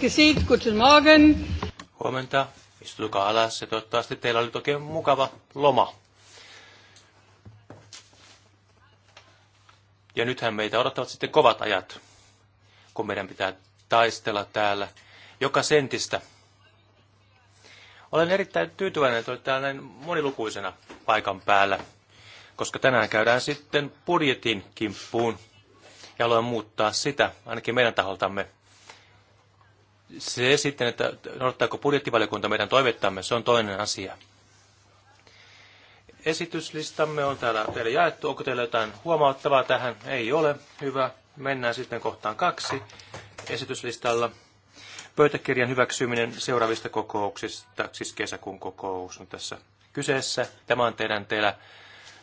Gesiegt, guten Morgen. Huomenta. Istutukaa alas ja toivottavasti teillä oli oikein mukava loma. Ja nythän meitä odottavat sitten kovat ajat, kun meidän pitää taistella täällä joka sentistä. Olen erittäin tyytyväinen, että olet täällä näin monilukuisena paikan päällä, koska tänään käydään sitten budjetin kimppuun ja haluan muuttaa sitä, ainakin meidän taholtamme. Se sitten, että noudattaako budjettivaliokunta meidän toivettamme, se on toinen asia. Esityslistamme on täällä teille jaettu. Onko teillä jotain huomauttavaa tähän? Ei ole. Hyvä. Mennään sitten kohtaan kaksi esityslistalla. Pöytäkirjan hyväksyminen seuraavista kokouksista, siis kesäkuun kokous on tässä kyseessä. Tämä on teidän teillä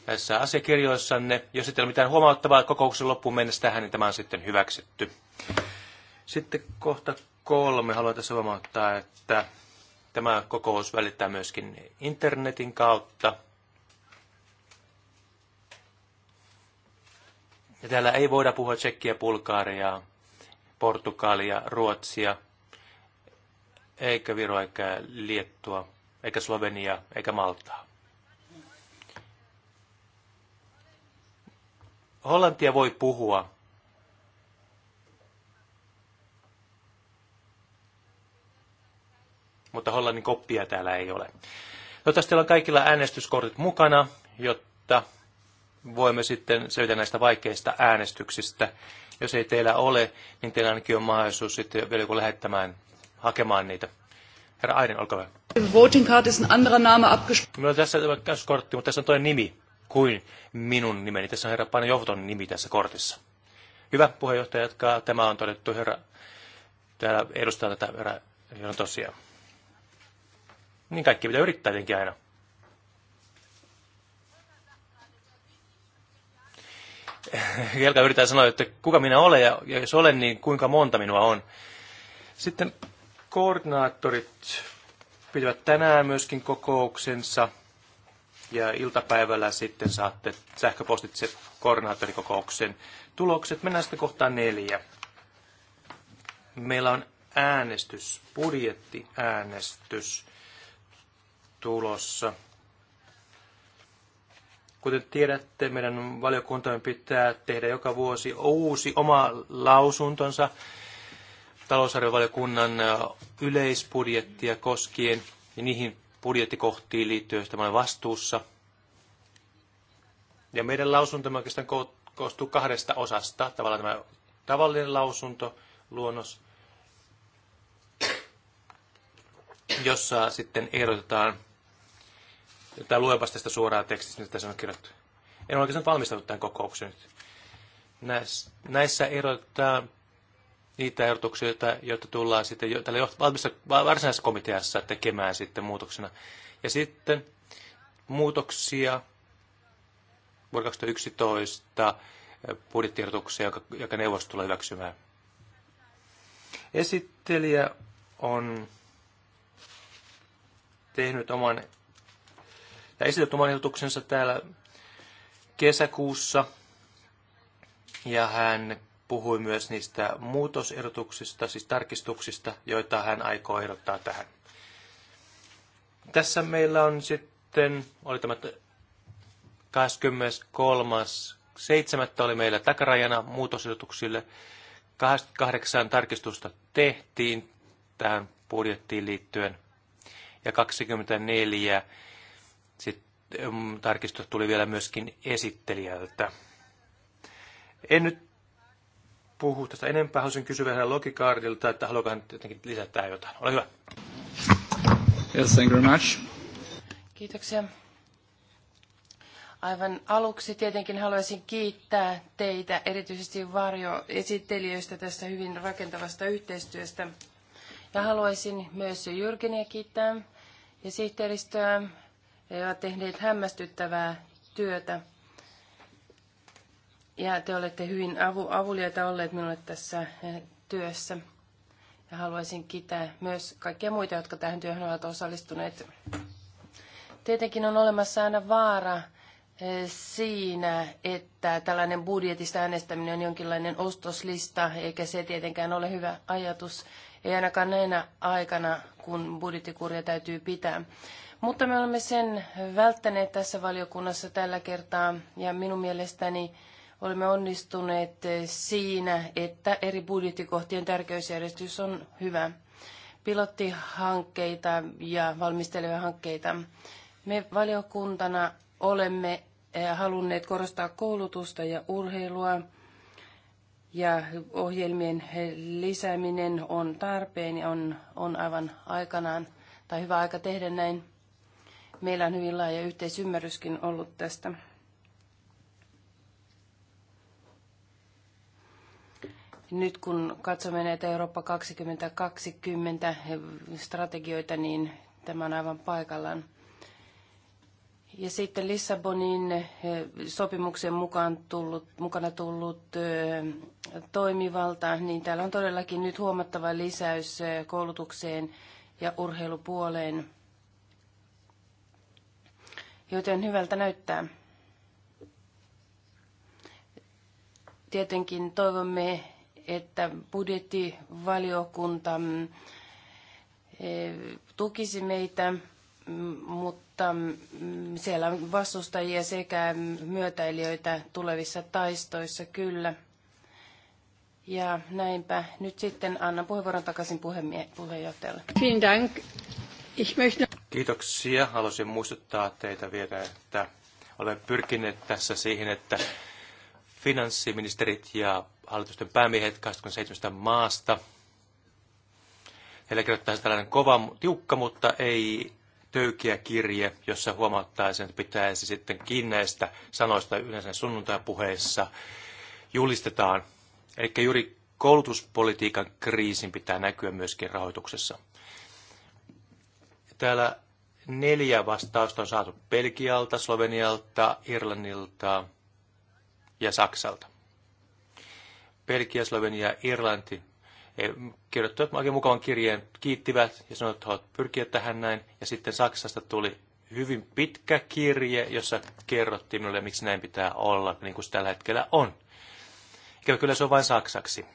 näissä asiakirjoissanne. Jos ei ole mitään huomauttavaa kokouksen loppuun mennessä tähän, niin tämä on sitten hyväksytty. Sitten kohta kolme haluan tässä huomauttaa, että tämä kokous välittää myöskin internetin kautta. Ja täällä ei voida puhua tsekkiä, bulgaariaa, portugalia, ruotsia, eikä viroa, eikä Liettua, eikä Slovenia, eikä Maltaa. Hollantia voi puhua, mutta Hollannin koppia täällä ei ole. Toivottavasti teillä on kaikilla äänestyskortit mukana, jotta voimme sitten selvitä näistä vaikeista äänestyksistä. Jos ei teillä ole, niin teillä ainakin on mahdollisuus sitten vielä joku lähettämään hakemaan niitä. Herra Aiden, olkaa hyvä. Voting card is an anderer Name Minulla on tässä kortti, mutta tässä on toinen nimi kuin minun nimeni. Tässä on herra pani Johton nimi tässä kortissa. Hyvä puheenjohtaja jatkaa. Tämä on todettu herra, täällä edustaa tätä herra, herra tosiaan. Niin kaikki pitää yrittää tietenkin aina. Kelka yrittää sanoa, että kuka minä olen ja jos olen, niin kuinka monta minua on. Sitten koordinaattorit pitävät tänään myöskin kokouksensa ja iltapäivällä sitten saatte sähköpostitse koordinaattorikokouksen tulokset. Mennään sitten kohtaan neljä. Meillä on äänestys, budjettiäänestys tulossa. Kuten tiedätte, meidän valiokuntamme pitää tehdä joka vuosi uusi oma lausuntonsa talousarvovaliokunnan yleisbudjettia koskien ja niihin budjettikohtiin liittyen, joista olen vastuussa. Ja meidän lausuntomme oikeastaan koostuu kahdesta osasta. Tavallaan tämä tavallinen lausunto, luonnos, jossa sitten ehdotetaan tai luepas tästä suoraa tekstistä, mitä tässä on kirjoittu. En ole oikeastaan valmistautunut tähän kokoukseen nyt. Näissä, näissä erotetaan niitä ehdotuksia, joita, joita tullaan sitten jo, tällä varsinaisessa komiteassa tekemään sitten muutoksena. Ja sitten muutoksia vuonna 2011 budjettiehdotuksia, joka, joka neuvosto tulee hyväksymään. Esittelijä on tehnyt oman tai esitetty oman ehdotuksensa täällä kesäkuussa. Ja hän puhui myös niistä muutosehdotuksista, siis tarkistuksista, joita hän aikoo ehdottaa tähän. Tässä meillä on sitten, oli tämä 23.7. oli meillä takarajana muutosehdotuksille. Kahdeksan tarkistusta tehtiin tähän budjettiin liittyen ja 24 sitten tarkistus tuli vielä myöskin esittelijältä. En nyt puhu tästä enempää. Haluaisin kysyä vähän Logikaardilta, että haluaako hän jotenkin lisätä jotain. Ole hyvä. Yes, thank you very much. Kiitoksia. Aivan aluksi tietenkin haluaisin kiittää teitä, erityisesti varjoesittelijöistä tästä hyvin rakentavasta yhteistyöstä. Ja haluaisin myös Jyrkiniä kiittää ja sihteeristöä ja ovat tehneet hämmästyttävää työtä. Ja te olette hyvin avu, avuliaita olleet minulle tässä eh, työssä. Ja haluaisin kiittää myös kaikkia muita, jotka tähän työhön ovat osallistuneet. Tietenkin on olemassa aina vaara eh, siinä, että tällainen budjetista äänestäminen on jonkinlainen ostoslista, eikä se tietenkään ole hyvä ajatus, ei ainakaan näinä aikana, kun budjettikuria täytyy pitää. Mutta me olemme sen välttäneet tässä valiokunnassa tällä kertaa ja minun mielestäni olemme onnistuneet siinä, että eri budjettikohtien tärkeysjärjestys on hyvä. Pilottihankkeita ja valmistelevia hankkeita. Me valiokuntana olemme eh, halunneet korostaa koulutusta ja urheilua ja ohjelmien lisääminen on tarpeen ja on, on aivan aikanaan tai hyvä aika tehdä näin. Meillä on hyvin laaja yhteisymmärryskin ollut tästä. Nyt kun katsomme näitä Eurooppa 2020 strategioita, niin tämä on aivan paikallaan. Ja sitten Lissabonin eh, sopimuksen mukaan tullut, mukana tullut eh, toimivalta, niin täällä on todellakin nyt huomattava lisäys eh, koulutukseen ja urheilupuoleen joten hyvältä näyttää. Tietenkin toivomme, että budjettivaliokunta mm, e, tukisi meitä, mm, mutta mm, siellä on vastustajia sekä myötäilijöitä tulevissa taistoissa kyllä. Ja näinpä nyt sitten annan puheenvuoron takaisin puheenjohtajalle. Kiitos. Ich möchte... Kiitoksia. Haluaisin muistuttaa teitä vielä, että olemme pyrkineet tässä siihen, että finanssiministerit ja hallitusten päämiehet 27 maasta, heillä kirjoittaa tällainen kova, tiukka, mutta ei töykiä kirje, jossa huomauttaisiin, että pitäisi sitten kiinneistä sanoista yleensä sunnuntai-puheessa julistetaan. Eli juuri koulutuspolitiikan kriisin pitää näkyä myöskin rahoituksessa. Täällä neljä vastausta on saatu Belgialta, Slovenialta, Irlannilta ja Saksalta. Belgia, Slovenia, Irlanti kirjoittivat oikein mukavan kirjeen, kiittivät ja sanoivat, että haluat pyrkiä tähän näin. Ja sitten Saksasta tuli hyvin pitkä kirje, jossa kerrottiin minulle, miksi näin pitää olla, niin kuin se tällä hetkellä on. Ikävä kyllä se on vain saksaksi.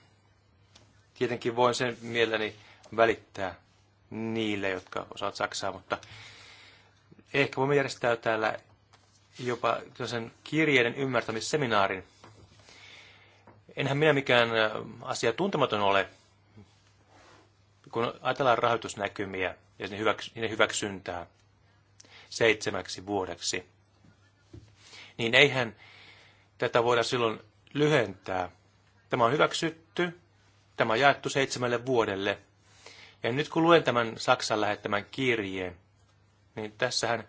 Tietenkin voin sen mielelläni välittää niille, jotka osaat Saksaa, mutta ehkä voimme järjestää täällä jopa sen kirjeiden ymmärtämisseminaarin. Enhän minä mikään asia tuntematon ole, kun ajatellaan rahoitusnäkymiä ja niiden hyväksyntää seitsemäksi vuodeksi, niin eihän tätä voida silloin lyhentää. Tämä on hyväksytty, tämä on jaettu seitsemälle vuodelle – ja nyt kun luen tämän Saksan lähettämän kirjeen, niin tässähän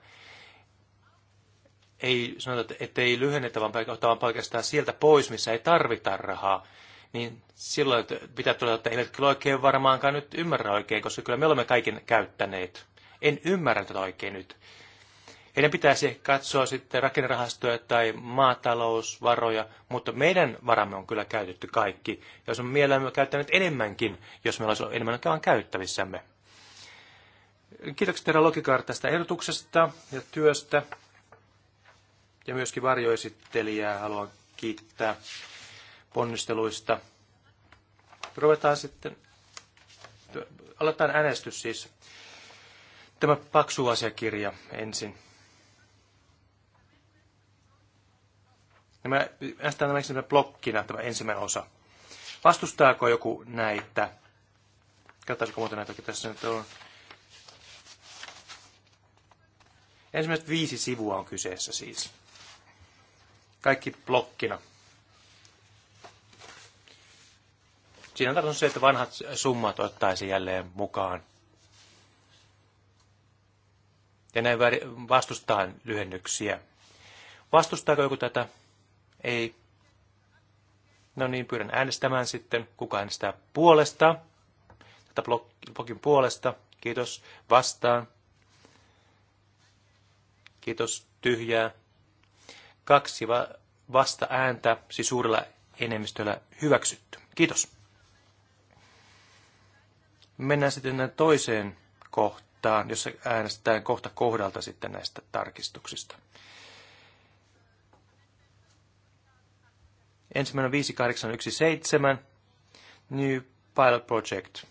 ei sanota, että ei lyhennetä, vaan ottaa pelkästään sieltä pois, missä ei tarvita rahaa. Niin silloin pitää todeta, että eivät kyllä oikein varmaankaan nyt ymmärrä oikein, koska kyllä me olemme kaiken käyttäneet. En ymmärrä tätä oikein nyt. Heidän pitäisi katsoa sitten rakennerahastoja tai maatalousvaroja, mutta meidän varamme on kyllä käytetty kaikki. Jos on mielellämme käyttänyt enemmänkin, jos meillä olisi enemmän on käyttävissämme. Kiitokset herra Lokikaar tästä ehdotuksesta ja työstä. Ja myöskin varjoesittelijää haluan kiittää ponnisteluista. Ruvetaan sitten, aloitetaan äänestys siis. Tämä paksu asiakirja ensin. Nämä, äänestetään nämä, nämä blokkina tämä ensimmäinen osa. Vastustaako joku näitä? Katsotaanko muuten näitä, tässä nyt on. Ensimmäiset viisi sivua on kyseessä siis. Kaikki blokkina. Siinä on tarkoitus se, että vanhat summat ottaisi jälleen mukaan. Ja näin vastustaan lyhennyksiä. Vastustaako joku tätä? Ei. No niin, pyydän äänestämään sitten. Kuka äänestää puolesta? Tätä blogin puolesta. Kiitos. Vastaan. Kiitos. Tyhjää. Kaksi va- vasta ääntä, siis suurella enemmistöllä hyväksytty. Kiitos. Mennään sitten toiseen kohtaan, jossa äänestetään kohta kohdalta sitten näistä tarkistuksista. Ensimmäinen on 5817, New Pilot Project,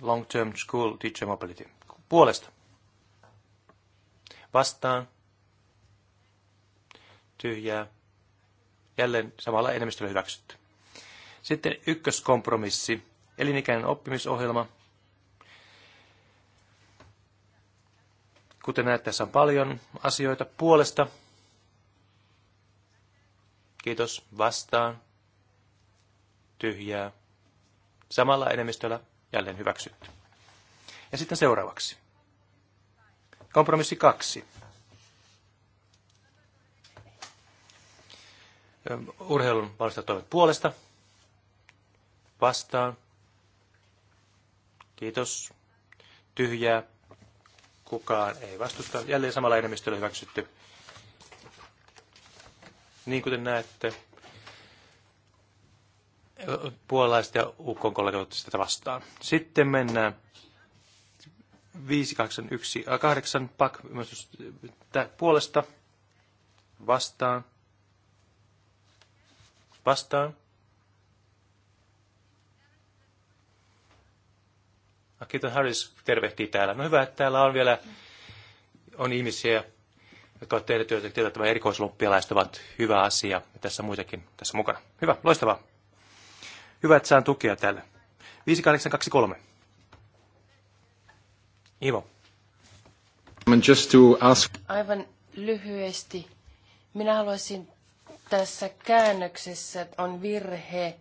Long Term School Teacher Mobility. Puolesta. Vastaan. Tyhjää. Jälleen samalla enemmistöllä hyväksytty. Sitten ykköskompromissi, elinikäinen oppimisohjelma. Kuten näet, tässä on paljon asioita puolesta. Kiitos vastaan tyhjää. Samalla enemmistöllä jälleen hyväksytty. Ja sitten seuraavaksi. Kompromissi kaksi. Urheilun valmistajat toivat puolesta. Vastaan. Kiitos. Tyhjää. Kukaan ei vastusta. Jälleen samalla enemmistöllä hyväksytty. Niin kuten näette, puolalaiset ja Ukkon kollegat sitä vastaan. Sitten mennään 581 äh, pak puolesta vastaan. Vastaan. Akito ah, Harris tervehtii täällä. No hyvä, että täällä on vielä on ihmisiä, jotka ovat tehneet työtä, tietävät, että erikoisluppialaiset ovat hyvä asia. Ja tässä muitakin tässä mukana. Hyvä, loistavaa. Hyvä, että saan tukea täällä. 5823. Ivo. Just to ask... Aivan lyhyesti. Minä haluaisin tässä käännöksessä on virhe.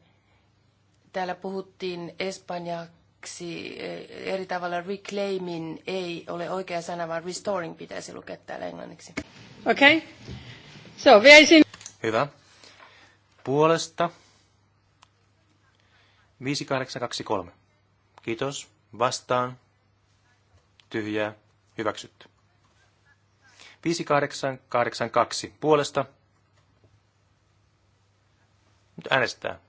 Täällä puhuttiin espanjaksi eh, eri tavalla reclaiming ei ole oikea sana, vaan restoring pitäisi lukea täällä englanniksi. Okei. Okay. So, Hyvä. Puolesta 5823. Kiitos. Vastaan. Tyhjää. Hyväksytty. 5882. Puolesta. Nyt äänestää.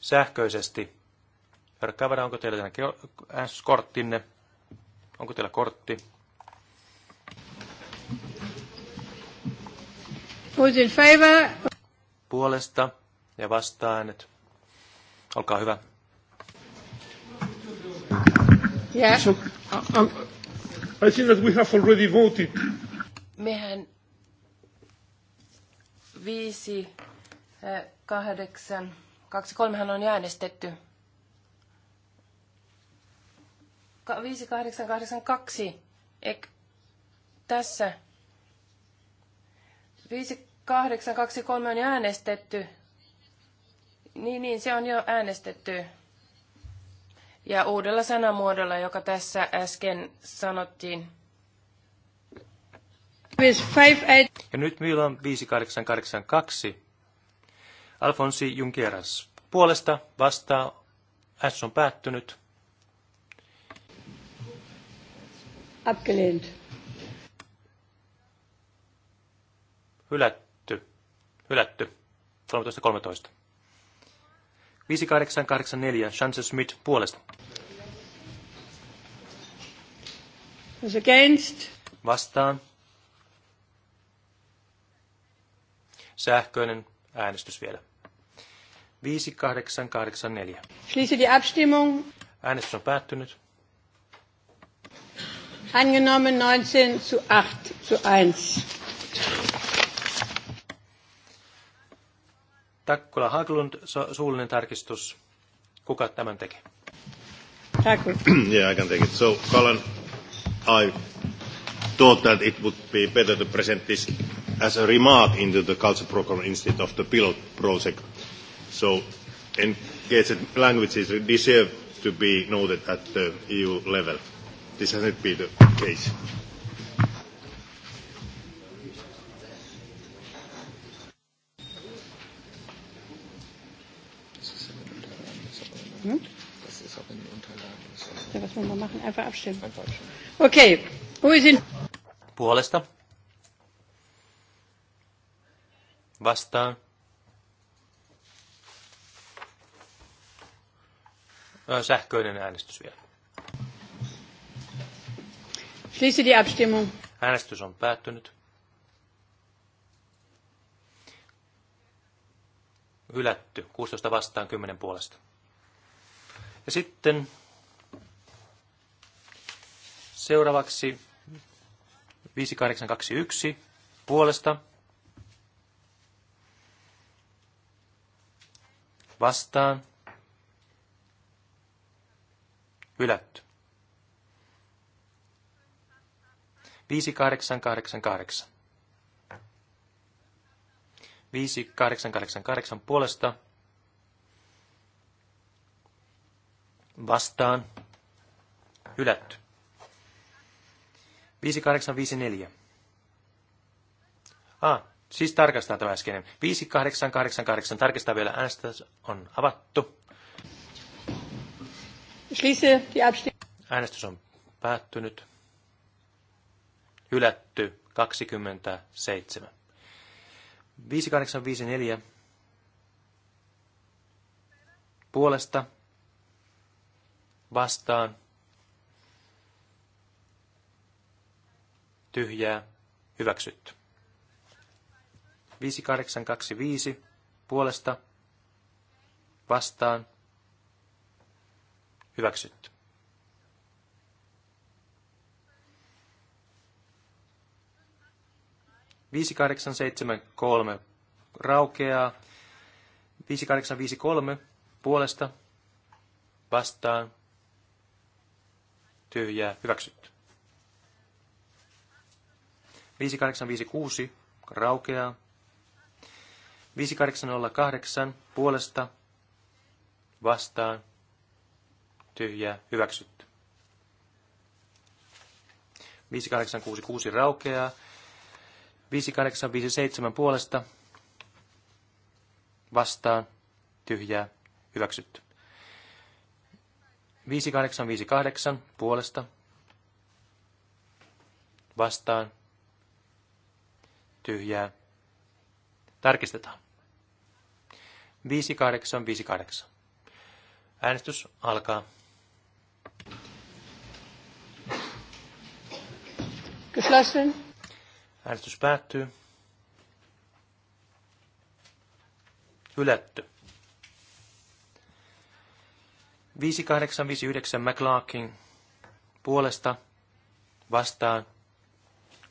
Sähköisesti. Herra onko teillä äänestyskorttinne? Onko teillä kortti? Puolesta ja vastaan äänet. Olkaa hyvä. Yeah. So, uh, um, I think that we have already voted. Mehän viisi, eh, kahdeksan, kaksi, kolmehan on äänestetty. Ka- viisi, kahdeksan, kahdeksan, kaksi. Ek, tässä. Viisi, kahdeksan, kaksi, kolme on äänestetty. Niin, niin, se on jo äänestetty. Ja uudella sanamuodolla, joka tässä äsken sanottiin. Ja nyt meillä on 5882. Alfonsi Junkeras puolesta vastaa. S on päättynyt. Abgelehnt. Hylätty. Hylätty. 13.13. 13. 5884 Chance Smith puolesta. against. Vastaan. Sähköinen äänestys vielä. 5884. Schließe die Abstimmung. Äänestys on päättynyt. Angenommen 19 zu 8 zu 1. Takkula Haglund, suullinen tarkistus. Kuka tämän teki? yeah, I can take it. So, Colin, I thought that it would be better to present this as a remark into the culture program instead of the pilot project. So, engaged languages deserve to be noted at the EU level. This hasn't been the case. Hm? Das ist auch in den Unterlagen. Ja, was wollen wir machen? Einfach abstimmen. Einfach abstimmen. Okay. wo Hui sind... Puolesta. Vastaan. Sähköinen äänestys vielä. Schließe die Abstimmung. Äänestys on päättynyt. Hylätty. 16 vastaan 10 puolesta. Ja sitten seuraavaksi 5821 puolesta vastaan hylätty. 5888. 5888 puolesta vastaan, hylätty. 5854. Ah, siis tarkastaa tämä äskeinen. 5888, tarkistaa vielä äänestä, on avattu. Äänestys on päättynyt. Hylätty 27. 5854 puolesta vastaan, tyhjää, hyväksytty. 5825 puolesta, vastaan, hyväksytty. Viisi kahdeksan seitsemän kolme raukeaa. kolme puolesta vastaan tyhjää, hyväksytty. 5856 raukeaa. 5808 puolesta vastaan tyhjää hyväksytty. 5866 raukeaa. 5857 puolesta vastaan tyhjää hyväksytty. 5858 puolesta vastaan tyhjää. Tarkistetaan. 5858. Äänestys alkaa. Geschlossen. Äänestys päättyy. Hylätty. 5859 McLarkin puolesta vastaan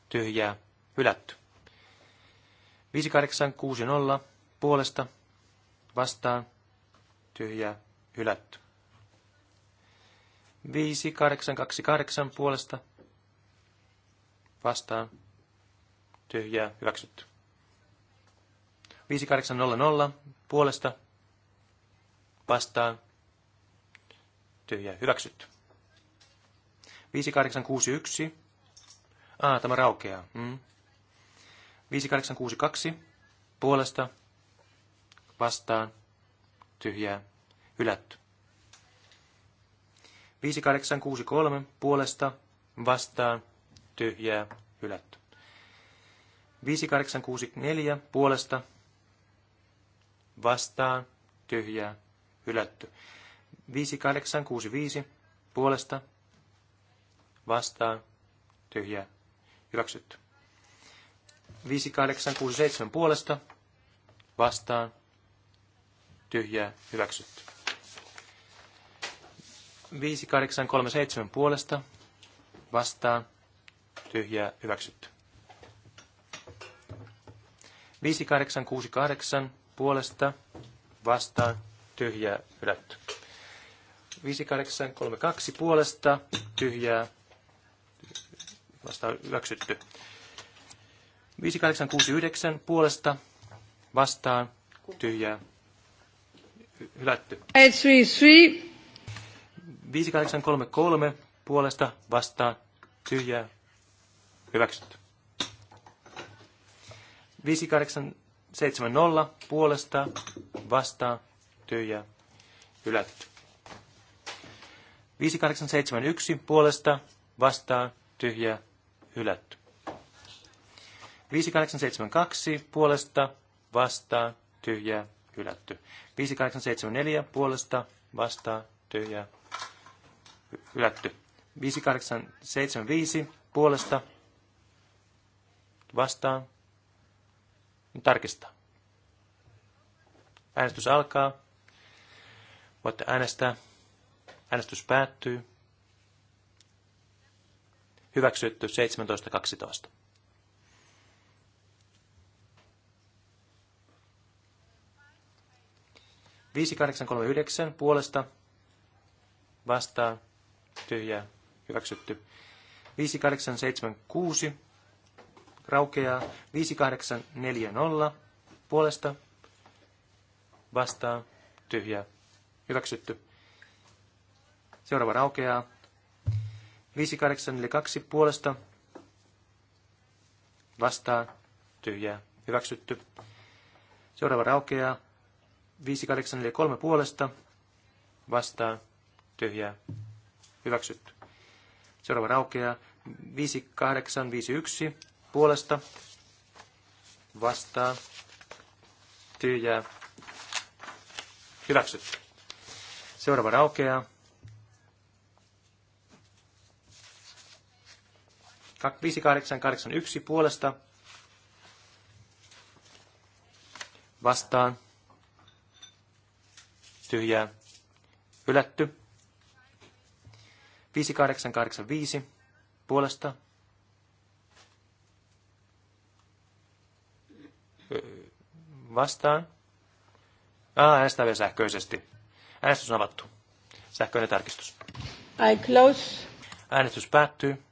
tyhjää hylätty. 5860 puolesta vastaan tyhjää hylätty. 5828 puolesta vastaan tyhjää hyväksytty. 5800 puolesta vastaan ja hyväksytty. 5861. Ah, tämä raukeaa. Mm. 5862. Puolesta. Vastaan. Tyhjää. Hylätty. 5863. Puolesta. Vastaan. Tyhjää. Hylätty. 5864. Puolesta. Vastaan. Tyhjää. Hylätty. 5865 puolesta vastaan tyhjää hyväksytty. 5867 puolesta vastaan tyhjää hyväksytty. 5837 puolesta vastaan tyhjää hyväksytty. 5868 puolesta vastaan tyhjää hylätty. 5832 puolesta tyhjää vasta hyväksytty. 5869 puolesta vastaan tyhjää hylätty. 5833 puolesta vastaan tyhjää hyväksytty. 5870 puolesta vastaan tyhjää hylätty. 5871 puolesta vastaan tyhjä hylätty. 5872 puolesta vastaan tyhjä hylätty. 5874 puolesta vastaan tyhjä hylätty. 5875 puolesta vastaan. tarkistaa. Äänestys alkaa. Voitte äänestää. Äänestys päättyy. Hyväksytty 17.12. Viisi kahdeksan kolme yhdeksän puolesta vastaa tyhjää hyväksytty. 5876 raukeaa 5840 puolesta vastaa tyhjää hyväksytty. Seuraava raukeaa. 5842 puolesta vastaan tyhjää hyväksytty. Seuraava raukeaa. 5843 puolesta vastaan tyhjää hyväksytty. Seuraava raukeaa. 5851 puolesta vastaan tyhjää hyväksytty. Seuraava raukeaa. 5881 puolesta vastaan tyhjää hylätty. 5885 puolesta vastaan. Ah, äänestää vielä sähköisesti. Äänestys on avattu. Sähköinen tarkistus. I close. Äänestys päättyy.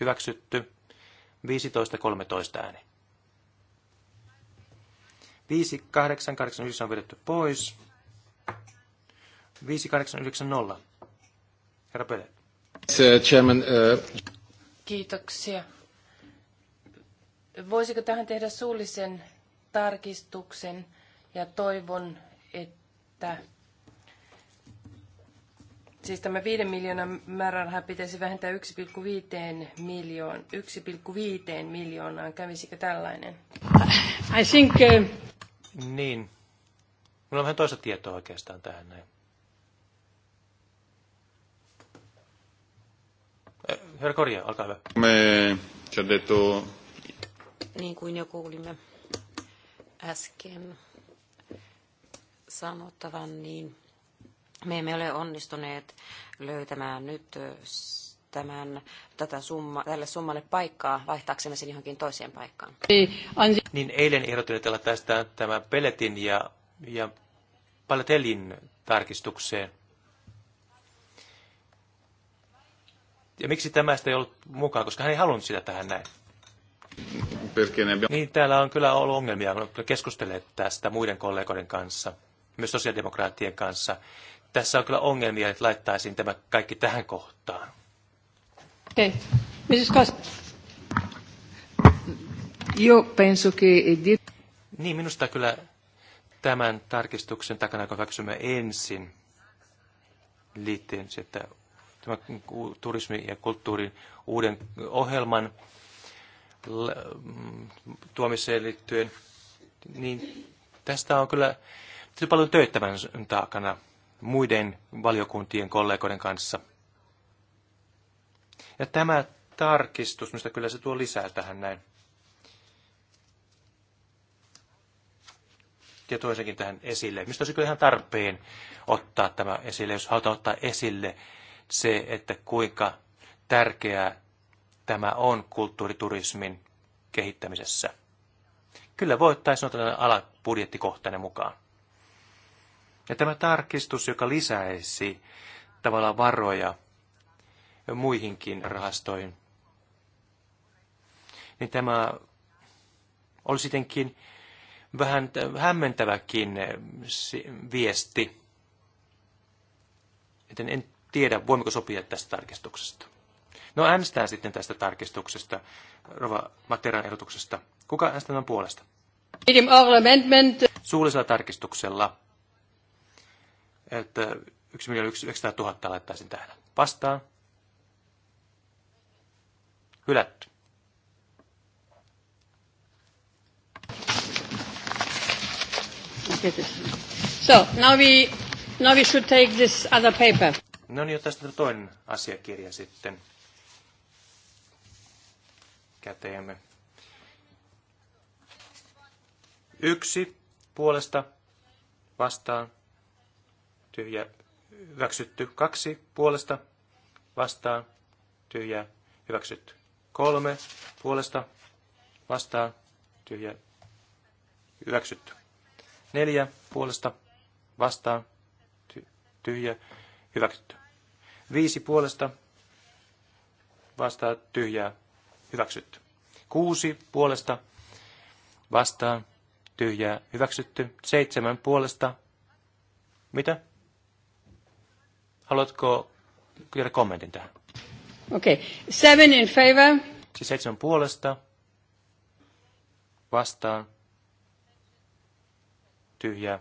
Hyväksytty. 15.13 ääni. 5889 on vedetty pois. 5890. Herra Pele. Chairman, uh... Kiitoksia. Voisiko tähän tehdä suullisen tarkistuksen ja toivon, että Siis tämä 5 miljoonan määrärahan pitäisi vähentää 1,5 miljoon, 1,5 miljoonaan. Kävisikö tällainen? I think... Uh... Niin. Minulla on vähän toista tietoa oikeastaan tähän näin. Eh, herra Korja, olkaa hyvä. Me detto... Niin kuin jo kuulimme äsken sanottavan, niin me emme ole onnistuneet löytämään nyt tämän, tätä summa, tälle summalle paikkaa, vaihtaaksemme sen johonkin toiseen paikkaan. Niin eilen ehdotin, että tästä tämä Peletin ja, ja Palatelin tarkistukseen. Ja miksi tämä ei ollut mukaan, koska hän ei halunnut sitä tähän näin. Niin, täällä on kyllä ollut ongelmia, kun keskustelee tästä muiden kollegoiden kanssa, myös sosiaalidemokraattien kanssa tässä on kyllä ongelmia, että laittaisin tämä kaikki tähän kohtaan. Okei. Okay. Mrs. Costa. Io penso che... Niin, minusta kyllä tämän tarkistuksen takana, kun hyväksymme ensin, liittyen että tämä turismi- ja kulttuurin uuden ohjelman mm, tuomiseen liittyen, niin tästä on kyllä paljon töitä tämän muiden valiokuntien kollegoiden kanssa. Ja tämä tarkistus, mistä kyllä se tuo lisää tähän näin. ja toisenkin tähän esille. Mistä olisi kyllä ihan tarpeen ottaa tämä esille, jos halutaan ottaa esille se, että kuinka tärkeää tämä on kulttuuriturismin kehittämisessä. Kyllä voittaisiin olla tällainen alabudjettikohtainen mukaan. Ja tämä tarkistus, joka lisäisi tavallaan varoja muihinkin rahastoihin, niin tämä oli sittenkin vähän hämmentäväkin eh, viesti. Joten en tiedä, voimmeko sopia tästä tarkistuksesta. No äänestään sitten tästä tarkistuksesta, Rova Materan ehdotuksesta. Kuka äänestää puolesta? Suullisella tarkistuksella että 1 900 000 laittaisin tähän. Vastaan. Hylätty. So, now we, now we should take this other paper. No niin, tästä toinen asiakirja sitten käteemme. Yksi puolesta vastaan tyhjä, hyväksytty. Kaksi puolesta vastaan, tyhjä, hyväksytty. Kolme puolesta vastaan, tyhjä, hyväksytty. Neljä puolesta vastaan, tyhjä, hyväksytty. Viisi puolesta vastaan, tyhjä, hyväksytty. Kuusi puolesta vastaan, tyhjä hyväksytty. Seitsemän puolesta, mitä? Haluatko vielä kommentin tähän? Okei. Okay. Seven in favor. Siis seitsemän puolesta. Vastaan. Tyhjä.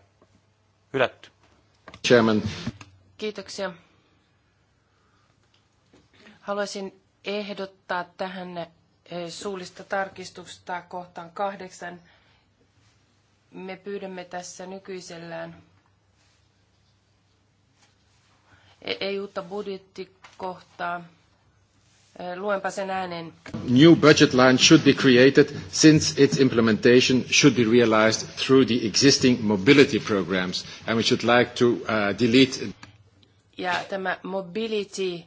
Hylätty. Chairman. Kiitoksia. Haluaisin ehdottaa tähän eh, suullista tarkistusta kohtaan kahdeksan. Me pyydämme tässä nykyisellään E, ei uutta budjettikohtaa. E, luenpa sen ääneen. New budget line should be created since its implementation should be realized through the existing mobility programs and we should like to uh, delete... Ja tämä mobility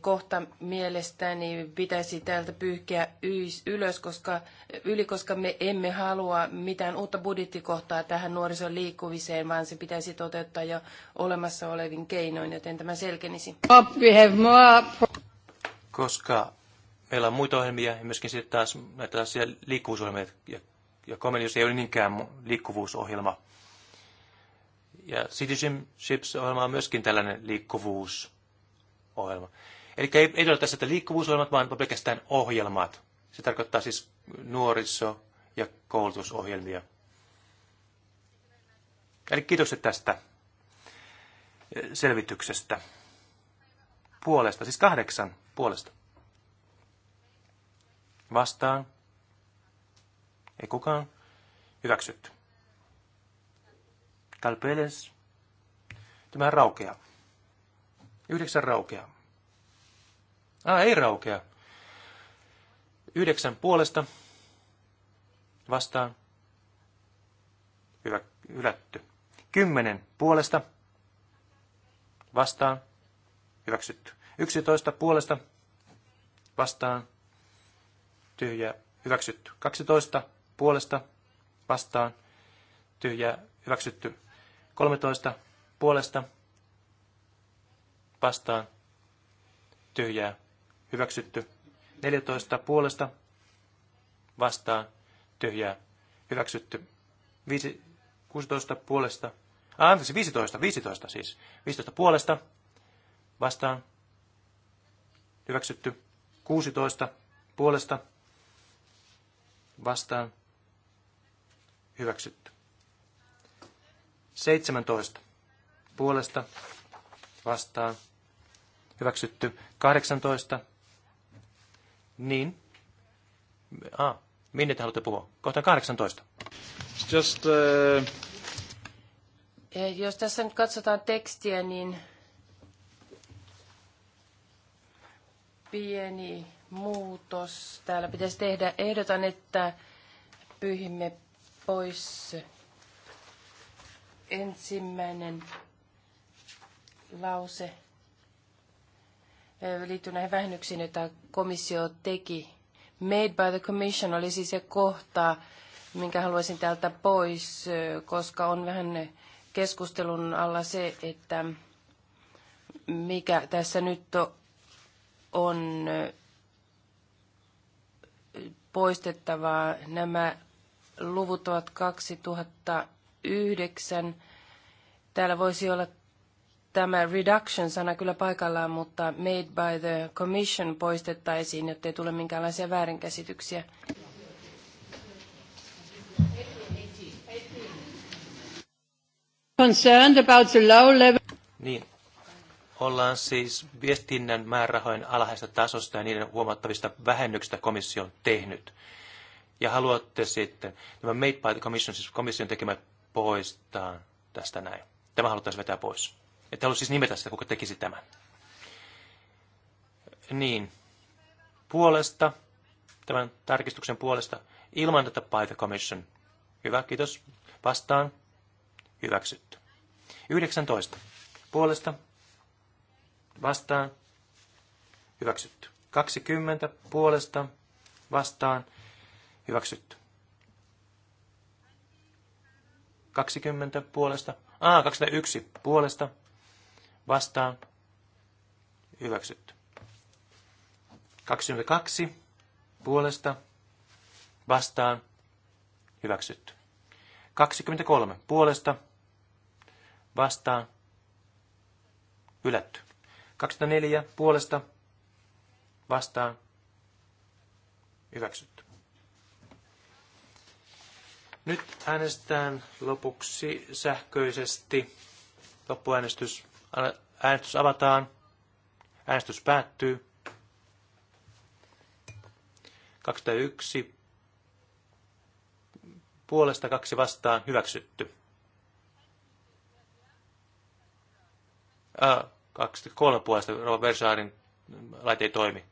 kohta mielestäni pitäisi täältä pyyhkiä ylös, koska, yli, koska me emme halua mitään uutta budjettikohtaa tähän nuorison liikkuviseen, vaan se pitäisi toteuttaa jo olemassa olevin keinoin, joten tämä selkenisi. Uh, koska meillä on muita ohjelmia ja myöskin sitten taas näitä tällaisia liikkuvuusohjelmia, ja, ja Comenius ei ole niinkään liikkuvuusohjelma. Ja Citizenships-ohjelma on myöskin tällainen liikkuvuusohjelma. Eli ei, ei ole tässä että liikkuvuusohjelmat, vaan pelkästään ohjelmat. Se tarkoittaa siis nuoriso- ja koulutusohjelmia. Eli kiitos tästä eh, selvityksestä. Puolesta, siis kahdeksan puolesta. Vastaan. Ei kukaan. Hyväksytty. Kalpeles. Tämä raukeaa. Yhdeksän raukeaa. Ah, ei raukea. Yhdeksän puolesta vastaan. Hyvä, hylätty. Kymmenen puolesta vastaan. Hyväksytty. Yksitoista puolesta vastaan. Tyhjä, hyväksytty. Kaksitoista puolesta vastaan. Tyhjä, hyväksytty. Kolmetoista puolesta vastaan. Tyhjää, hyväksytty. 14 puolesta vastaan tyhjää hyväksytty. 5, 16 puolesta, ah, anteeksi, 15, 15 siis, 15 puolesta vastaan hyväksytty. 16 puolesta vastaan hyväksytty. 17 puolesta vastaan hyväksytty. 18 niin. Ah, minne te haluatte puhua? Kohta 18. Just, uh... Jos tässä nyt katsotaan tekstiä, niin pieni muutos. Täällä pitäisi tehdä, ehdotan, että pyhimme pois ensimmäinen lause liittyy näihin vähennyksiin, joita komissio teki. Made by the Commission olisi siis se kohta, minkä haluaisin täältä pois, koska on vähän keskustelun alla se, että mikä tässä nyt on poistettavaa. Nämä luvut ovat 2009. Täällä voisi olla tämä reduction-sana kyllä paikallaan, mutta made by the commission poistettaisiin, jottei tule minkäänlaisia väärinkäsityksiä. Concerned about the low level. Niin. Ollaan siis viestinnän määrärahojen alhaisesta tasosta ja niiden huomattavista vähennyksistä komissio on tehnyt. Ja haluatte sitten tämä made by the commission, siis komission tekemät poistaa tästä näin. Tämä haluttaisiin vetää pois. Että halua siis nimetä sitä, kuka tekisi tämän. Niin, puolesta, tämän tarkistuksen puolesta, ilman tätä by the commission. Hyvä, kiitos. Vastaan. Hyväksytty. 19. Puolesta. Vastaan. Hyväksytty. 20. Puolesta. Vastaan. Hyväksytty. 20 puolesta. A, 21. puolesta vastaan hyväksytty. 22 puolesta vastaan hyväksytty. 23 puolesta vastaan hylätty. 24 puolesta vastaan hyväksytty. Nyt äänestään lopuksi sähköisesti loppuäänestys Äänestys avataan. Äänestys päättyy. 201 puolesta kaksi vastaan hyväksytty. Äh, 23 puolesta Rova Versaarin laite ei toimi.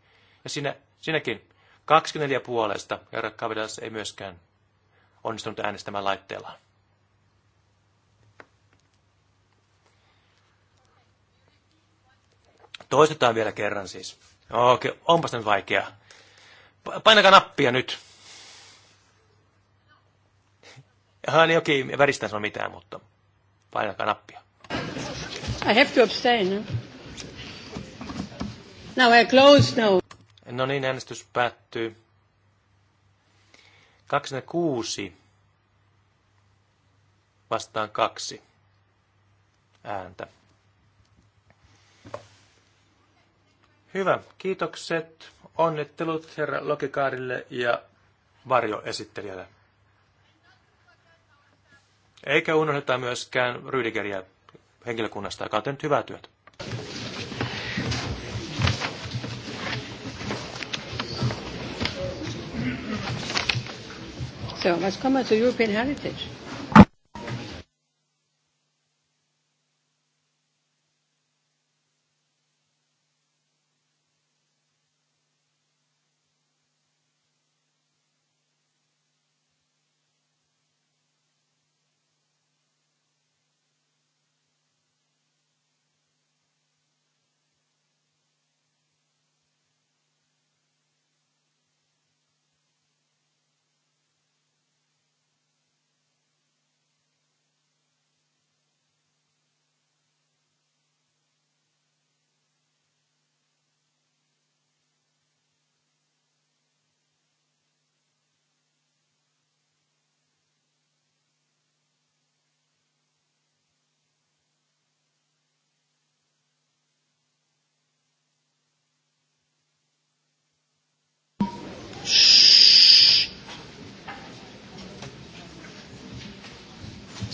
Ja sinä, sinäkin 24 puolesta, ja Kavidas ei myöskään onnistunut äänestämään laitteellaan. Toistetaan vielä kerran siis. Okei, onpa onpas nyt vaikeaa. Painakaa nappia nyt. Aha, niin okei, okay, väristän sanoa mitään, mutta painakaa nappia. I have to abstain. No? Now I close now. No niin, äänestys päättyy. 26 vastaan kaksi ääntä. Hyvä, kiitokset, onnittelut herra Lokikaarille ja varjoesittelijälle. Eikä unohdeta myöskään Rydgeriä henkilökunnasta, joka on tehnyt hyvää työtä. So let's come to European heritage.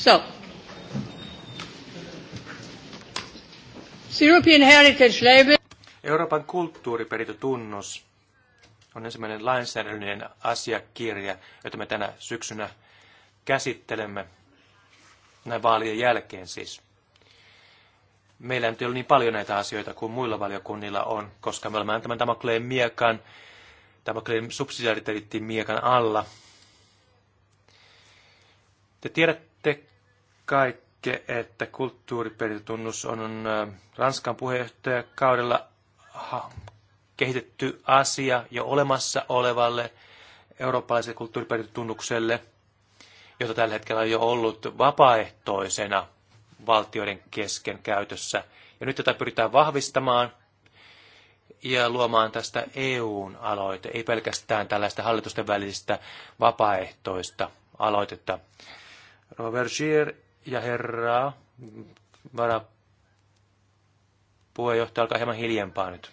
So, European Heritage Label. Euroopan kulttuuriperintötunnus on ensimmäinen lainsäädännöllinen asiakirja, jota me tänä syksynä käsittelemme, näin vaalien jälkeen siis. Meillä ei ole niin paljon näitä asioita kuin muilla valiokunnilla on, koska me olemme tämän Damokleen miekan, Damokleen subsidiariteettiin miekan alla. Te tiedätte kaikke, että kulttuuriperintötunnus on Ranskan puheenjohtajakaudella kehitetty asia jo olemassa olevalle eurooppalaiselle kulttuuriperintötunnukselle, jota tällä hetkellä on jo ollut vapaaehtoisena valtioiden kesken käytössä. Ja nyt tätä pyritään vahvistamaan ja luomaan tästä EUn aloite, ei pelkästään tällaista hallitusten välisistä vapaaehtoista aloitetta. Robert Schier ja herraa, puheenjohtaja, alkaa hieman hiljempaa nyt.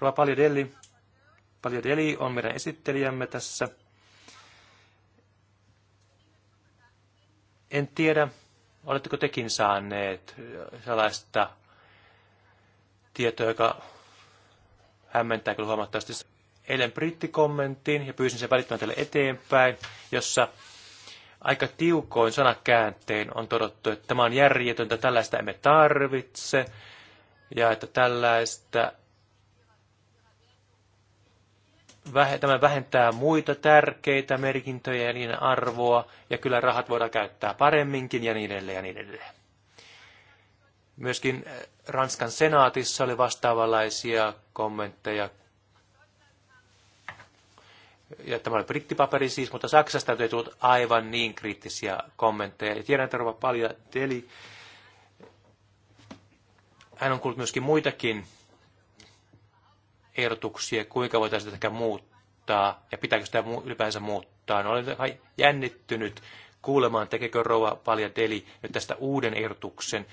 Rova Paljadelli. Paljadelli on meidän esittelijämme tässä. En tiedä, oletteko tekin saaneet sellaista tietoa, joka hämmentää kyllä huomattavasti. Eilen brittikommentin ja pyysin sen välittämään teille eteenpäin, jossa aika tiukoin sanakääntein on todettu, että tämä on järjetöntä, tällaista emme tarvitse, ja että tällaista tämä vähentää muita tärkeitä merkintöjä ja niiden arvoa, ja kyllä rahat voidaan käyttää paremminkin ja niin edelleen ja niin edelleen. Myöskin äh, Ranskan senaatissa oli vastaavanlaisia kommentteja ja tämä oli brittipaperi siis, mutta Saksasta ei tullut aivan niin kriittisiä kommentteja. Ja tiedän, että paljon Deli, hän on kuullut myöskin muitakin ehdotuksia, kuinka voitaisiin tätä muuttaa ja pitääkö sitä ylipäänsä muuttaa. No, olen jännittynyt kuulemaan, tekekö Rova Palja Deli nyt tästä uuden ehdotuksen,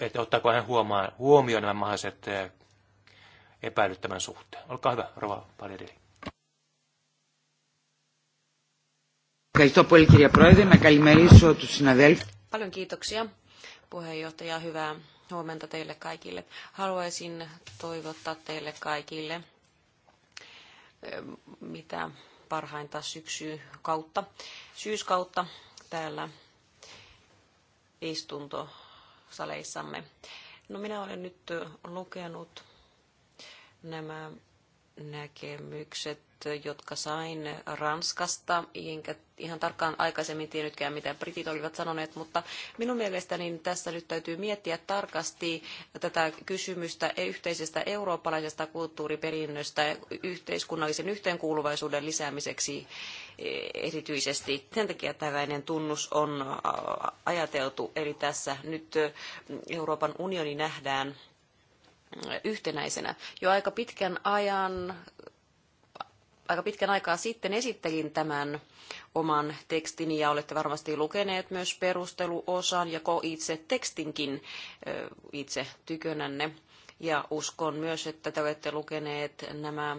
että ottaako hän huomaan, huomioon nämä mahdolliset eh, epäilyt tämän suhteen. Olkaa hyvä, Rova Palja Deli. Ευχαριστώ πολύ κυρία Πρόεδρε. Να καλημερίσω τους συναδέλφους. Paljon kiitoksia puheenjohtaja. Hyvää huomenta teille kaikille. Haluaisin toivottaa teille kaikille eh, mitä parhainta syksy kautta, syyskautta täällä istuntosaleissamme. No minä olen nyt lukenut nämä näkemykset, jotka sain Ranskasta, enkä ihan tarkkaan aikaisemmin tiennytkään, mitä britit olivat sanoneet, mutta minun mielestäni tässä nyt täytyy miettiä tarkasti tätä kysymystä yhteisestä eurooppalaisesta kulttuuriperinnöstä yhteiskunnallisen yhteenkuuluvaisuuden lisäämiseksi erityisesti. Sen takia tällainen tunnus on ajateltu, eli tässä nyt Euroopan unioni nähdään yhtenäisenä. Jo aika pitkän ajan aika pitkän aikaa sitten esittelin tämän oman tekstini ja olette varmasti lukeneet myös perusteluosan ja itse tekstinkin itse tykönänne. Ja uskon myös, että te olette lukeneet nämä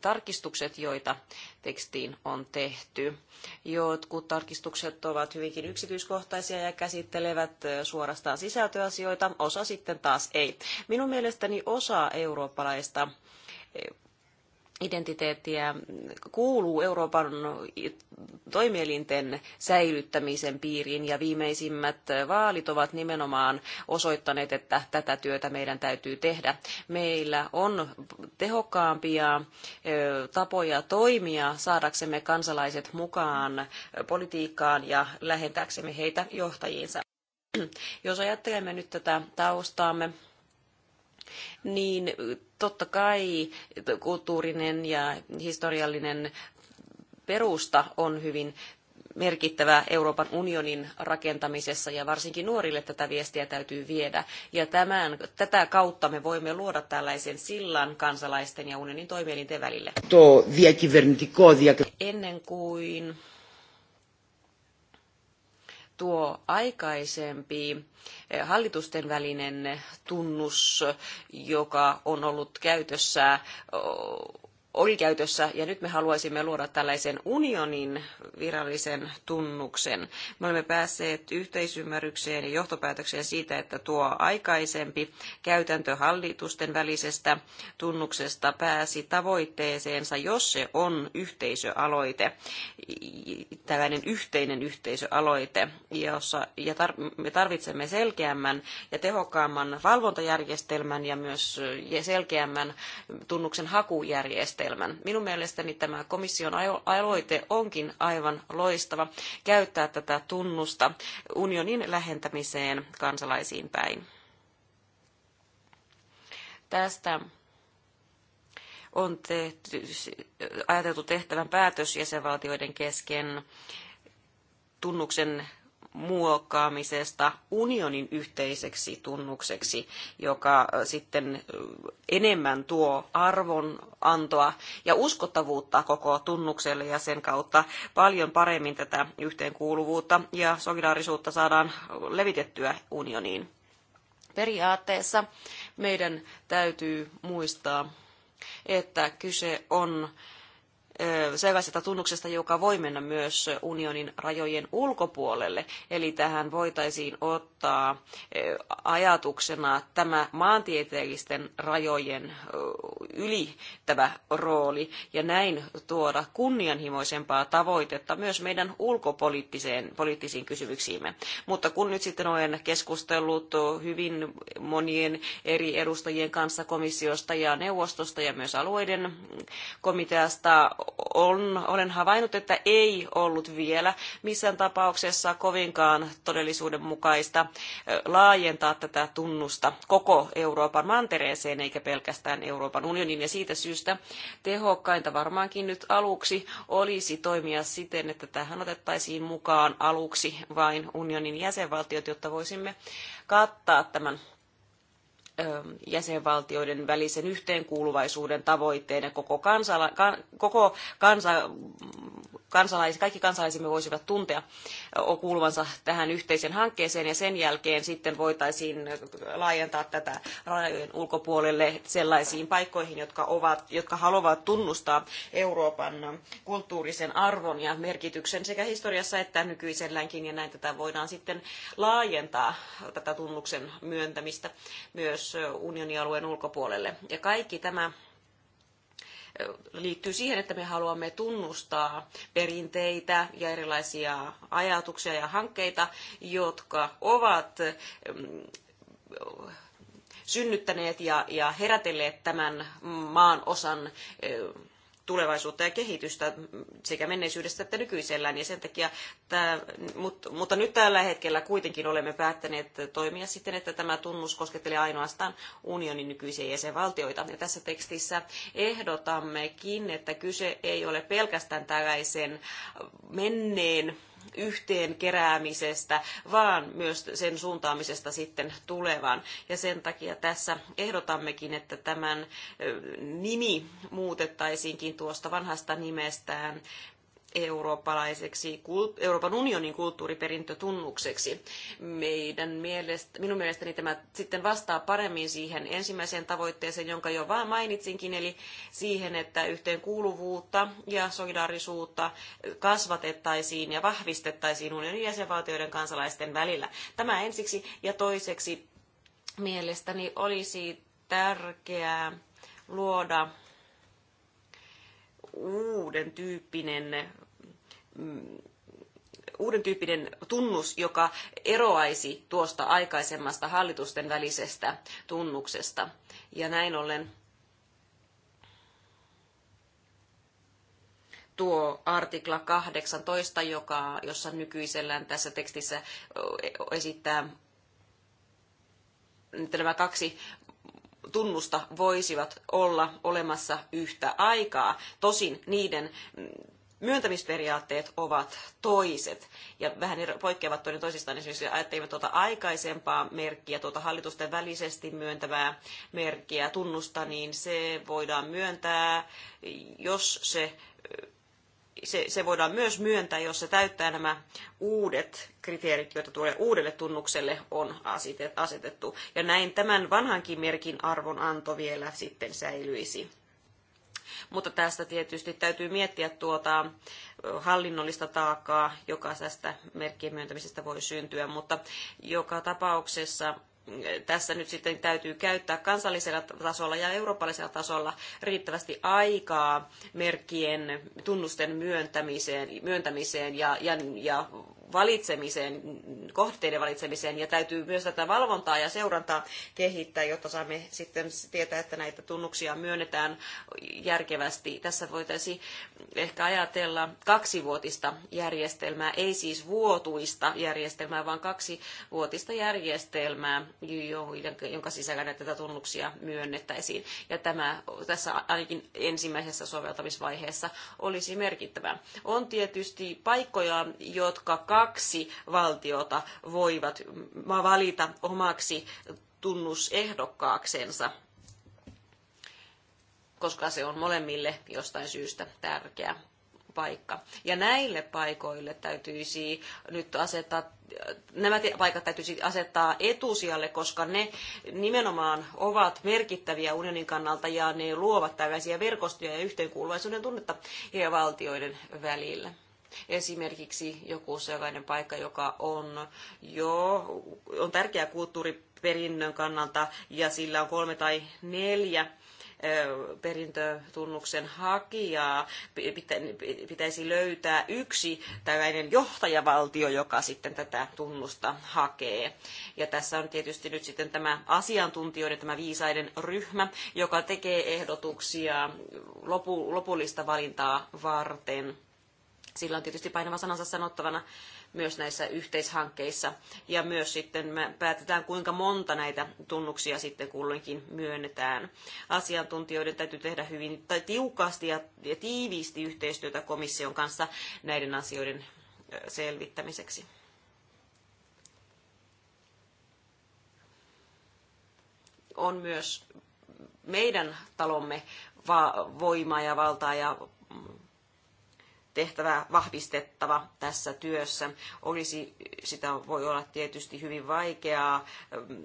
tarkistukset, joita tekstiin on tehty. Jotkut tarkistukset ovat hyvinkin yksityiskohtaisia ja käsittelevät suorastaan sisältöasioita, osa sitten taas ei. Minun mielestäni osa eurooppalaista identiteettiä kuuluu Euroopan toimielinten säilyttämisen piiriin ja viimeisimmät vaalit ovat nimenomaan osoittaneet, että tätä työtä meidän täytyy tehdä. Meillä on tehokkaampia tapoja toimia saadaksemme kansalaiset mukaan politiikkaan ja lähentääksemme heitä johtajiinsa. Jos ajattelemme nyt tätä taustaamme, niin totta kai kulttuurinen ja historiallinen perusta on hyvin merkittävä Euroopan unionin rakentamisessa ja varsinkin nuorille tätä viestiä täytyy viedä. Ja tämän, tätä kautta me voimme luoda tällaisen sillan kansalaisten ja unionin toimielinten välille. Ennen kuin tuo aikaisempi eh, hallitusten välinen tunnus, joka on ollut käytössä oli käytössä ja nyt me haluaisimme luoda tällaisen unionin virallisen tunnuksen. Me olemme päässeet yhteisymmärrykseen ja johtopäätökseen siitä, että tuo aikaisempi käytäntö hallitusten välisestä tunnuksesta pääsi tavoitteeseensa, jos se on yhteisöaloite, tällainen yhteinen yhteisöaloite, jossa ja me tarvitsemme selkeämmän ja tehokkaamman valvontajärjestelmän ja myös selkeämmän tunnuksen hakujärjestelmän määritelmän. Minun mielestäni tämä komission aloite onkin aivan loistava käyttää tätä tunnusta unionin lähentämiseen kansalaisiin päin. Tästä on tehty, ajateltu tehtävän päätös jäsenvaltioiden kesken tunnuksen muokkaamisesta unionin yhteiseksi tunnukseksi, joka sitten enemmän tuo arvonantoa ja uskottavuutta koko tunnukselle ja sen kautta paljon paremmin tätä yhteenkuuluvuutta ja solidaarisuutta saadaan levitettyä unioniin. Periaatteessa meidän täytyy muistaa, että kyse on sellaisesta tunnuksesta, joka voi mennä myös unionin rajojen ulkopuolelle. Eli tähän voitaisiin ottaa ajatuksena tämä maantieteellisten rajojen ylittävä rooli ja näin tuoda kunnianhimoisempaa tavoitetta myös meidän ulkopoliittiseen poliittisiin kysymyksiimme. Mutta kun nyt sitten olen keskustellut hyvin monien eri edustajien kanssa komissiosta ja neuvostosta ja myös alueiden komiteasta, on, olen havainnut, että ei ollut vielä missään tapauksessa kovinkaan todellisuudenmukaista laajentaa tätä tunnusta koko Euroopan mantereeseen eikä pelkästään Euroopan unionin. Ja siitä syystä tehokkainta varmaankin nyt aluksi olisi toimia siten, että tähän otettaisiin mukaan aluksi vain unionin jäsenvaltiot, jotta voisimme kattaa tämän Ähm, jäsenvaltioiden välisen yhteenkuuluvaisuuden tavoitteiden koko, kansala, koko kansa, kansalais, kaikki kansalaisimme voisivat tuntea kuuluvansa tähän yhteiseen hankkeeseen ja sen jälkeen sitten voitaisiin laajentaa tätä rajojen ulkopuolelle sellaisiin paikkoihin, jotka, ovat, jotka haluavat tunnustaa Euroopan kulttuurisen arvon ja merkityksen sekä historiassa että nykyiselläänkin ja näin tätä voidaan sitten laajentaa tätä tunnuksen myöntämistä myös Unionin unionialueen ulkopuolelle. Ja kaikki tämä liittyy siihen, että me haluamme tunnustaa perinteitä ja erilaisia ajatuksia ja hankkeita, jotka ovat synnyttäneet ja, ja herätelleet tämän maan osan tulevaisuutta ja kehitystä sekä menneisyydestä että nykyisellään. Ja sen takia tämä, mutta, mutta nyt tällä hetkellä kuitenkin olemme päättäneet toimia siten, että tämä tunnus koskettelee ainoastaan unionin nykyisiä jäsenvaltioita. Ja tässä tekstissä ehdotammekin, että kyse ei ole pelkästään tällaisen menneen yhteen keräämisestä, vaan myös sen suuntaamisesta sitten tulevaan. Ja sen takia tässä ehdotammekin, että tämän nimi muutettaisiinkin tuosta vanhasta nimestään eurooppalaiseksi, Euroopan unionin kulttuuriperintötunnukseksi. Meidän mielestä, minun mielestäni tämä sitten vastaa paremmin siihen ensimmäiseen tavoitteeseen, jonka jo vaan mainitsinkin, eli siihen, että yhteenkuuluvuutta ja solidaarisuutta kasvatettaisiin ja vahvistettaisiin unionin jäsenvaltioiden kansalaisten välillä. Tämä ensiksi ja toiseksi mielestäni olisi tärkeää luoda uuden tyyppinen mm, uuden tyyppinen tunnus, joka eroaisi tuosta aikaisemmasta hallitusten välisestä tunnuksesta. Ja näin ollen tuo artikla 18, joka, jossa nykyisellään tässä tekstissä esittää nämä kaksi tunnusta voisivat olla olemassa yhtä aikaa. Tosin niiden mm, myöntämisperiaatteet ovat toiset ja vähän poikkeavat toinen toisistaan. Esimerkiksi ajattelimme tuota aikaisempaa merkkiä, tuota hallitusten välisesti myöntävää merkkiä tunnusta, niin se voidaan myöntää, jos se se, se voidaan myös myöntää, jos se täyttää nämä uudet kriteerit, joita tuolle uudelle tunnukselle on asetettu. Ja näin tämän vanhankin merkin arvon anto vielä sitten säilyisi. Mutta tästä tietysti täytyy miettiä tuota hallinnollista taakkaa, joka tästä merkkien myöntämisestä voi syntyä, mutta joka tapauksessa tässä nyt sitten täytyy käyttää kansallisella tasolla ja eurooppalaisella tasolla riittävästi aikaa merkkien tunnusten myöntämiseen, myöntämiseen ja, ja, ja valitsemiseen, kohteiden valitsemiseen ja täytyy myös tätä valvontaa ja seurantaa kehittää, jotta saamme sitten tietää, että näitä tunnuksia myönnetään järkevästi. Tässä voitaisiin ehkä ajatella kaksivuotista järjestelmää, ei siis vuotuista järjestelmää, vaan kaksivuotista järjestelmää, jonka sisällä näitä tunnuksia myönnettäisiin. Ja tämä tässä ainakin ensimmäisessä soveltamisvaiheessa olisi merkittävä. On tietysti paikkoja, jotka kaksi valtiota voivat valita omaksi tunnusehdokkaaksensa, koska se on molemmille jostain syystä tärkeä paikka. Ja näille paikoille täytyisi nyt asettaa, nämä paikat täytyisi asettaa etusijalle, koska ne nimenomaan ovat merkittäviä unionin kannalta ja ne luovat tällaisia verkostoja ja yhteenkuuluvaisuuden tunnetta ja valtioiden välillä. Esimerkiksi joku sellainen paikka, joka on jo on tärkeä kulttuuriperinnön kannalta ja sillä on kolme tai neljä perintötunnuksen hakijaa pitäisi löytää yksi tällainen johtajavaltio, joka sitten tätä tunnusta hakee. Ja tässä on tietysti nyt sitten tämä asiantuntijoiden, tämä viisaiden ryhmä, joka tekee ehdotuksia lopullista valintaa varten sillä on tietysti painava sanansa sanottavana myös näissä yhteishankkeissa. Ja myös sitten me päätetään, kuinka monta näitä tunnuksia sitten kulloinkin myönnetään. Asiantuntijoiden täytyy tehdä hyvin tai tiukasti ja, ja tiiviisti yhteistyötä komission kanssa näiden asioiden selvittämiseksi. On myös meidän talomme voimaa ja valtaa ja tehtävä vahvistettava tässä työssä. Olisi, sitä voi olla tietysti hyvin vaikeaa mm,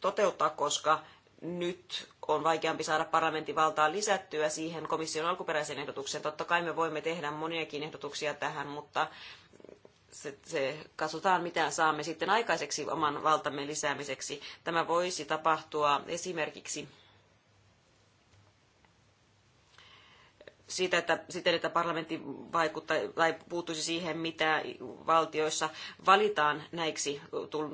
toteuttaa, koska nyt on vaikeampi saada parlamentin valtaa lisättyä siihen komission alkuperäiseen ehdotukseen. Totta kai me voimme tehdä moniakin ehdotuksia tähän, mutta se, se, katsotaan, mitä saamme sitten aikaiseksi oman valtamme lisäämiseksi. Tämä voisi tapahtua esimerkiksi siitä, että, siten, että parlamentti vaikuttaa, tai puuttuisi siihen, mitä valtioissa valitaan näiksi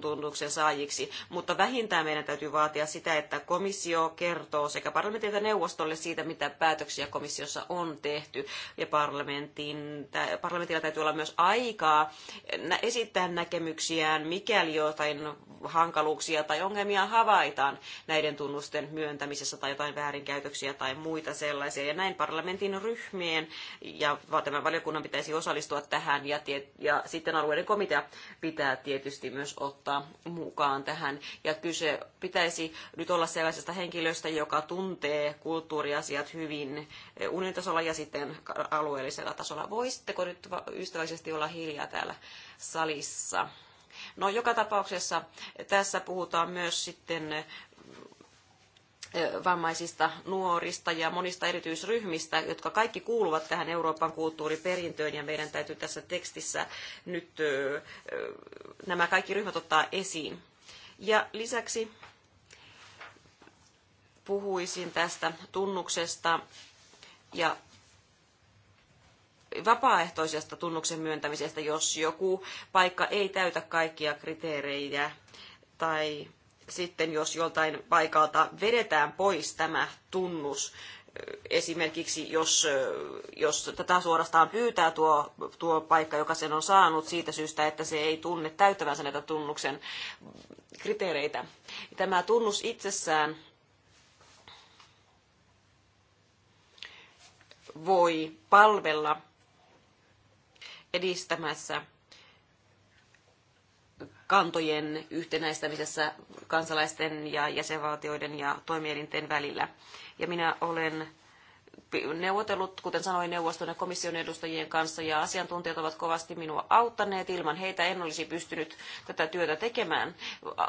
tunnuksen saajiksi. Mutta vähintään meidän täytyy vaatia sitä, että komissio kertoo sekä parlamentin että neuvostolle siitä, mitä päätöksiä komissiossa on tehty. Ja parlamentin, parlamentilla täytyy olla myös aikaa esittää näkemyksiään, mikäli jotain hankaluuksia tai ongelmia havaitaan näiden tunnusten myöntämisessä tai jotain väärinkäytöksiä tai muita sellaisia. Ja näin parlamentin ryhmien ja tämän valiokunnan pitäisi osallistua tähän ja, tie, ja sitten alueiden komitea pitää tietysti myös ottaa mukaan tähän. Ja kyse pitäisi nyt olla sellaisesta henkilöstä, joka tuntee kulttuuriasiat hyvin eh, unionitasolla ja sitten alueellisella tasolla. Voisitteko nyt ystävällisesti olla hiljaa täällä salissa? No joka tapauksessa tässä puhutaan myös sitten vammaisista nuorista ja monista erityisryhmistä, jotka kaikki kuuluvat tähän Euroopan kulttuuriperintöön ja meidän täytyy tässä tekstissä nyt nämä kaikki ryhmät ottaa esiin. Ja lisäksi puhuisin tästä tunnuksesta ja vapaaehtoisesta tunnuksen myöntämisestä, jos joku paikka ei täytä kaikkia kriteerejä tai sitten, jos joltain paikalta vedetään pois tämä tunnus, esimerkiksi jos, jos tätä suorastaan pyytää tuo, tuo paikka, joka sen on saanut siitä syystä, että se ei tunne täyttävänsä näitä tunnuksen kriteereitä. Tämä tunnus itsessään voi palvella edistämässä kantojen yhtenäistämisessä kansalaisten ja jäsenvaltioiden ja toimielinten välillä. Ja minä olen neuvotellut, kuten sanoin, neuvoston ja komission edustajien kanssa, ja asiantuntijat ovat kovasti minua auttaneet. Ilman heitä en olisi pystynyt tätä työtä tekemään.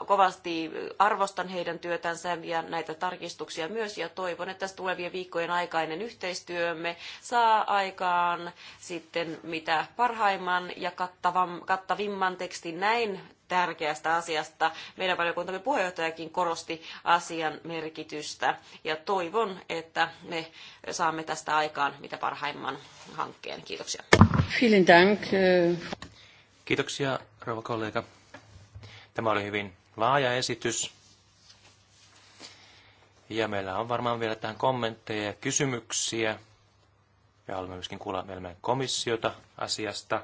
Kovasti arvostan heidän työtänsä ja näitä tarkistuksia myös, ja toivon, että tässä tulevien viikkojen aikainen yhteistyömme saa aikaan sitten mitä parhaimman ja kattavam, kattavimman tekstin. Näin tärkeästä asiasta. Meidän valiokuntamme puheenjohtajakin korosti asian merkitystä ja toivon, että me saamme tästä aikaan mitä parhaimman hankkeen. Kiitoksia. Äh. Kiitoksia, rouva kollega. Tämä oli hyvin laaja esitys. Ja meillä on varmaan vielä tähän kommentteja ja kysymyksiä. Ja haluamme myöskin kuulla meidän komissiota asiasta.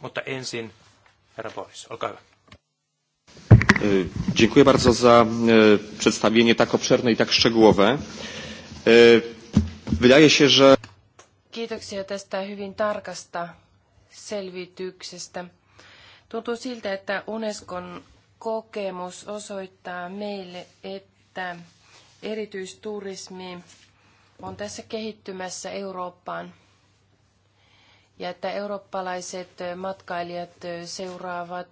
Mutta ensin Herra Boris, olkaa hyvä. E, dziękuję bardzo za e, przedstawienie tak obszerne i tak szczegółowe. E, wydaje się, że... Kiitoksia tästä hyvin tarkasta selvityksestä. Tuntuu siltä, että Unescon kokemus osoittaa meille, että erityisturismi on tässä kehittymässä Eurooppaan – ja että eurooppalaiset matkailijat seuraavat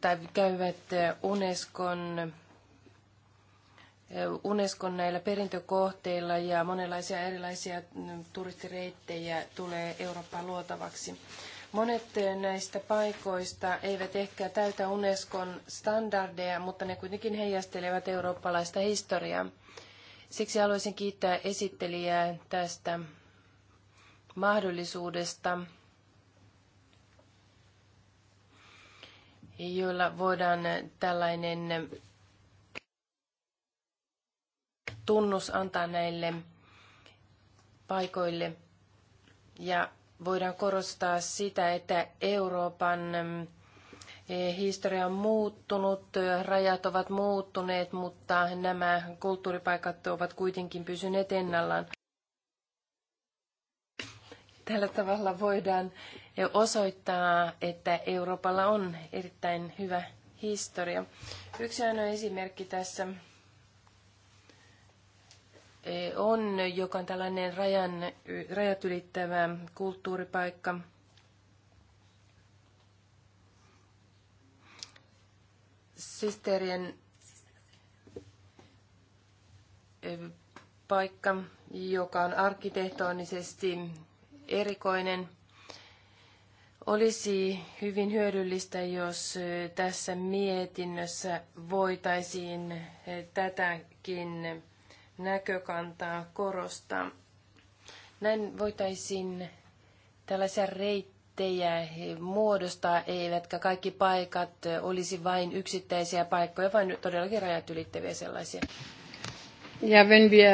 tai käyvät Unescon, Unescon näillä perintökohteilla ja monenlaisia erilaisia turistireittejä tulee Eurooppaan luotavaksi. Monet näistä paikoista eivät ehkä täytä Unescon standardeja, mutta ne kuitenkin heijastelevat eurooppalaista historiaa. Siksi haluaisin kiittää esittelijää tästä mahdollisuudesta, jolla voidaan tällainen tunnus antaa näille paikoille. Ja voidaan korostaa sitä, että Euroopan Historia on muuttunut, rajat ovat muuttuneet, mutta nämä kulttuuripaikat ovat kuitenkin pysyneet ennallaan. Tällä tavalla voidaan osoittaa, että Euroopalla on erittäin hyvä historia. Yksi ainoa esimerkki tässä eh, on, joka on tällainen rajan, rajat ylittävä kulttuuripaikka – sisterien paikka, joka on arkkitehtonisesti erikoinen. Olisi hyvin hyödyllistä, jos tässä mietinnössä voitaisiin tätäkin näkökantaa korostaa. Näin voitaisiin tällaisia reittejä reittejä muodostaa, eivätkä kaikki paikat olisi vain yksittäisiä paikkoja, vaan todellakin rajat ylittäviä sellaisia. Ja wenn wir...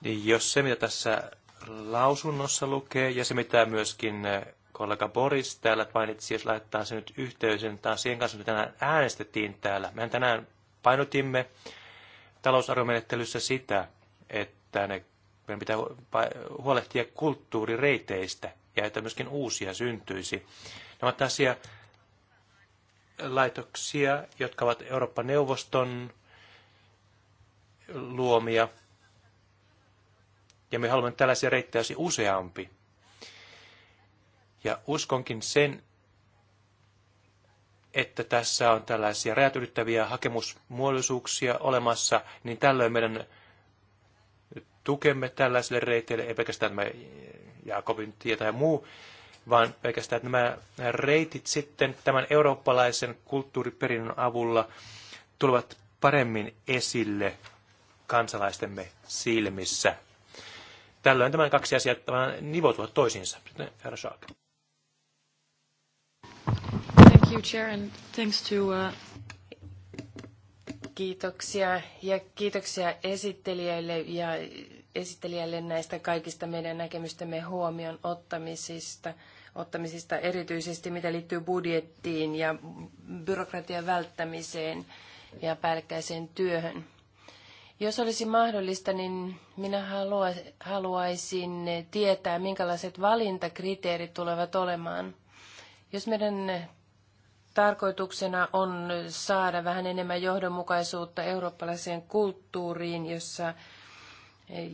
Niin jos se, mitä tässä lausunnossa lukee, ja se, mitä myöskin eh, kollega Boris täällä mainitsi, jos laittaa se nyt yhteyden taas siihen kanssa, mitä tänään äänestettiin täällä. Mehän tänään painotimme talousarvomenettelyssä sitä, että ne meidän pitää huolehtia kulttuurireiteistä ja että myöskin uusia syntyisi. Nämä ovat asia laitoksia, jotka ovat Euroopan neuvoston luomia. Ja me haluamme tällaisia reittejä useampi. Ja uskonkin sen, että tässä on tällaisia rajat ylittäviä hakemusmuodollisuuksia olemassa, niin tällöin meidän tukemme tällaisille reiteille, ei pelkästään tämä Jaakobin tie tai muu, vaan pelkästään että nämä reitit sitten tämän eurooppalaisen kulttuuriperinnön avulla tulevat paremmin esille kansalaistemme silmissä. Tällöin tämän kaksi asiaa nivoutuvat toisiinsa. Herra Saak. Thank you, Chair, and thanks to uh, Kiitoksia ja kiitoksia esittelijöille ja esittelijälle näistä kaikista meidän näkemystämme huomion ottamisista, ottamisista erityisesti mitä liittyy budjettiin ja byrokratian välttämiseen ja päällekkäiseen työhön. Jos olisi mahdollista, niin minä haluaisin tietää, minkälaiset valintakriteerit tulevat olemaan. Jos meidän Tarkoituksena on saada vähän enemmän johdonmukaisuutta eurooppalaiseen kulttuuriin, jossa,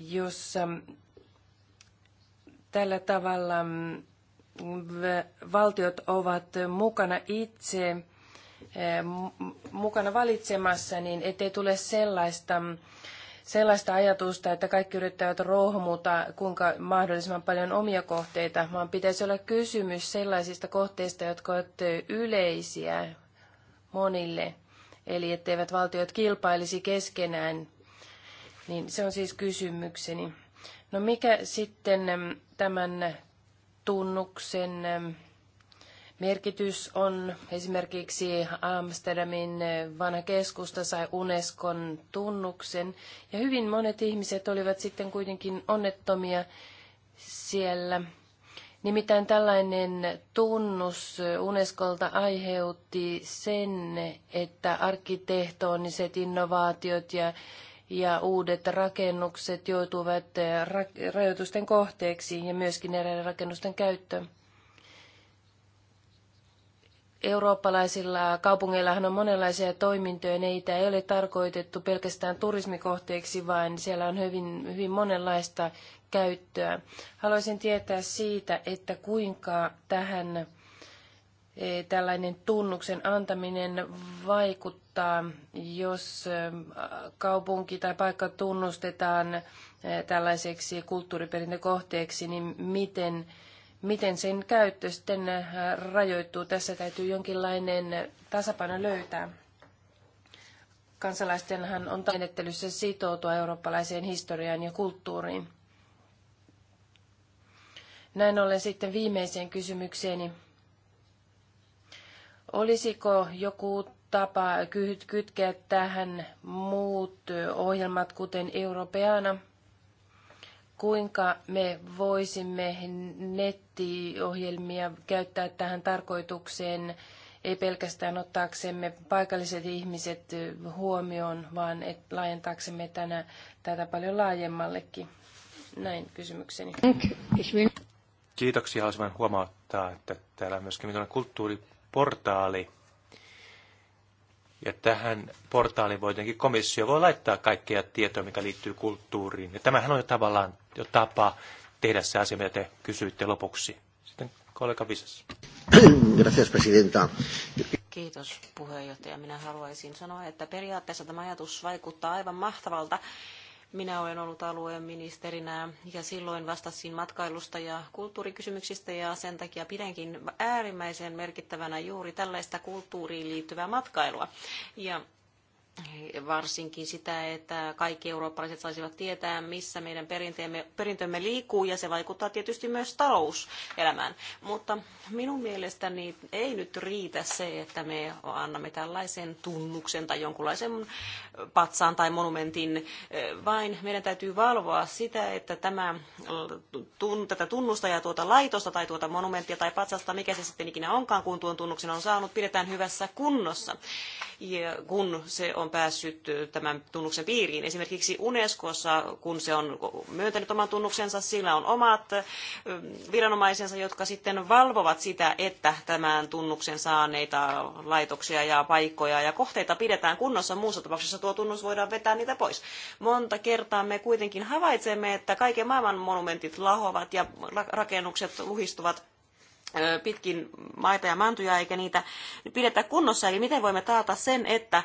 jossa tällä tavalla mm, valtiot ovat mukana itse eh, mukana valitsemassa, niin ettei tule sellaista mm, sellaista ajatusta, että kaikki yrittävät rohmuta, kuinka mahdollisimman paljon omia kohteita, vaan pitäisi olla kysymys sellaisista kohteista, jotka ovat yleisiä monille, eli etteivät valtiot kilpailisi keskenään. Niin se on siis kysymykseni. No mikä sitten tämän tunnuksen merkitys on esimerkiksi Amsterdamin vanha keskusta sai Unescon tunnuksen ja hyvin monet ihmiset olivat sitten kuitenkin onnettomia siellä. Nimittäin tällainen tunnus Unescolta aiheutti sen, että arkkitehtoniset innovaatiot ja, ja uudet rakennukset joutuivat ra- rajoitusten kohteeksi ja myöskin eräiden rakennusten käyttöön. Eurooppalaisilla kaupungeillahan on monenlaisia toimintoja, niitä ei ole tarkoitettu pelkästään turismikohteeksi, vaan siellä on hyvin, hyvin monenlaista käyttöä. Haluaisin tietää siitä, että kuinka tähän e, tällainen tunnuksen antaminen vaikuttaa, jos e, kaupunki tai paikka tunnustetaan e, tällaiseksi kulttuuriperintökohteeksi, niin miten Miten sen käyttö sitten äh, rajoittuu? Tässä täytyy jonkinlainen tasapaino löytää. Kansalaistenhan on menettelyssä sitoutua eurooppalaiseen historiaan ja kulttuuriin. Näin ollen sitten viimeiseen kysymykseeni. Olisiko joku tapa kytkeä tähän muut ohjelmat, kuten Europeana – kuinka me voisimme nettiohjelmia käyttää tähän tarkoitukseen, ei pelkästään ottaaksemme paikalliset ihmiset huomioon, vaan et laajentaaksemme tänä, tätä paljon laajemmallekin. Näin kysymykseni. Kiitoksia. Haluaisin huomauttaa, että täällä on myöskin kulttuuriportaali, ja tähän portaaliin voi jotenkin komissio voi laittaa kaikkea tietoa, mikä liittyy kulttuuriin. Ja tämähän on jo tavallaan jo tapa tehdä se asia, mitä te kysyitte lopuksi. Sitten kollega Visas. Gracias, presidenta. Kiitos puheenjohtaja. Minä haluaisin sanoa, että periaatteessa tämä ajatus vaikuttaa aivan mahtavalta minä olen ollut alueen ministerinä ja silloin vastasin matkailusta ja kulttuurikysymyksistä ja sen takia pidänkin äärimmäisen merkittävänä juuri tällaista kulttuuriin liittyvää matkailua. Ja varsinkin sitä, että kaikki eurooppalaiset saisivat tietää, missä meidän perinteemme, perintömme liikkuu, ja se vaikuttaa tietysti myös talouselämään. Mutta minun mielestäni ei nyt riitä se, että me annamme tällaisen tunnuksen tai jonkunlaisen patsaan tai monumentin, vain meidän täytyy valvoa sitä, että tämä, tun, tätä tunnusta ja tuota laitosta tai tuota monumenttia tai patsasta, mikä se sitten ikinä onkaan, kun tuon tunnuksen on saanut, pidetään hyvässä kunnossa ja kun se on päässyt tämän tunnuksen piiriin. Esimerkiksi Unescossa, kun se on myöntänyt oman tunnuksensa, sillä on omat viranomaisensa, jotka sitten valvovat sitä, että tämän tunnuksen saaneita laitoksia ja paikkoja ja kohteita pidetään kunnossa. Muussa tapauksessa tuo tunnus voidaan vetää niitä pois. Monta kertaa me kuitenkin havaitsemme, että kaiken maailman monumentit lahoavat ja rakennukset luhistuvat pitkin maita ja mantuja eikä niitä pidetä kunnossa. Eli miten voimme taata sen, että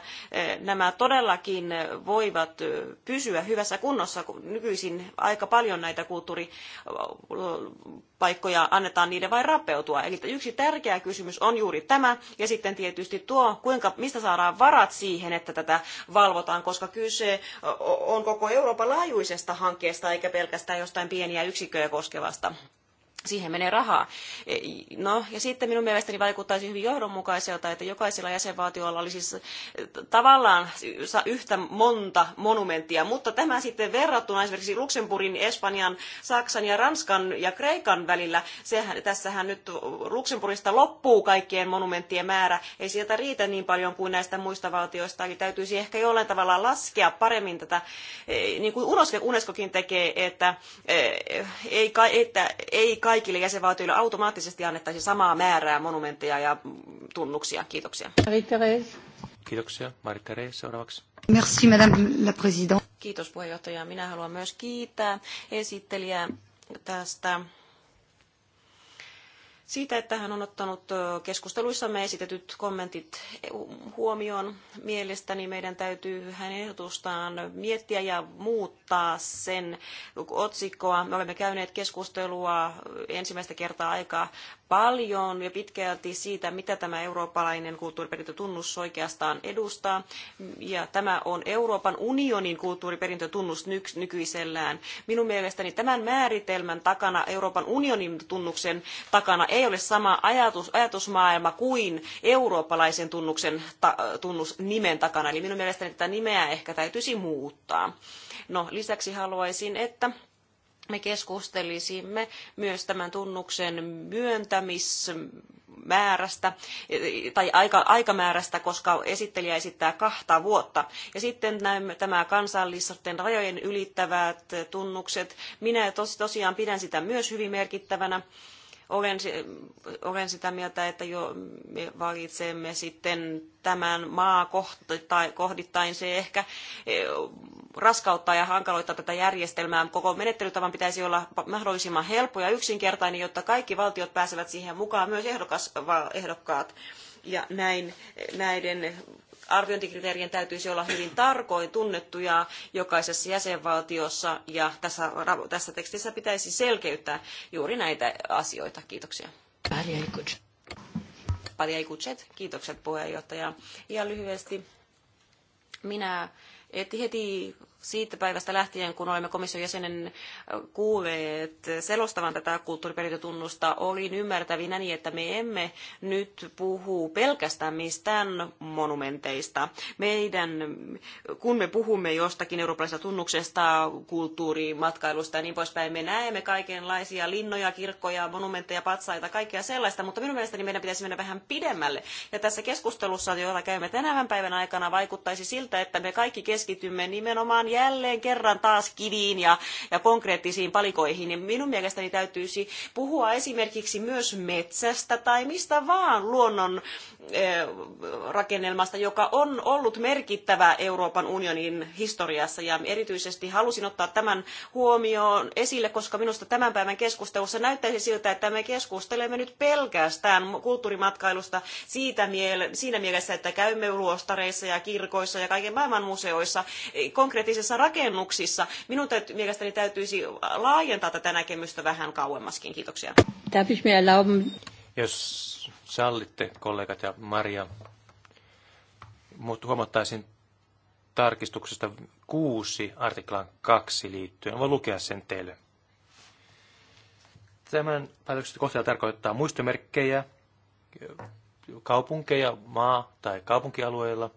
nämä todellakin voivat pysyä hyvässä kunnossa, kun nykyisin aika paljon näitä kulttuuripaikkoja annetaan niiden vain rappeutua. Eli yksi tärkeä kysymys on juuri tämä, ja sitten tietysti tuo, kuinka, mistä saadaan varat siihen, että tätä valvotaan, koska kyse on koko Euroopan laajuisesta hankkeesta, eikä pelkästään jostain pieniä yksikköjä koskevasta Siihen menee rahaa. E, no, ja sitten minun mielestäni vaikuttaisi hyvin johdonmukaiselta, että jokaisella jäsenvaltiolla olisi siis tavallaan yhtä monta monumenttia, mutta tämä sitten verrattuna esimerkiksi Luxemburgin, Espanjan, Saksan ja Ranskan ja Kreikan välillä, sehän, tässähän nyt Luxemburgista loppuu kaikkien monumenttien määrä, ei sieltä riitä niin paljon kuin näistä muista valtioista, eli täytyisi ehkä jollain tavalla laskea paremmin tätä, e, niin kuin Unescokin tekee, että e, ei, että ei kai kaikille jäsenvaltioille automaattisesti annettaisiin samaa määrää monumentteja ja tunnuksia. Kiitoksia. Kiitoksia. Marie-Thérèse seuraavaksi. Merci, Madame la Présidente. Kiitos puheenjohtaja. Minä haluan myös kiittää esittelijää tästä siitä, että hän on ottanut keskusteluissamme esitetyt kommentit huomioon. Mielestäni meidän täytyy hänen ehdotustaan miettiä ja muuttaa sen otsikkoa. Me olemme käyneet keskustelua ensimmäistä kertaa aika paljon ja pitkälti siitä, mitä tämä eurooppalainen kulttuuriperintötunnus oikeastaan edustaa. Ja tämä on Euroopan unionin kulttuuriperintötunnus nykyisellään. Minun mielestäni tämän määritelmän takana, Euroopan unionin tunnuksen takana ei ole sama ajatus, ajatusmaailma kuin eurooppalaisen tunnuksen ta, tunnusnimen takana. Eli minun mielestäni tätä nimeä ehkä täytyisi muuttaa. No, lisäksi haluaisin, että me keskustelisimme myös tämän tunnuksen myöntämismäärästä tai aika, aikamäärästä, koska esittelijä esittää kahta vuotta. Ja sitten nämä tämä kansallisten rajojen ylittävät tunnukset. Minä tos, tosiaan pidän sitä myös hyvin merkittävänä olen, olen sitä mieltä, että jo me valitsemme sitten tämän maa kohdittain. Se ehkä e, raskauttaa ja hankaloittaa tätä järjestelmää. Koko menettelytavan pitäisi olla mahdollisimman helppo ja yksinkertainen, jotta kaikki valtiot pääsevät siihen mukaan, myös ehdokkaat ja näin näiden arviointikriteerien täytyisi olla hyvin tarkoin tunnettuja jokaisessa jäsenvaltiossa ja tässä, tässä tekstissä pitäisi selkeyttää juuri näitä asioita. Kiitoksia. Paljon kutset. Kiitokset puheenjohtaja. Ja lyhyesti minä heti siitä päivästä lähtien, kun olemme komission jäsenen kuulleet selostavan tätä kulttuuriperintötunnusta, olin ymmärtävinä niin, että me emme nyt puhu pelkästään mistään monumenteista. Meidän, kun me puhumme jostakin eurooppalaisesta tunnuksesta, kulttuurimatkailusta ja niin poispäin, me näemme kaikenlaisia linnoja, kirkkoja, monumentteja, patsaita, kaikkea sellaista, mutta minun mielestäni meidän pitäisi mennä vähän pidemmälle. Ja tässä keskustelussa, jota käymme tänään päivän aikana, vaikuttaisi siltä, että me kaikki keskitymme nimenomaan jälleen kerran taas kiviin ja, ja konkreettisiin palikoihin. niin minun mielestäni täytyisi puhua esimerkiksi myös metsästä tai mistä vaan luonnon rakennelmasta, joka on ollut merkittävä Euroopan unionin historiassa. Ja erityisesti halusin ottaa tämän huomioon esille, koska minusta tämän päivän keskustelussa näyttäisi siltä, että me keskustelemme nyt pelkästään kulttuurimatkailusta siitä siinä mielessä, että käymme luostareissa ja kirkoissa ja kaiken maailman museoissa. Konkreettisesti erilaisissa rakennuksissa. Minun täyt, mielestäni täytyisi laajentaa tätä näkemystä vähän kauemmaskin. Kiitoksia. Jos sallitte, kollegat ja Maria, huomattaisin tarkistuksesta kuusi artiklan kaksi liittyen. Voin lukea sen teille. Tämän päätöksen kohtela tarkoittaa muistomerkkejä, kaupunkeja maa- tai kaupunkialueilla,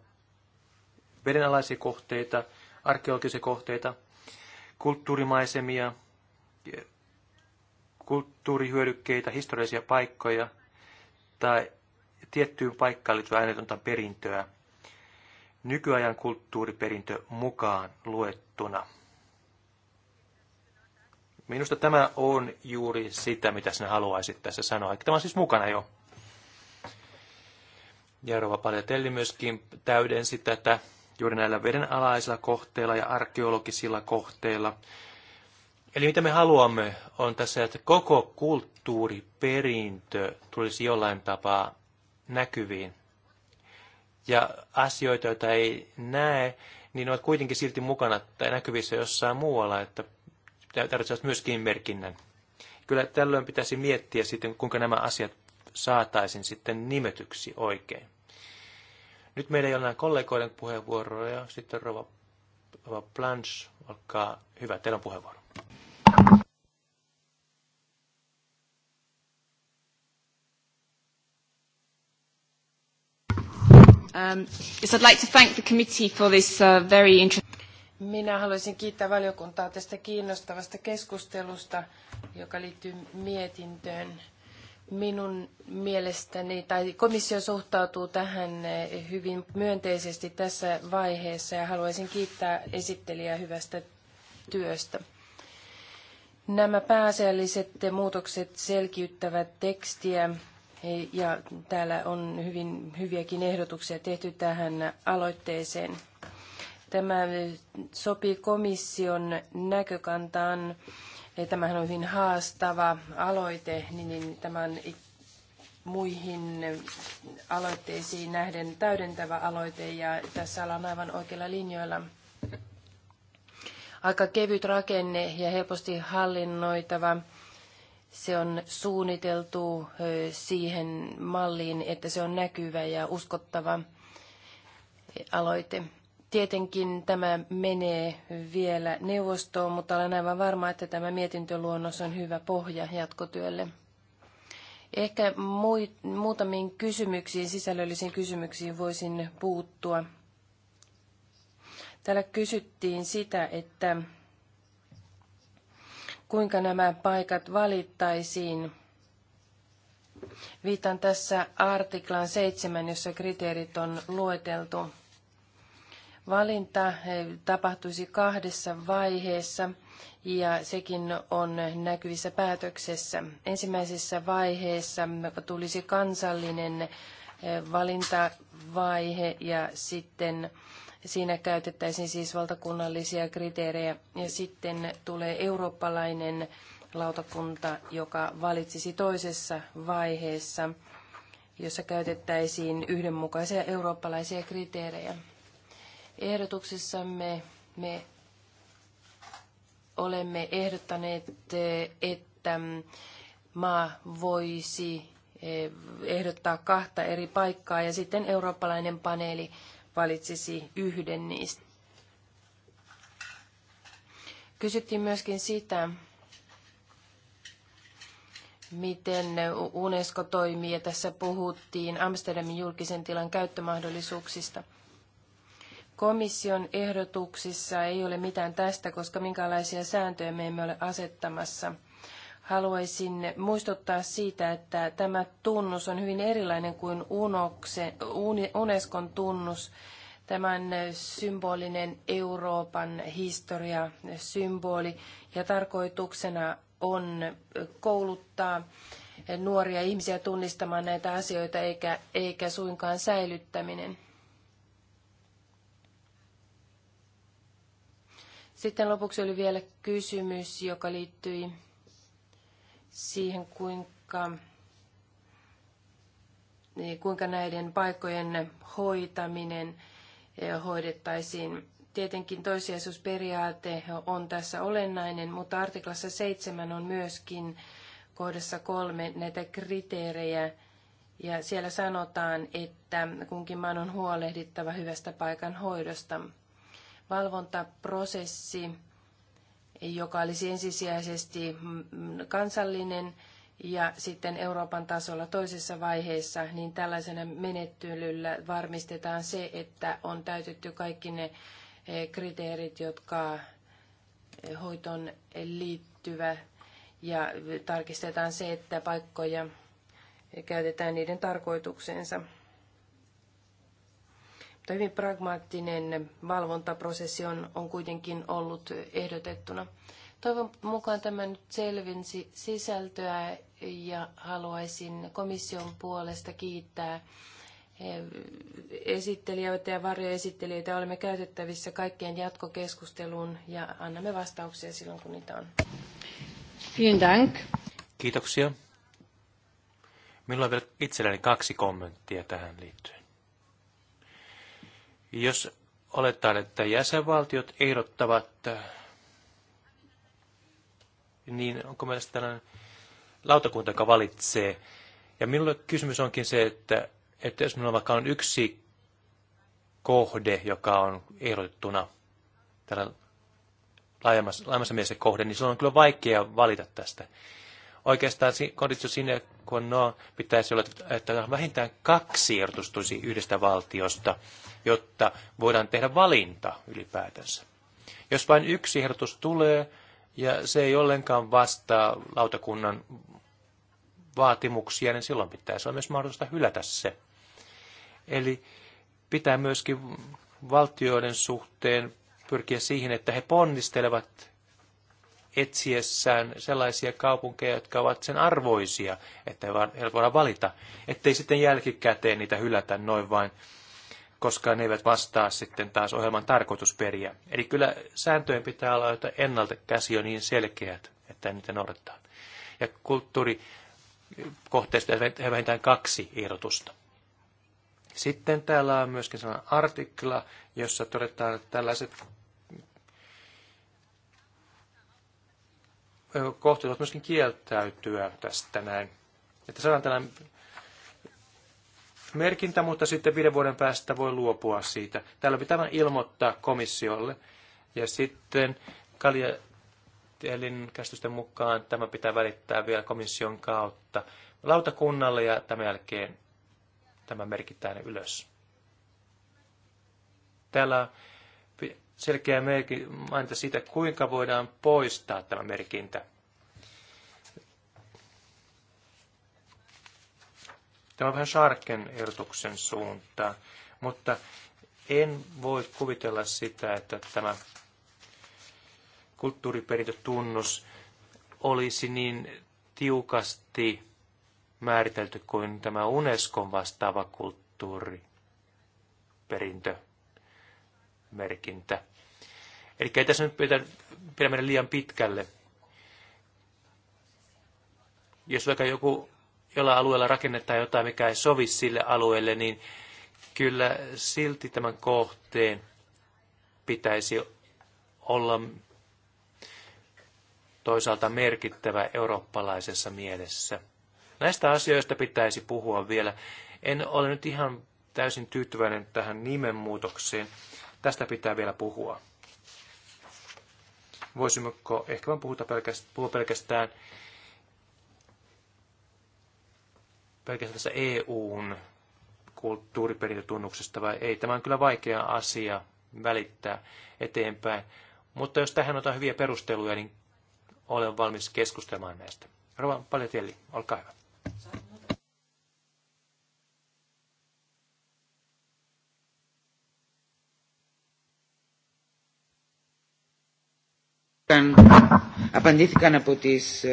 vedenalaisia kohteita, arkeologisia kohteita, kulttuurimaisemia, kulttuurihyödykkeitä, historiallisia paikkoja tai tiettyyn paikkaan liittyvää aineetonta perintöä, nykyajan kulttuuriperintö mukaan luettuna. Minusta tämä on juuri sitä, mitä sinä haluaisit tässä sanoa. Eli tämä on siis mukana jo. Jarova Paljatelli myöskin täydensi tätä juuri näillä vedenalaisilla kohteilla ja arkeologisilla kohteilla. Eli mitä me haluamme on tässä, että koko kulttuuriperintö tulisi jollain tapaa näkyviin. Ja asioita, joita ei näe, niin ne ovat kuitenkin silti mukana tai näkyvissä jossain muualla, että tarvitsevat myöskin merkinnän. Kyllä tällöin pitäisi miettiä sitten, kuinka nämä asiat saataisiin sitten nimetyksi oikein. Nyt meillä ei ole enää kollegoiden puheenvuoroja. Sitten Rova, Rova Blanche, olkaa hyvä, teillä on puheenvuoro. Um, uh, Minä haluaisin kiittää valiokuntaa tästä kiinnostavasta keskustelusta, joka liittyy mietintöön Minun mielestäni, tai komissio suhtautuu tähän hyvin myönteisesti tässä vaiheessa ja haluaisin kiittää esittelijää hyvästä työstä. Nämä pääasialliset muutokset selkiyttävät tekstiä ja täällä on hyvin hyviäkin ehdotuksia tehty tähän aloitteeseen. Tämä sopii komission näkökantaan Tämähän on hyvin haastava aloite, niin, niin tämän muihin aloitteisiin nähden täydentävä aloite ja tässä ollaan aivan oikeilla linjoilla. Aika kevyt rakenne ja helposti hallinnoitava. Se on suunniteltu siihen malliin, että se on näkyvä ja uskottava aloite. Tietenkin tämä menee vielä neuvostoon, mutta olen aivan varma, että tämä mietintöluonnos on hyvä pohja jatkotyölle. Ehkä muutamiin kysymyksiin, sisällöllisiin kysymyksiin voisin puuttua. Täällä kysyttiin sitä, että kuinka nämä paikat valittaisiin. Viitan tässä artiklan 7, jossa kriteerit on lueteltu valinta eh, tapahtuisi kahdessa vaiheessa ja sekin on näkyvissä päätöksessä. Ensimmäisessä vaiheessa tulisi kansallinen eh, valintavaihe ja sitten siinä käytettäisiin siis valtakunnallisia kriteerejä ja sitten tulee eurooppalainen lautakunta, joka valitsisi toisessa vaiheessa, jossa käytettäisiin yhdenmukaisia eurooppalaisia kriteerejä. Ehdotuksessamme me olemme ehdottaneet, että maa voisi eh, ehdottaa kahta eri paikkaa ja sitten eurooppalainen paneeli valitsisi yhden niistä. Kysyttiin myöskin sitä, miten UNESCO toimii ja tässä puhuttiin Amsterdamin julkisen tilan käyttömahdollisuuksista – Komission ehdotuksissa ei ole mitään tästä, koska minkälaisia sääntöjä me emme ole asettamassa. Haluaisin muistuttaa siitä, että tämä tunnus on hyvin erilainen kuin Unescon tunnus. Tämän symbolinen Euroopan historia symboli ja tarkoituksena on kouluttaa nuoria ihmisiä tunnistamaan näitä asioita eikä, eikä suinkaan säilyttäminen. Sitten lopuksi oli vielä kysymys, joka liittyi siihen, kuinka, niin kuinka näiden paikkojen hoitaminen eh, hoidettaisiin. Tietenkin toisiaisuusperiaate on tässä olennainen, mutta artiklassa 7 on myöskin kohdassa kolme näitä kriteerejä, ja siellä sanotaan, että kunkin maan on huolehdittava hyvästä paikan hoidosta valvontaprosessi, joka olisi ensisijaisesti kansallinen ja sitten Euroopan tasolla toisessa vaiheessa, niin tällaisena menettelyllä varmistetaan se, että on täytetty kaikki ne eh, kriteerit, jotka eh, hoitoon liittyvät ja tarkistetaan se, että paikkoja eh, käytetään niiden tarkoitukseensa. Mutta hyvin pragmaattinen valvontaprosessi on, on kuitenkin ollut ehdotettuna. Toivon mukaan tämä nyt selvensi sisältöä ja haluaisin komission puolesta kiittää eh, esittelijöitä ja varjoesittelijöitä. Olemme käytettävissä kaikkien jatkokeskusteluun ja annamme vastauksia silloin, kun niitä on. Kiitoksia. Minulla on vielä itselläni kaksi kommenttia tähän liittyen. Jos oletaan, että jäsenvaltiot ehdottavat, niin onko meillä tällainen lautakunta, joka valitsee. Ja minulle kysymys onkin se, että, että jos minulla vaikka on yksi kohde, joka on ehdotettuna tällä laajemmassa, laajemmassa mielessä kohde, niin se on kyllä vaikea valita tästä. Oikeastaan conditio sine qua non pitäisi olla, että vähintään kaksi erotustuisi yhdestä valtiosta, jotta voidaan tehdä valinta ylipäätänsä. Jos vain yksi ehdotus tulee ja se ei ollenkaan vastaa lautakunnan vaatimuksia, niin silloin pitäisi olla myös mahdollista hylätä se. Eli pitää myöskin valtioiden suhteen pyrkiä siihen, että he ponnistelevat etsiessään sellaisia kaupunkeja, jotka ovat sen arvoisia, että he voidaan valita, ettei sitten jälkikäteen niitä hylätä noin vain, koska ne eivät vastaa sitten taas ohjelman tarkoitusperiä. Eli kyllä sääntöjen pitää olla, että ennalta käsi on niin selkeät, että niitä noudattaa. Ja kulttuurikohteista vähintään kaksi ehdotusta. Sitten täällä on myöskin sellainen artikla, jossa todetaan, että tällaiset kohtuus myöskin kieltäytyä tästä näin. Että saadaan tällainen merkintä, mutta sitten viiden vuoden päästä voi luopua siitä. Täällä pitää vain ilmoittaa komissiolle. Ja sitten Kalja Elin käsitysten mukaan tämä pitää välittää vielä komission kautta lautakunnalle ja tämän jälkeen tämä merkitään ylös. Täällä selkeä merki, mainita siitä, kuinka voidaan poistaa tämä merkintä. Tämä on vähän Sharken ehdotuksen suuntaan, mutta en voi kuvitella sitä, että tämä kulttuuriperintötunnus olisi niin tiukasti määritelty kuin tämä Unescon vastaava kulttuuriperintö merkintä. Eli ei tässä nyt pidä, pidä mennä liian pitkälle. Jos vaikka joku jollain alueella rakennetaan jotain, mikä ei sovi sille alueelle, niin kyllä silti tämän kohteen pitäisi olla toisaalta merkittävä eurooppalaisessa mielessä. Näistä asioista pitäisi puhua vielä. En ole nyt ihan täysin tyytyväinen tähän nimenmuutokseen. Tästä pitää vielä puhua. Voisimmeko ehkä vain puhuta pelkästään, puhua pelkästään, pelkästään tässä EUn kulttuuriperintötunnuksesta vai ei. Tämä on kyllä vaikea asia välittää eteenpäin. Mutta jos tähän otan hyviä perusteluja, niin olen valmis keskustelemaan näistä. Rova Paljatelli, olkaa hyvä. απαντήθηκαν από, τις,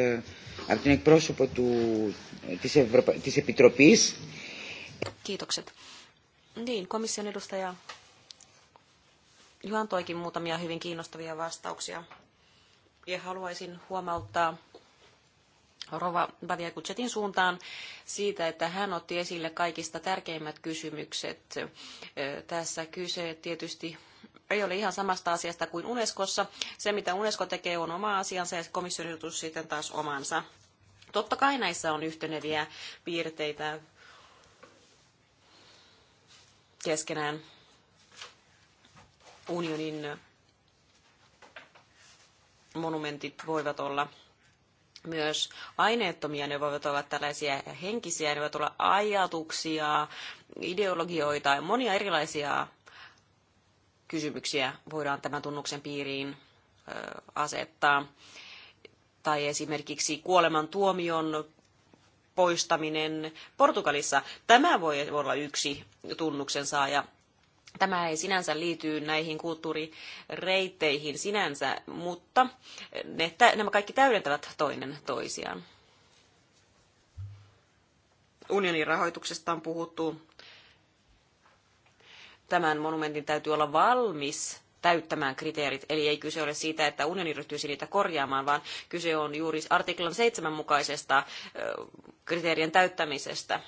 από την εκπρόσωπο του, της, Ευρωπα... της Επιτροπής. Kiitokset. Niin, komission edustaja Juhan toikin muutamia hyvin kiinnostavia vastauksia. Ja haluaisin huomauttaa Rova Badia Kutsetin suuntaan siitä, että hän otti esille kaikista tärkeimmät kysymykset. Tässä kyse tietysti ei ole ihan samasta asiasta kuin Unescossa. Se, mitä Unesco tekee, on oma asiansa ja komission ehdotus sitten taas omansa. Totta kai näissä on yhteneviä piirteitä keskenään unionin monumentit voivat olla myös aineettomia, ne voivat olla tällaisia henkisiä, ne voivat olla ajatuksia, ideologioita ja monia erilaisia kysymyksiä voidaan tämän tunnuksen piiriin asettaa. Tai esimerkiksi kuolemantuomion poistaminen Portugalissa. Tämä voi olla yksi tunnuksen saaja. Tämä ei sinänsä liity näihin kulttuurireitteihin sinänsä, mutta ne, nämä kaikki täydentävät toinen toisiaan. Unionin rahoituksesta on puhuttu tämän monumentin täytyy olla valmis täyttämään kriteerit. Eli ei kyse ole siitä, että unioni ryhtyisi niitä korjaamaan, vaan kyse on juuri artiklan 7 mukaisesta kriteerien täyttämisestä.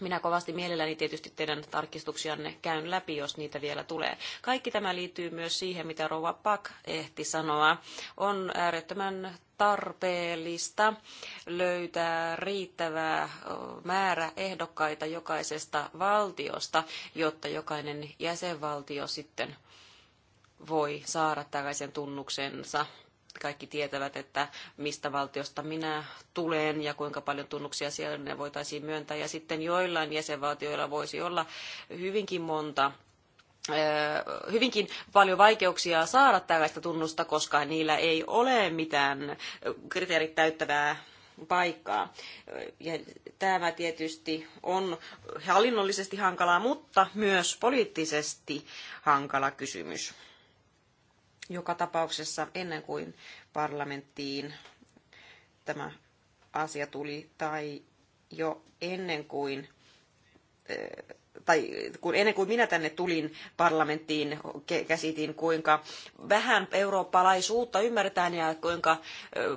Minä kovasti mielelläni tietysti teidän tarkistuksianne käyn läpi, jos niitä vielä tulee. Kaikki tämä liittyy myös siihen, mitä Rouva Pak ehti sanoa. On äärettömän tarpeellista löytää riittävää määrä ehdokkaita jokaisesta valtiosta, jotta jokainen jäsenvaltio sitten voi saada tällaisen tunnuksensa kaikki tietävät, että mistä valtiosta minä tulen ja kuinka paljon tunnuksia siellä ne voitaisiin myöntää. Ja sitten joillain jäsenvaltioilla voisi olla hyvinkin monta hyvinkin paljon vaikeuksia saada tällaista tunnusta, koska niillä ei ole mitään kriteerit täyttävää paikkaa. Ja tämä tietysti on hallinnollisesti hankalaa, mutta myös poliittisesti hankala kysymys. Joka tapauksessa ennen kuin parlamenttiin tämä asia tuli, tai jo ennen kuin tai kun ennen kuin minä tänne tulin parlamenttiin, käsitin kuinka vähän eurooppalaisuutta ymmärretään ja kuinka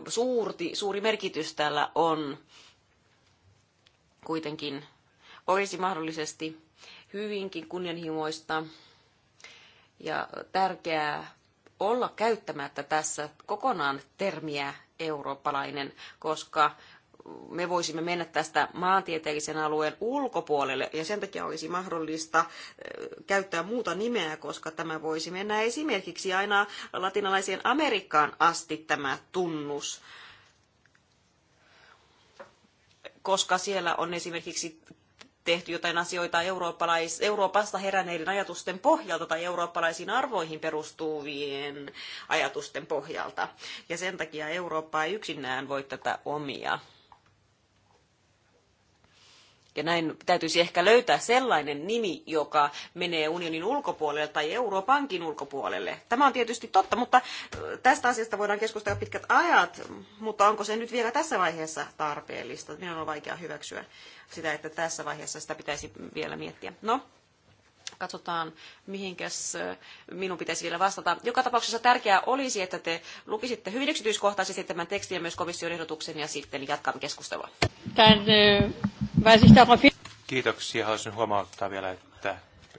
suurti, suuri merkitys tällä on kuitenkin. Olisi mahdollisesti hyvinkin kunnianhimoista ja tärkeää olla käyttämättä tässä kokonaan termiä eurooppalainen, koska me voisimme mennä tästä maantieteellisen alueen ulkopuolelle, ja sen takia olisi mahdollista käyttää muuta nimeä, koska tämä voisi mennä esimerkiksi aina latinalaiseen Amerikkaan asti tämä tunnus koska siellä on esimerkiksi tehty jotain asioita eurooppalais, Euroopasta heränneiden ajatusten pohjalta tai eurooppalaisiin arvoihin perustuvien ajatusten pohjalta. Ja sen takia Eurooppa ei yksinään voi tätä omia ja näin täytyisi ehkä löytää sellainen nimi, joka menee unionin ulkopuolelle tai Euroopankin ulkopuolelle. Tämä on tietysti totta, mutta tästä asiasta voidaan keskustella pitkät ajat, mutta onko se nyt vielä tässä vaiheessa tarpeellista? Minun on vaikea hyväksyä sitä, että tässä vaiheessa sitä pitäisi vielä miettiä. No, katsotaan, mihinkäs minun pitäisi vielä vastata. Joka tapauksessa tärkeää olisi, että te lukisitte hyvin yksityiskohtaisesti tämän tekstin ja myös komission ehdotuksen ja sitten jatkamme keskustelua. Kiitoksia. Haluaisin huomauttaa vielä, että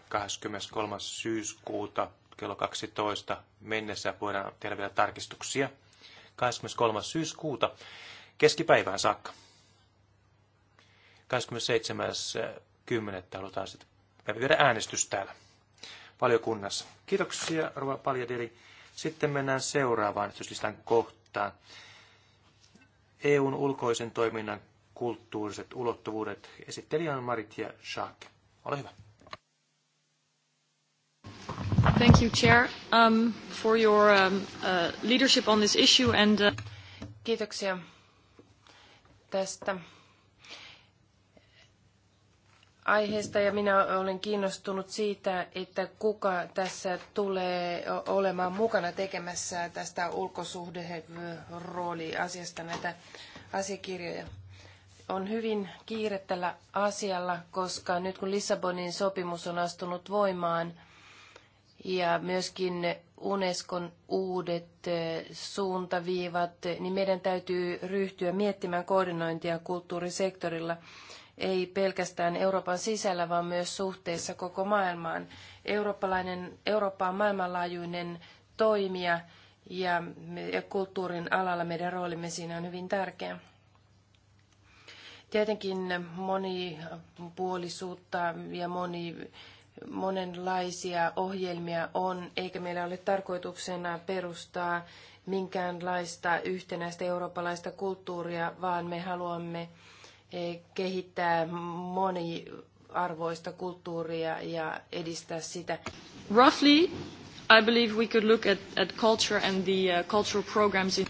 23. syyskuuta kello 12 mennessä voidaan tehdä vielä tarkistuksia. 23. syyskuuta keskipäivään saakka. 27.10. halutaan sitten voimme viedä äänestys täällä valiokunnassa. Kiitoksia, Rova Paljadeli. Sitten mennään seuraavaan äänestyslistan kohtaan. EUn ulkoisen toiminnan kulttuuriset ulottuvuudet. Esittelijä on Marit ja Ole hyvä. Thank you, Chair, um, for your um, uh, leadership on this issue and... Uh... Kiitoksia tästä aiheesta ja minä olen kiinnostunut siitä, että kuka tässä tulee olemaan mukana tekemässä tästä ulkosuhderooliasiasta näitä asiakirjoja. On hyvin kiire tällä asialla, koska nyt kun Lissabonin sopimus on astunut voimaan ja myöskin Unescon uudet eh, suuntaviivat, niin meidän täytyy ryhtyä miettimään koordinointia kulttuurisektorilla ei pelkästään Euroopan sisällä, vaan myös suhteessa koko maailmaan. Eurooppalainen, Eurooppa on maailmanlaajuinen toimija ja kulttuurin alalla meidän roolimme siinä on hyvin tärkeä. Tietenkin monipuolisuutta ja moni, monenlaisia ohjelmia on, eikä meillä ole tarkoituksena perustaa minkäänlaista yhtenäistä eurooppalaista kulttuuria, vaan me haluamme E, kehittää moniarvoista kulttuuria ja edistää sitä. Roughly, I believe we could look at, at culture and the uh, cultural programs in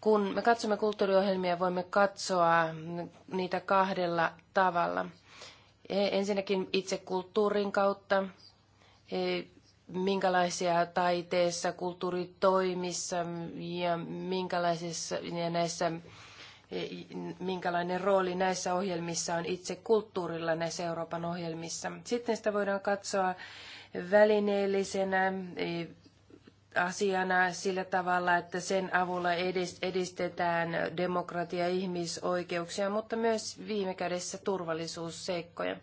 kun me katsomme kulttuuriohjelmia, voimme katsoa niitä kahdella tavalla. E, ensinnäkin itse kulttuurin kautta, e, minkälaisia taiteessa, kulttuuritoimissa ja minkälaisissa ja näissä E, minkälainen rooli näissä ohjelmissa on itse kulttuurilla näissä Euroopan ohjelmissa. Sitten sitä voidaan katsoa välineellisenä e, asiana sillä tavalla, että sen avulla edistetään demokratia- ja ihmisoikeuksia, mutta myös viime kädessä turvallisuusseikkoja.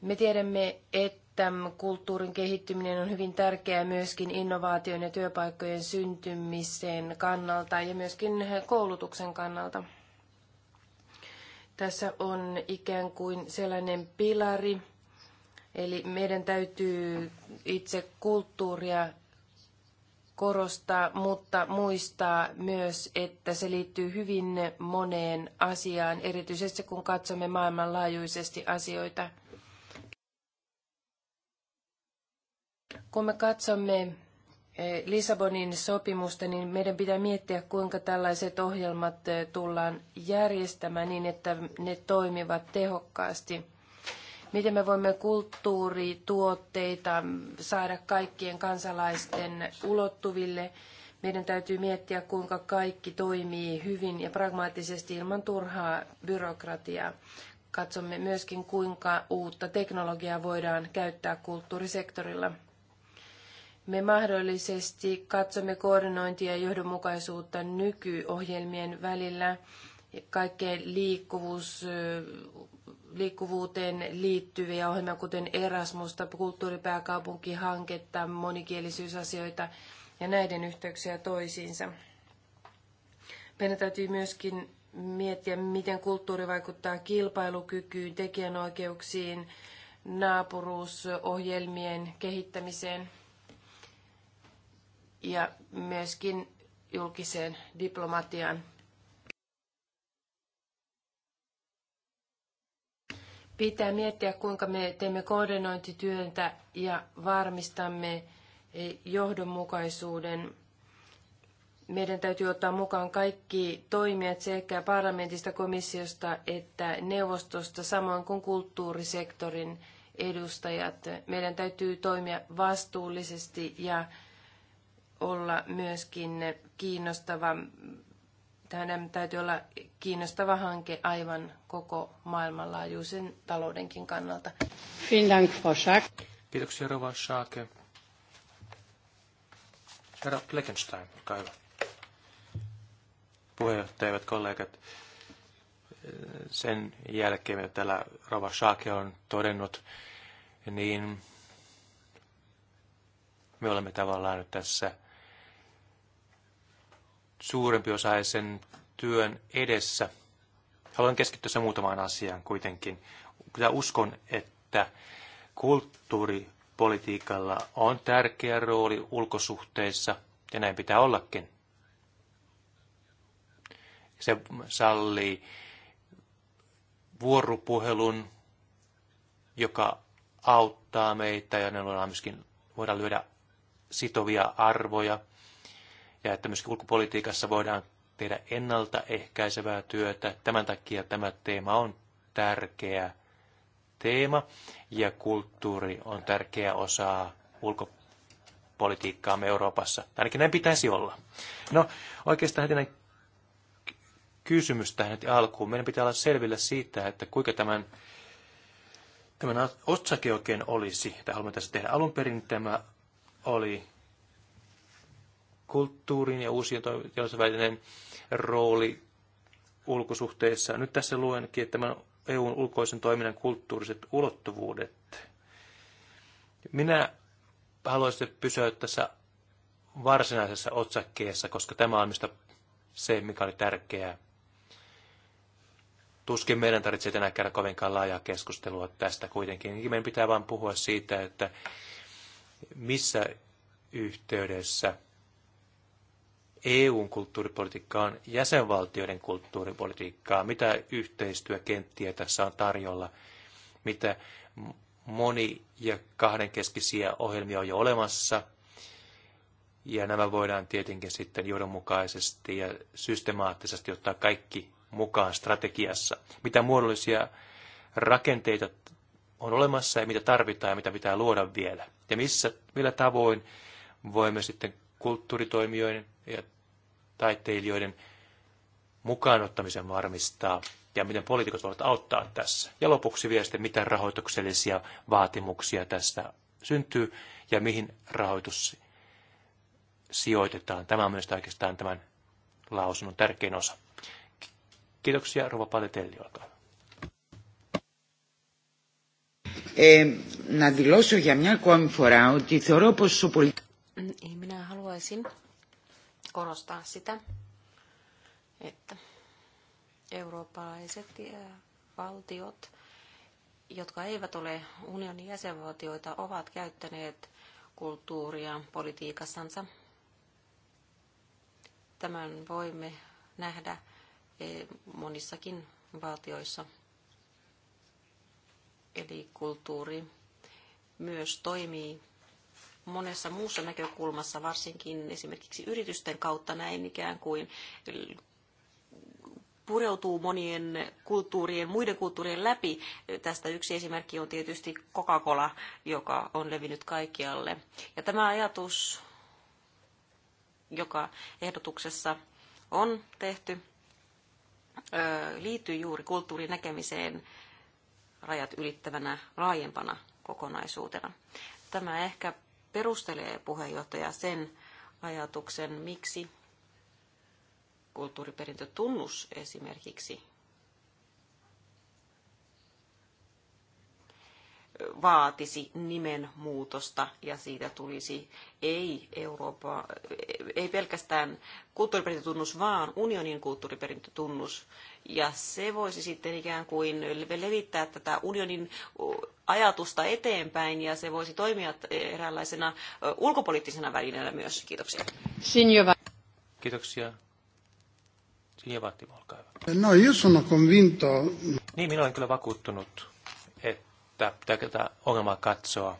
Me tiedämme, että Tämän kulttuurin kehittyminen on hyvin tärkeää myöskin innovaation ja työpaikkojen syntymisen kannalta ja myöskin koulutuksen kannalta. Tässä on ikään kuin sellainen pilari, eli meidän täytyy itse kulttuuria korostaa, mutta muistaa myös, että se liittyy hyvin moneen asiaan, erityisesti kun katsomme maailmanlaajuisesti asioita – Kun me katsomme eh, Lissabonin sopimusta, niin meidän pitää miettiä, kuinka tällaiset ohjelmat eh, tullaan järjestämään niin, että ne toimivat tehokkaasti. Miten me voimme kulttuurituotteita saada kaikkien kansalaisten ulottuville. Meidän täytyy miettiä, kuinka kaikki toimii hyvin ja pragmaattisesti ilman turhaa byrokratiaa. Katsomme myöskin, kuinka uutta teknologiaa voidaan käyttää kulttuurisektorilla. Me mahdollisesti katsomme koordinointia ja johdonmukaisuutta nykyohjelmien välillä kaikkeen liikkuvuus, liikkuvuuteen liittyviä ohjelmia, kuten Erasmusta, kulttuuripääkaupunkihanketta, monikielisyysasioita ja näiden yhteyksiä toisiinsa. Meidän täytyy myöskin miettiä, miten kulttuuri vaikuttaa kilpailukykyyn, tekijänoikeuksiin, naapuruusohjelmien kehittämiseen – ja myöskin julkiseen diplomatiaan. Pitää miettiä, kuinka me teemme koordinointityöntä ja varmistamme eh, johdonmukaisuuden. Meidän täytyy ottaa mukaan kaikki toimijat sekä parlamentista, komissiosta että neuvostosta, samoin kuin kulttuurisektorin edustajat. Meidän täytyy toimia vastuullisesti ja olla myöskin kiinnostava, tämän täytyy olla kiinnostava hanke aivan koko maailmanlaajuisen taloudenkin kannalta. Kiitoksia, Rova Schaake. Herra Fleckenstein, olkaa hyvä. hyvät kollegat, sen jälkeen, mitä täällä Rova Schaake on todennut, niin me olemme tavallaan nyt tässä suurempi osa sen työn edessä. Haluan keskittyä sen muutamaan asiaan kuitenkin. Kyllä uskon, että kulttuuripolitiikalla on tärkeä rooli ulkosuhteissa, ja näin pitää ollakin. Se sallii vuoropuhelun, joka auttaa meitä, ja ne voidaan myöskin voidaan lyödä sitovia arvoja – ja että myöskin ulkopolitiikassa voidaan tehdä ennaltaehkäisevää työtä. Tämän takia tämä teema on tärkeä teema ja kulttuuri on tärkeä osa ulkopolitiikkaamme Euroopassa. Ainakin näin pitäisi olla. No oikeastaan heti näin kysymys tähän heti alkuun. Meidän pitää olla selvillä siitä, että kuinka tämän, tämän otsake oikein olisi. että haluamme tässä tehdä alun perin. Tämä oli kulttuurin ja uusien toimijoiden välinen rooli ulkosuhteissa. Nyt tässä luenkin että tämän EUn ulkoisen toiminnan kulttuuriset ulottuvuudet. Minä haluaisin pysyä tässä varsinaisessa otsakkeessa, koska tämä on mistä se, mikä oli tärkeää. Tuskin meidän tarvitsee tänään käydä kovinkaan laajaa keskustelua tästä kuitenkin. Meidän pitää vain puhua siitä, että missä yhteydessä – EUn kulttuuripolitiikka on jäsenvaltioiden kulttuuripolitiikkaa, mitä yhteistyökenttiä tässä on tarjolla, mitä moni- ja kahdenkeskisiä ohjelmia on jo olemassa. Ja nämä voidaan tietenkin sitten johdonmukaisesti ja systemaattisesti ottaa kaikki mukaan strategiassa. Mitä muodollisia rakenteita on olemassa ja mitä tarvitaan ja mitä pitää luoda vielä. Ja missä, millä tavoin voimme sitten kulttuuritoimijoiden ja taiteilijoiden mukaanottamisen varmistaa ja miten poliitikot voivat auttaa tässä. Ja lopuksi vielä sitten, mitä rahoituksellisia vaatimuksia tästä syntyy ja mihin rahoitus sijoitetaan. Tämä on myös oikeastaan tämän lausunnon tärkein osa. Kiitoksia, Rova Palitelli, olkaa Ε, να δηλώσω για μια ακόμη φορά ότι θεωρώ πως ο πολιτικός... Minä haluaisin korostaa sitä, että eurooppalaiset valtiot, jotka eivät ole unionin jäsenvaltioita, ovat käyttäneet kulttuuria politiikassansa. Tämän voimme nähdä monissakin valtioissa. Eli kulttuuri myös toimii monessa muussa näkökulmassa, varsinkin esimerkiksi yritysten kautta näin ikään kuin pureutuu monien kulttuurien, muiden kulttuurien läpi. Tästä yksi esimerkki on tietysti Coca-Cola, joka on levinnyt kaikkialle. Ja tämä ajatus, joka ehdotuksessa on tehty, liittyy juuri kulttuurin näkemiseen rajat ylittävänä laajempana kokonaisuutena. Tämä ehkä perustelee puheenjohtaja sen ajatuksen, miksi kulttuuriperintötunnus esimerkiksi vaatisi nimen muutosta ja siitä tulisi ei, Eurooppa, ei pelkästään kulttuuriperintötunnus, vaan unionin kulttuuriperintötunnus. Ja se voisi sitten ikään kuin levittää tätä unionin ajatusta eteenpäin ja se voisi toimia eräänlaisena ulkopoliittisena välineenä myös. Kiitoksia. Signora. Kiitoksia. Signora Vattimo, olkaa hyvä. No, io sono convinto. Niin, minä olen kyllä vakuuttunut pitää tätä ongelmaa katsoa.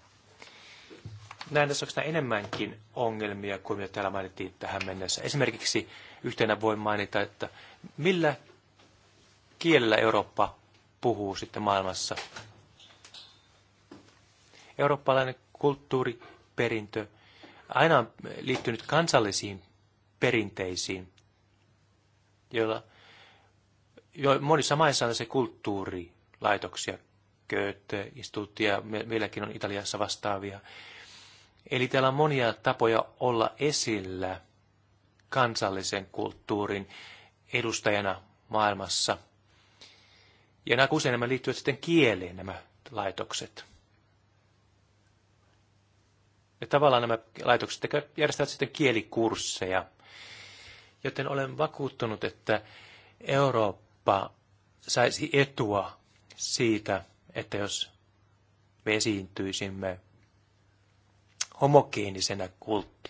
Näin tässä onko enemmänkin ongelmia kuin mitä täällä mainittiin tähän mennessä. Esimerkiksi yhtenä voi mainita, että millä kielellä Eurooppa puhuu sitten maailmassa. Eurooppalainen kulttuuriperintö aina on liittynyt kansallisiin perinteisiin, joilla jo monissa maissa on se kulttuurilaitoksia, Goethe-instituuttia, meilläkin on Italiassa vastaavia. Eli täällä on monia tapoja olla esillä kansallisen kulttuurin edustajana maailmassa. Ja nämä usein nämä liittyvät sitten kieleen nämä laitokset. Ja tavallaan nämä laitokset järjestävät sitten kielikursseja. Joten olen vakuuttunut, että Eurooppa saisi etua siitä, että jos me esiintyisimme homogeenisenä kulttuurina.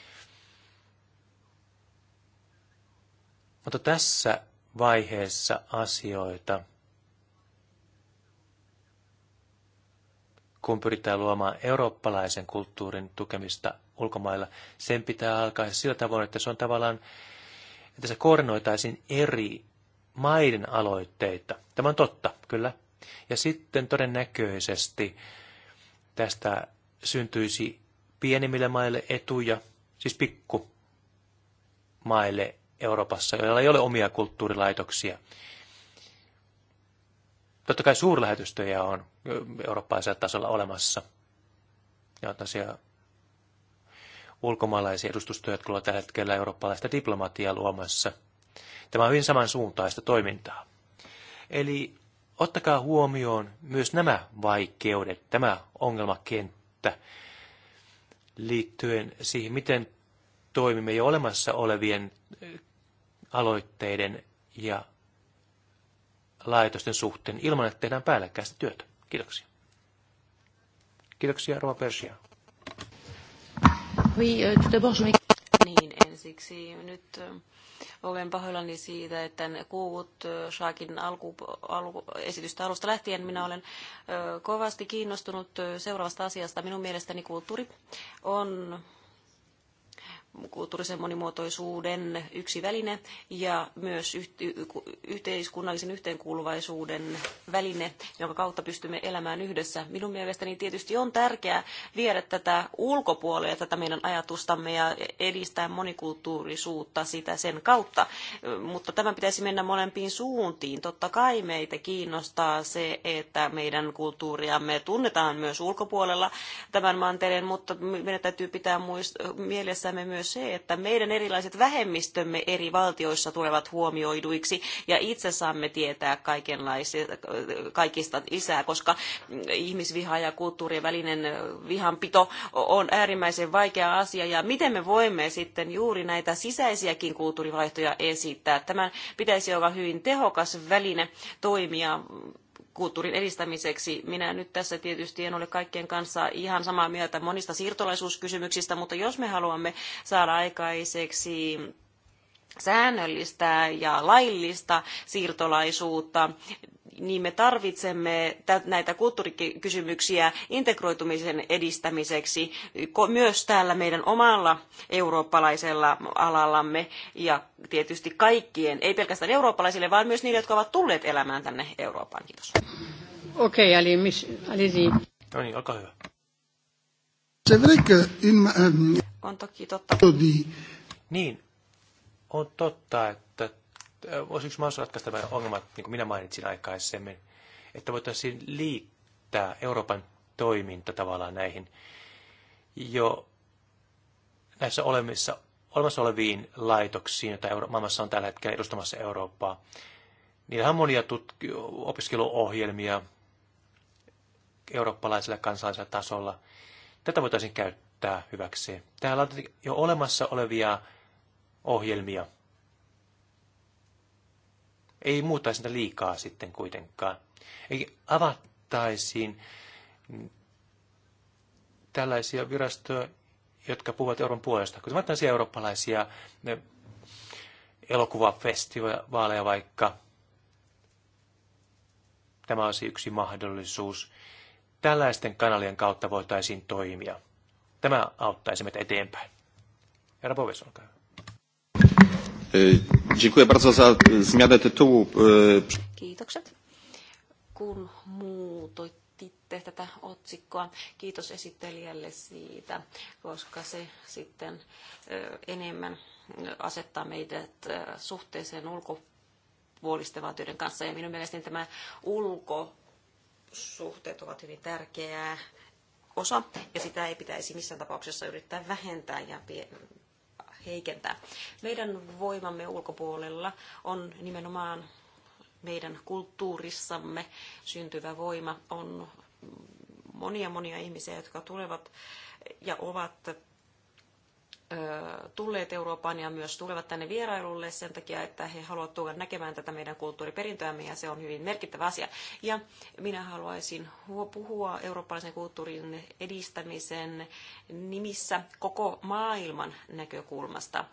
Mutta tässä vaiheessa asioita, kun pyritään luomaan eurooppalaisen kulttuurin tukemista ulkomailla, sen pitää alkaa sillä tavoin, että se on tavallaan, että se koordinoitaisiin eri maiden aloitteita. Tämä on totta, kyllä. Ja sitten todennäköisesti tästä syntyisi pienimmille maille etuja, siis pikku maille Euroopassa, joilla ei ole omia kulttuurilaitoksia. Totta kai suurlähetystöjä on eurooppalaisella tasolla olemassa. Ja on tosiaan ulkomaalaisia edustustoja, jotka ovat tällä hetkellä eurooppalaista diplomatiaa luomassa. Tämä on hyvin samansuuntaista toimintaa. Eli Ottakaa huomioon myös nämä vaikeudet, tämä ongelmakenttä liittyen siihen, miten toimimme jo olemassa olevien eh, aloitteiden ja laitosten suhteen ilman, että tehdään päällekkäistä työtä. Kiitoksia. Kiitoksia, Rova Persia. Oui, euh, tout d'abord, je niin, ensiksi nyt olen pahoillani siitä, että kuut Shakin alku, alku, esitystä alusta lähtien minä olen kovasti kiinnostunut seuraavasta asiasta. Minun mielestäni kulttuuri on kulttuurisen monimuotoisuuden yksi väline ja myös yhteiskunnallisen yhteenkuuluvaisuuden väline, jonka kautta pystymme elämään yhdessä. Minun mielestäni tietysti on tärkeää viedä tätä ulkopuolelle, tätä meidän ajatustamme ja edistää monikulttuurisuutta sitä sen kautta, mutta tämän pitäisi mennä molempiin suuntiin. Totta kai meitä kiinnostaa se, että meidän kulttuuriamme tunnetaan myös ulkopuolella tämän mantereen, mutta meidän täytyy pitää muist- mielessämme myös myös se, että meidän erilaiset vähemmistömme eri valtioissa tulevat huomioiduiksi ja itse saamme tietää kaikenlaisista, kaikista lisää, koska ihmisviha ja kulttuurien välinen vihanpito on äärimmäisen vaikea asia ja miten me voimme sitten juuri näitä sisäisiäkin kulttuurivaihtoja esittää. Tämän pitäisi olla hyvin tehokas väline toimia kulttuurin edistämiseksi. Minä nyt tässä tietysti en ole kaikkien kanssa ihan samaa mieltä monista siirtolaisuuskysymyksistä, mutta jos me haluamme saada aikaiseksi säännöllistä ja laillista siirtolaisuutta, niin me tarvitsemme näitä kulttuurikysymyksiä integroitumisen edistämiseksi myös täällä meidän omalla eurooppalaisella alallamme ja tietysti kaikkien, ei pelkästään eurooppalaisille, vaan myös niille, jotka ovat tulleet elämään tänne Eurooppaan. Kiitos. Okei, okay, Ali, mis, Ali No niin, olkaa hyvä. Se on toki totta. Niin, on totta, että voisiko mahdollista ratkaista nämä ongelmat, niin kuin minä mainitsin aikaisemmin, että voitaisiin liittää Euroopan toiminta tavallaan näihin jo näissä olemissa, olemassa oleviin laitoksiin, joita Euro- maailmassa on tällä hetkellä edustamassa Eurooppaa. Niillä on monia tutki- opiskeluohjelmia eurooppalaisella kansallisella tasolla. Tätä voitaisiin käyttää hyväksi. Täällä on jo olemassa olevia ohjelmia. Ei muuttaisi niitä liikaa sitten kuitenkaan. Ei avattaisiin tällaisia virastoja, jotka puhuvat Euroopan puolesta. Kuten vastaisia eurooppalaisia eh, elokuvafestivaaleja vaikka. Tämä olisi yksi mahdollisuus. Tällaisten kanalien kautta voitaisiin toimia. Tämä auttaisi meitä eteenpäin. Herra Boves, olkaa hyvä. E, dziękuję bardzo za e, zmianę tytułu. E, Kiitokset, kun muutoitte tätä otsikkoa. Kiitos esittelijälle siitä, koska se sitten enemmän asettaa meidät suhteeseen ulkopuolisten valtioiden kanssa. Ja minun mielestäni tämä ulkosuhteet ovat hyvin tärkeää osa, ja sitä ei pitäisi missään tapauksessa yrittää vähentää ja heikentää. Meidän voimamme ulkopuolella on nimenomaan meidän kulttuurissamme syntyvä voima. On monia monia ihmisiä, jotka tulevat ja ovat tulleet Eurooppaan ja myös tulevat tänne vierailulle sen takia, että he haluavat tulla näkemään tätä meidän kulttuuriperintöämme ja se on hyvin merkittävä asia. Ja minä haluaisin puhua eurooppalaisen kulttuurin edistämisen nimissä koko maailman näkökulmasta.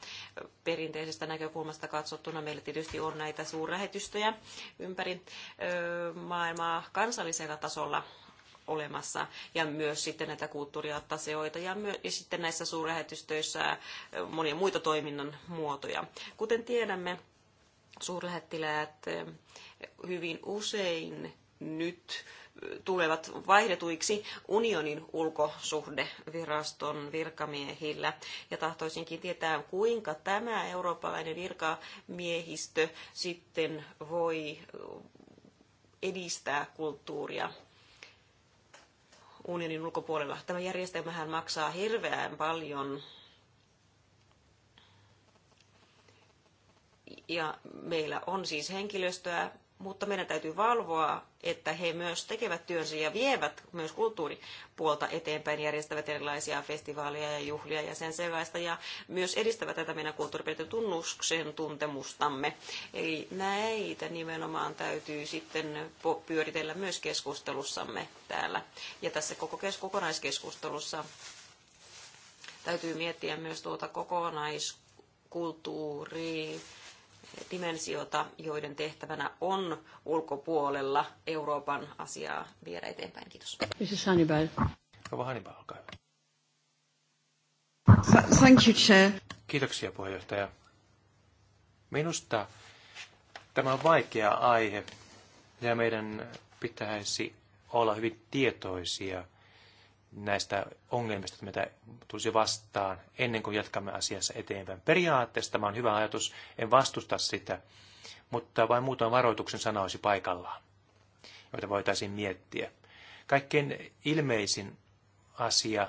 Perinteisestä näkökulmasta katsottuna meillä tietysti on näitä suurlähetystöjä ympäri maailmaa kansallisella tasolla olemassa ja myös sitten näitä kulttuuriattaseoita ja, myö- ja sitten näissä suurlähetystöissä monia muita toiminnan muotoja. Kuten tiedämme, suurlähettiläät hyvin usein nyt tulevat vaihdetuiksi unionin ulkosuhdeviraston virkamiehillä. Ja tahtoisinkin tietää, kuinka tämä eurooppalainen virkamiehistö sitten voi edistää kulttuuria unionin ulkopuolella. Tämä järjestelmähän maksaa hirveän paljon ja meillä on siis henkilöstöä, mutta meidän täytyy valvoa, että he myös tekevät työnsä ja vievät myös kulttuuripuolta eteenpäin, järjestävät erilaisia festivaaleja ja juhlia ja sen sellaista, ja myös edistävät tätä meidän kulttuuriperinnön tunnuksen tuntemustamme. Eli näitä nimenomaan täytyy sitten pyöritellä myös keskustelussamme täällä. Ja tässä koko kokonaiskeskustelussa täytyy miettiä myös tuota kokonaiskulttuuria dimensiota, joiden tehtävänä on ulkopuolella Euroopan asiaa viedä eteenpäin. Kiitos. Mrs. Hannibal. Hannibal, olkaa hyvä. Thank you, Chair. Kiitoksia puheenjohtaja. Minusta tämä on vaikea aihe ja meidän pitäisi olla hyvin tietoisia – näistä ongelmista, mitä tulisi vastaan ennen kuin jatkamme asiassa eteenpäin. Periaatteessa tämä on hyvä ajatus, en vastusta sitä, mutta vain muutoin varoituksen sana olisi paikallaan, joita voitaisiin miettiä. Kaikkein ilmeisin asia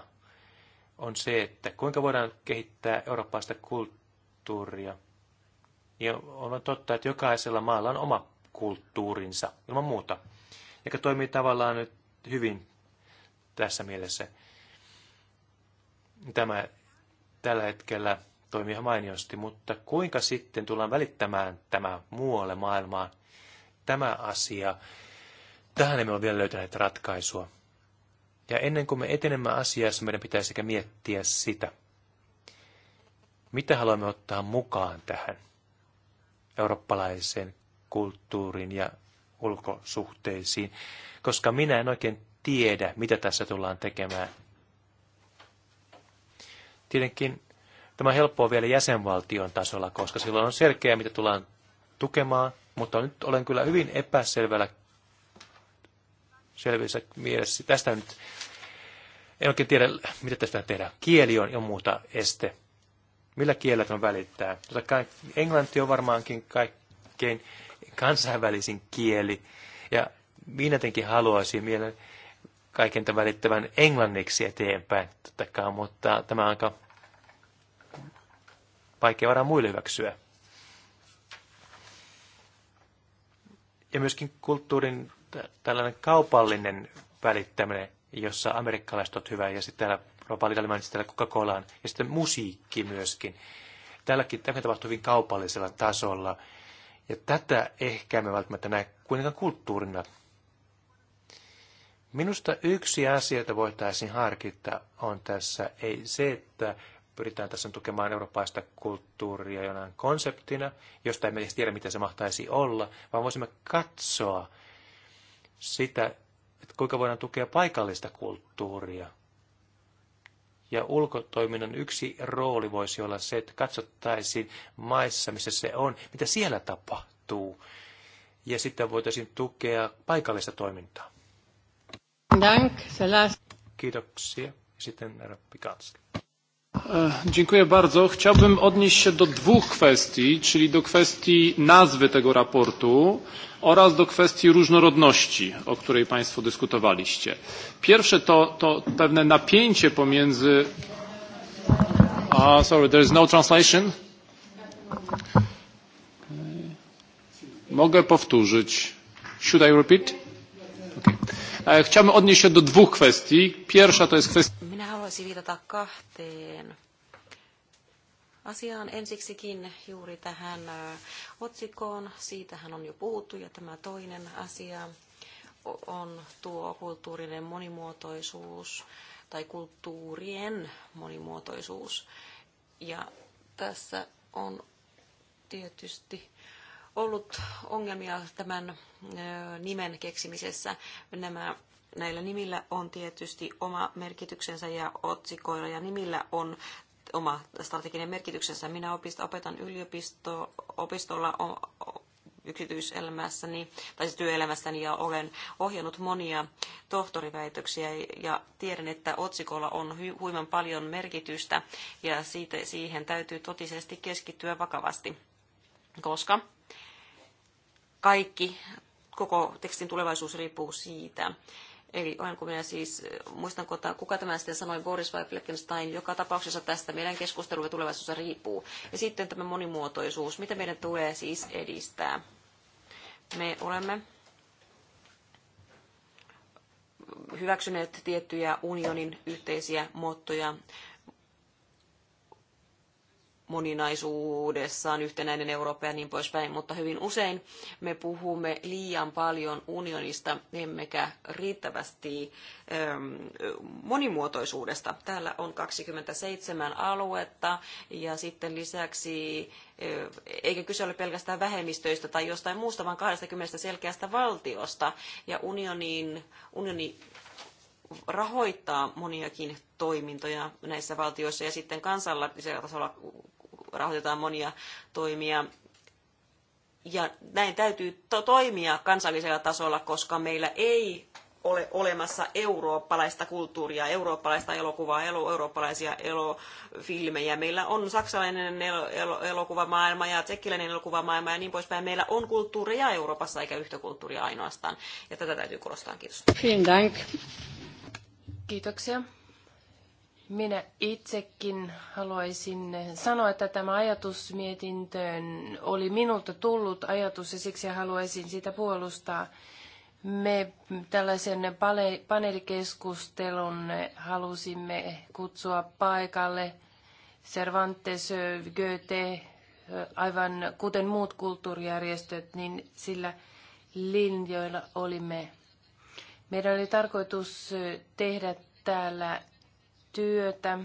on se, että kuinka voidaan kehittää eurooppalaista kulttuuria. Ja on totta, että jokaisella maalla on oma kulttuurinsa, ilman muuta, joka toimii tavallaan nyt hyvin tässä mielessä. Tämä tällä hetkellä toimii ihan mainiosti, mutta kuinka sitten tullaan välittämään tämä muualle maailmaan, tämä asia, tähän emme ole vielä löytäneet ratkaisua. Ja ennen kuin me etenemme asiassa, meidän pitää sekä miettiä sitä, mitä haluamme ottaa mukaan tähän eurooppalaiseen kulttuuriin ja ulkosuhteisiin, koska minä en oikein tiedä, mitä tässä tullaan tekemään. Tietenkin tämä on helppoa vielä jäsenvaltion tasolla, koska silloin on selkeää, mitä tullaan tukemaan, mutta nyt olen kyllä hyvin epäselvällä selvissä mielessä. Tästä nyt en oikein tiedä, mitä tästä tehdään. Kieli on jo muuta este. Millä kielellä tämä välittää? englanti on varmaankin kaikkein kansainvälisin kieli. Ja minä tietenkin haluaisin mielen, kaiken tämän liittyvän englanniksi eteenpäin, tottakaan, mutta tämä on aika vaikea varaa muille hyväksyä. Ja myöskin kulttuurin tällainen kaupallinen välittäminen, jossa amerikkalaiset ovat hyvä, ja sitten täällä Robali Dali mainitsi täällä Coca-Colaan, ja sitten musiikki myöskin. Tälläkin tämä tapahtuu hyvin kaupallisella tasolla, ja tätä ehkä me välttämättä näe kuitenkaan kulttuurina Minusta yksi asia, jota voitaisiin harkita, on tässä ei se, että pyritään tässä tukemaan eurooppaista kulttuuria jonain konseptina, josta emme edes tiedä, mitä se mahtaisi olla, vaan voisimme katsoa sitä, että kuinka voidaan tukea paikallista kulttuuria. Ja ulkotoiminnan yksi rooli voisi olla se, että katsottaisiin maissa, missä se on, mitä siellä tapahtuu. Ja sitten voitaisiin tukea paikallista toimintaa. Dank, Kiitoksia. Sitten herra eh, Dziękuję bardzo. Chciałbym odnieść się do dwóch kwestii, czyli do kwestii nazwy tego raportu oraz do kwestii różnorodności, o której Państwo dyskutowaliście. Pierwsze to, to pewne napięcie pomiędzy. Uh, sorry, there is no translation. Mogę powtórzyć. Should I repeat? Okay E, chciałbym odnieść się do dwóch kwestii. Pierwsza to jest kwestia... Minä haluaisin viitata kahteen asiaan ensiksikin juuri tähän e, otsikkoon. Siitähän on jo puhuttu ja tämä toinen asia on tuo kulttuurinen monimuotoisuus tai kulttuurien monimuotoisuus. Ja tässä on tietysti ollut ongelmia tämän nimen keksimisessä. Nämä näillä nimillä on tietysti oma merkityksensä ja otsikoilla ja nimillä on oma strateginen merkityksensä. Minä opetan yliopisto-opistolla yksityiselämässäni, tai siis työelämässäni, ja olen ohjannut monia tohtoriväitöksiä, ja tiedän, että otsikolla on huiman paljon merkitystä, ja siitä, siihen täytyy totisesti keskittyä vakavasti, koska kaikki, koko tekstin tulevaisuus riippuu siitä. Eli olenko minä siis, muistanko, kuka tämä sitten sanoi, Boris vai Fleckenstein, joka tapauksessa tästä meidän keskustelu ja tulevaisuus riippuu. Ja sitten tämä monimuotoisuus, mitä meidän tulee siis edistää. Me olemme hyväksyneet tiettyjä unionin yhteisiä muottoja, moninaisuudessaan yhtenäinen Eurooppa ja niin poispäin, mutta hyvin usein me puhumme liian paljon unionista, emmekä riittävästi ähm, monimuotoisuudesta. Täällä on 27 aluetta ja sitten lisäksi äh, eikä kyse ole pelkästään vähemmistöistä tai jostain muusta, vaan 20 selkeästä valtiosta. Ja unionin, unioni rahoittaa moniakin toimintoja näissä valtioissa ja sitten kansallisella tasolla rahoitetaan monia toimia. Ja näin täytyy to- toimia kansallisella tasolla, koska meillä ei ole olemassa eurooppalaista kulttuuria, eurooppalaista elokuvaa, elo, eurooppalaisia elofilmejä. Meillä on saksalainen elo, elo, elokuvamaailma ja tsekkiläinen elokuvamaailma ja niin poispäin. Meillä on kulttuuria Euroopassa eikä yhtä kulttuuria ainoastaan. Ja tätä täytyy korostaa. Kiitos. Kiitoksia. Minä itsekin haluaisin sanoa, että tämä ajatus mietintöön oli minulta tullut ajatus ja siksi haluaisin sitä puolustaa. Me tällaisen paneelikeskustelun halusimme kutsua paikalle Cervantes, Goethe, aivan kuten muut kulttuurijärjestöt, niin sillä linjoilla olimme. Meidän oli tarkoitus tehdä täällä työtä.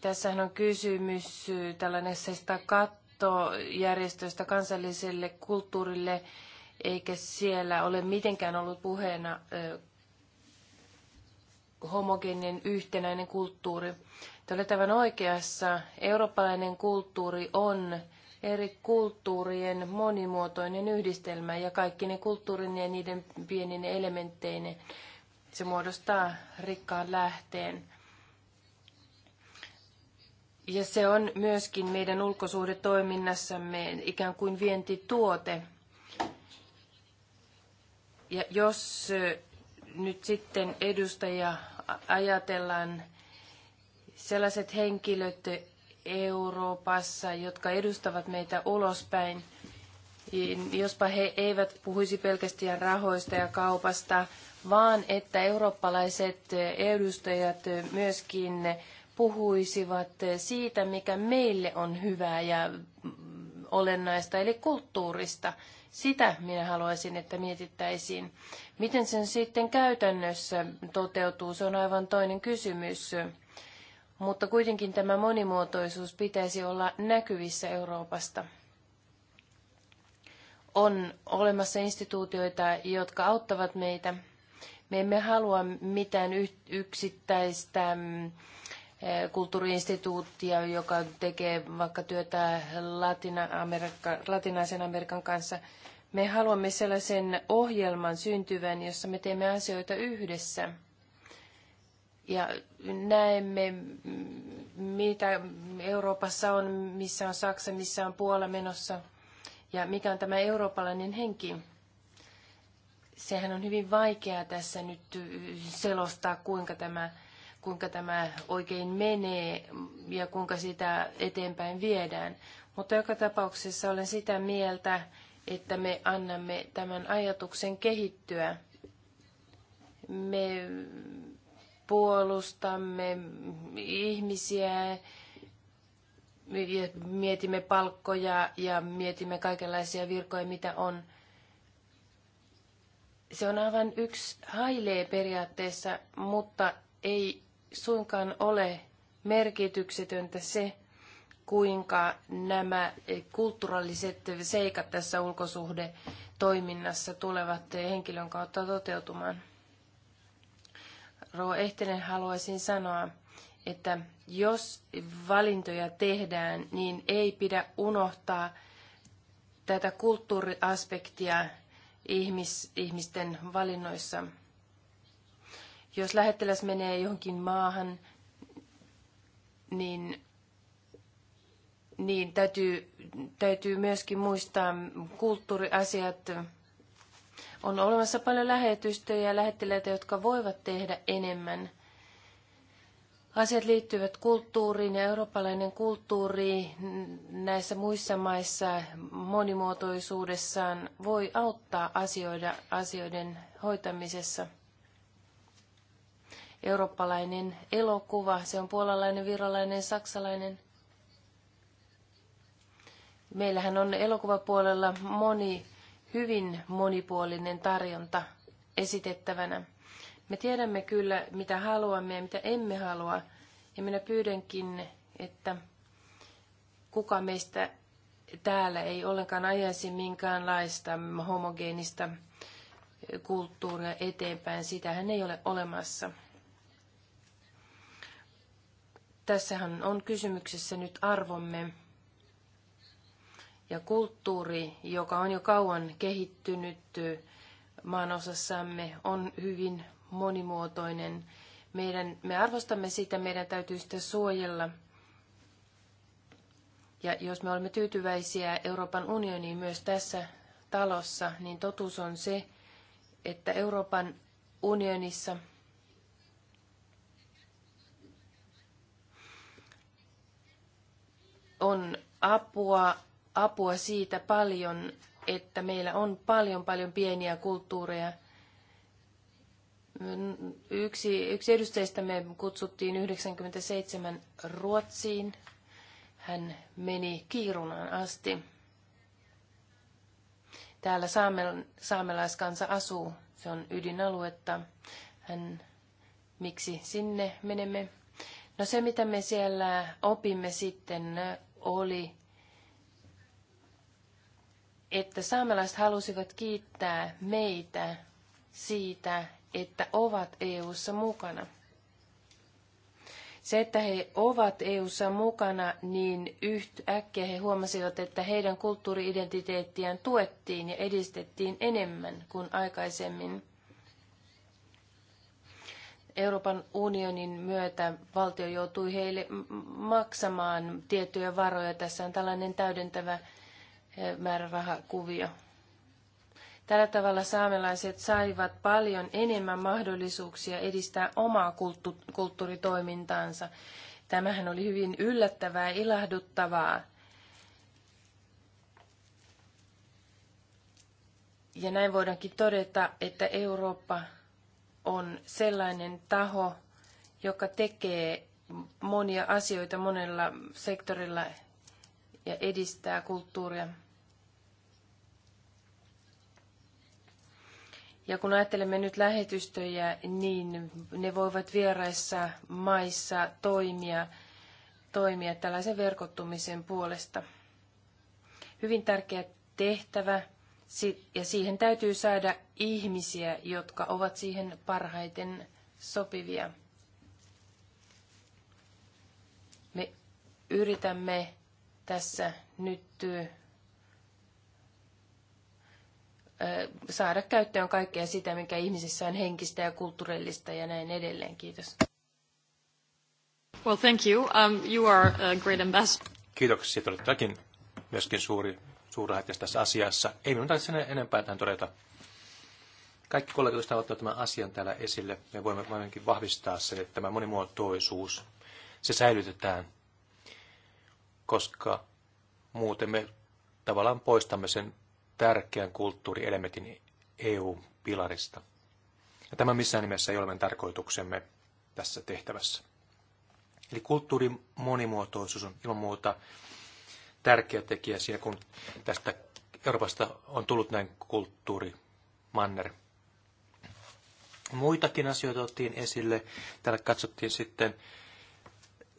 Tässähän on kysymys äh, tällaisesta kattojärjestöstä kansalliselle kulttuurille, eikä siellä ole mitenkään ollut puheena äh, homogeeninen yhtenäinen kulttuuri. Te olette aivan oikeassa. Eurooppalainen kulttuuri on eri kulttuurien monimuotoinen yhdistelmä ja kaikki ne kulttuurin ja niiden pienine elementteineen se muodostaa rikkaan lähteen. Ja se on myöskin meidän ulkosuhdetoiminnassamme ikään kuin vientituote. Ja jos nyt sitten edustaja ajatellaan sellaiset henkilöt Euroopassa, jotka edustavat meitä ulospäin, niin jospa he eivät puhuisi pelkästään rahoista ja kaupasta, vaan että eurooppalaiset edustajat myöskin puhuisivat siitä, mikä meille on hyvää ja olennaista, eli kulttuurista. Sitä minä haluaisin, että mietittäisiin. Miten sen sitten käytännössä toteutuu, se on aivan toinen kysymys. Mutta kuitenkin tämä monimuotoisuus pitäisi olla näkyvissä Euroopasta. On olemassa instituutioita, jotka auttavat meitä me emme halua mitään yksittäistä mm, eh, kulttuuriinstituuttia, joka tekee vaikka työtä Latina-Amerikka, latinaisen Amerikan kanssa. Me haluamme sellaisen ohjelman syntyvän, jossa me teemme asioita yhdessä. Ja näemme, mm, mitä Euroopassa on, missä on Saksa, missä on Puola menossa ja mikä on tämä eurooppalainen henki sehän on hyvin vaikeaa tässä nyt selostaa, kuinka tämä, kuinka tämä oikein menee ja kuinka sitä eteenpäin viedään. Mutta joka tapauksessa olen sitä mieltä, että me annamme tämän ajatuksen kehittyä. Me puolustamme ihmisiä, mietimme palkkoja ja mietimme kaikenlaisia virkoja, mitä on – se on aivan yksi hailee periaatteessa, mutta ei suinkaan ole merkityksetöntä se, kuinka nämä kulttuurilliset seikat tässä ulkosuhde toiminnassa tulevat henkilön kautta toteutumaan. Roo Ehtinen haluaisin sanoa, että jos valintoja tehdään, niin ei pidä unohtaa tätä kulttuuriaspektia ihmis, ihmisten valinnoissa. Jos lähettiläs menee johonkin maahan, niin, niin täytyy, täytyy myöskin muistaa kulttuuriasiat. On olemassa paljon lähetystöjä ja lähettiläitä, jotka voivat tehdä enemmän. Asiat liittyvät kulttuuriin ja eurooppalainen kulttuuri näissä muissa maissa monimuotoisuudessaan voi auttaa asioida, asioiden hoitamisessa. Eurooppalainen elokuva, se on puolalainen, virolainen, saksalainen. Meillähän on elokuvapuolella moni, hyvin monipuolinen tarjonta esitettävänä. Me tiedämme kyllä, mitä haluamme ja mitä emme halua. Ja minä pyydänkin, että kuka meistä täällä ei ollenkaan ajaisi minkäänlaista homogeenista kulttuuria eteenpäin. Sitähän ei ole olemassa. Tässähän on kysymyksessä nyt arvomme ja kulttuuri, joka on jo kauan kehittynyt maanosassamme, on hyvin monimuotoinen. Meidän, me arvostamme sitä, meidän täytyy sitä suojella. Ja jos me olemme tyytyväisiä Euroopan unioniin myös tässä talossa, niin totuus on se, että Euroopan unionissa on apua, apua siitä paljon, että meillä on paljon paljon pieniä kulttuureja – Yksi, yksi me kutsuttiin 97 Ruotsiin. Hän meni Kiirunaan asti. Täällä saamel, saamelaiskansa asuu. Se on ydinaluetta. Hän, miksi sinne menemme? No se, mitä me siellä opimme sitten, oli, että saamelaiset halusivat kiittää meitä siitä, että ovat EU:ssa mukana. Se, että he ovat EU:ssa mukana, niin yhtäkkiä he huomasivat, että heidän kulttuuriidentiteettiään tuettiin ja edistettiin enemmän kuin aikaisemmin. Euroopan unionin myötä valtio joutui heille maksamaan tiettyjä varoja. Tässä on tällainen täydentävä eh, määrärahakuvio. Tällä tavalla saamelaiset saivat paljon enemmän mahdollisuuksia edistää omaa kulttu- kulttuuritoimintaansa. Tämähän oli hyvin yllättävää ja ilahduttavaa. Ja näin voidaankin todeta, että Eurooppa on sellainen taho, joka tekee monia asioita monella sektorilla ja edistää kulttuuria. Ja kun ajattelemme nyt lähetystöjä, niin ne voivat vieraissa maissa toimia, toimia tällaisen verkottumisen puolesta. Hyvin tärkeä tehtävä ja siihen täytyy saada ihmisiä, jotka ovat siihen parhaiten sopivia. Me yritämme tässä nyt saada käyttöön kaikkea sitä, mikä ihmisissä on henkistä ja kulttuurillista ja näin edelleen. Kiitos. Well, thank you. Um, you are a great ambassador. Kiitoksia. Olettekin myöskin suuri suurlähettiläs tässä asiassa. Ei minun tarvitse sen enempää tähän todeta. Kaikki kollegat ovat ottaneet tämän asian täällä esille. Me voimme vainkin vahvistaa sen, että tämä monimuotoisuus, se säilytetään, koska muuten me tavallaan poistamme sen tärkeän kulttuurielementin EU-pilarista. Ja tämä missään nimessä ei ole meidän tarkoituksemme tässä tehtävässä. Eli kulttuurin monimuotoisuus on ilman muuta tärkeä tekijä siellä kun tästä Euroopasta on tullut näin kulttuurimanner. Muitakin asioita otettiin esille. Täällä katsottiin sitten,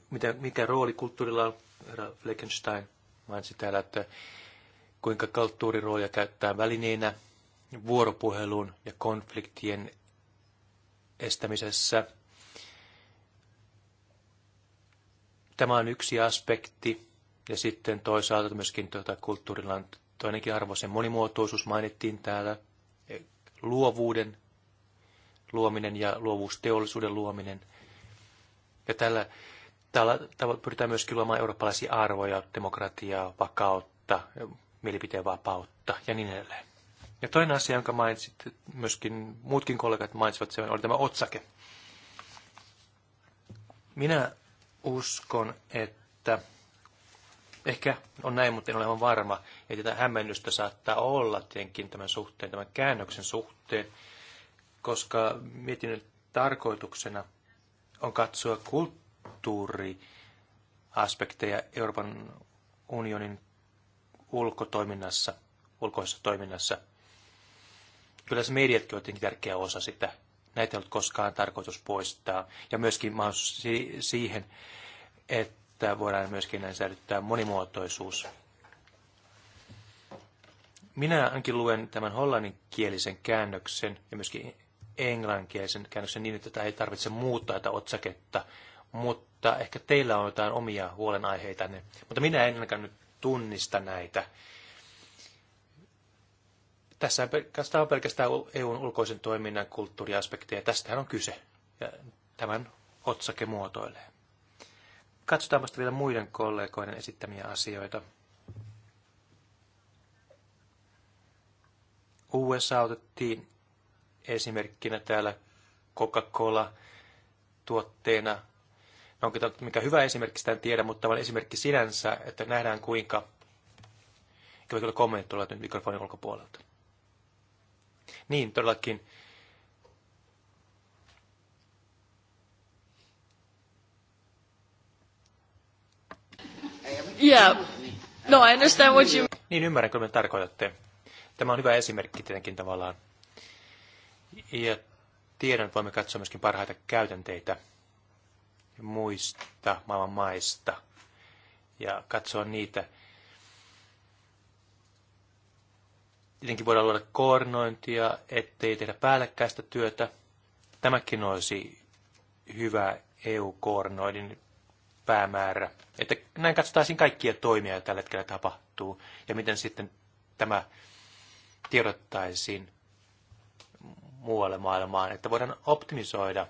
mitä, mikä rooli kulttuurilla on. Herra Fleckenstein mainitsi täällä, että kuinka kulttuurirooja käyttää välineenä vuoropuhelun ja konfliktien estämisessä. Tämä on yksi aspekti, ja sitten toisaalta myöskin tuota kulttuurilla on toinenkin arvo, sen monimuotoisuus mainittiin täällä, luovuuden luominen ja luovuusteollisuuden luominen. Ja tällä, tällä, tällä pyritään myöskin luomaan eurooppalaisia arvoja, demokratiaa, vakautta, mielipiteen vapautta ja niin edelleen. Ja toinen asia, jonka mainitsit, myöskin muutkin kollegat mainitsivat, se oli tämä otsake. Minä uskon, että ehkä on näin, mutta en ole aivan varma, että tätä hämmennystä saattaa olla tietenkin tämän suhteen, tämän käännöksen suhteen, koska että tarkoituksena on katsoa kulttuuriaspekteja Euroopan unionin ulkotoiminnassa, ulkoisessa toiminnassa. Kyllä se mediatkin on jotenkin tärkeä osa sitä. Näitä ei ollut koskaan tarkoitus poistaa. Ja myöskin mahdollisuus siihen, että voidaan myöskin näin säilyttää monimuotoisuus. Minä ainakin luen tämän hollanninkielisen käännöksen ja myöskin englanninkielisen käännöksen niin, että tämä ei tarvitse muuttaa tätä otsaketta, mutta ehkä teillä on jotain omia huolenaiheita. Mutta minä en ainakaan nyt tunnista näitä. Tässä on pelkästään EUn ulkoisen toiminnan kulttuuriaspekteja. Tästähän on kyse. Ja tämän otsake muotoilee. Katsotaanpa vielä muiden kollegoiden esittämiä asioita. USA otettiin esimerkkinä täällä Coca-Cola tuotteena Onko tämä mikä hyvä esimerkki, sitä en tiedä, mutta on esimerkki sinänsä, että nähdään kuinka, kyllä kyllä kommentit tulee nyt mikrofonin ulkopuolelta. Niin, todellakin. Yeah. No, I understand what you... Niin, ymmärrän, kyllä me tarkoitatte. Tämä on hyvä esimerkki tietenkin tavallaan. Ja tiedän, että voimme katsoa myöskin parhaita käytänteitä muista maailman maista ja katsoa niitä. Tietenkin voidaan luoda koordinointia, ettei tehdä päällekkäistä työtä. Tämäkin olisi hyvä EU-koordinoinnin päämäärä. Että näin katsotaisiin kaikkia toimia, joita tällä hetkellä tapahtuu, ja miten sitten tämä tiedottaisiin muualle maailmaan, että voidaan optimisoida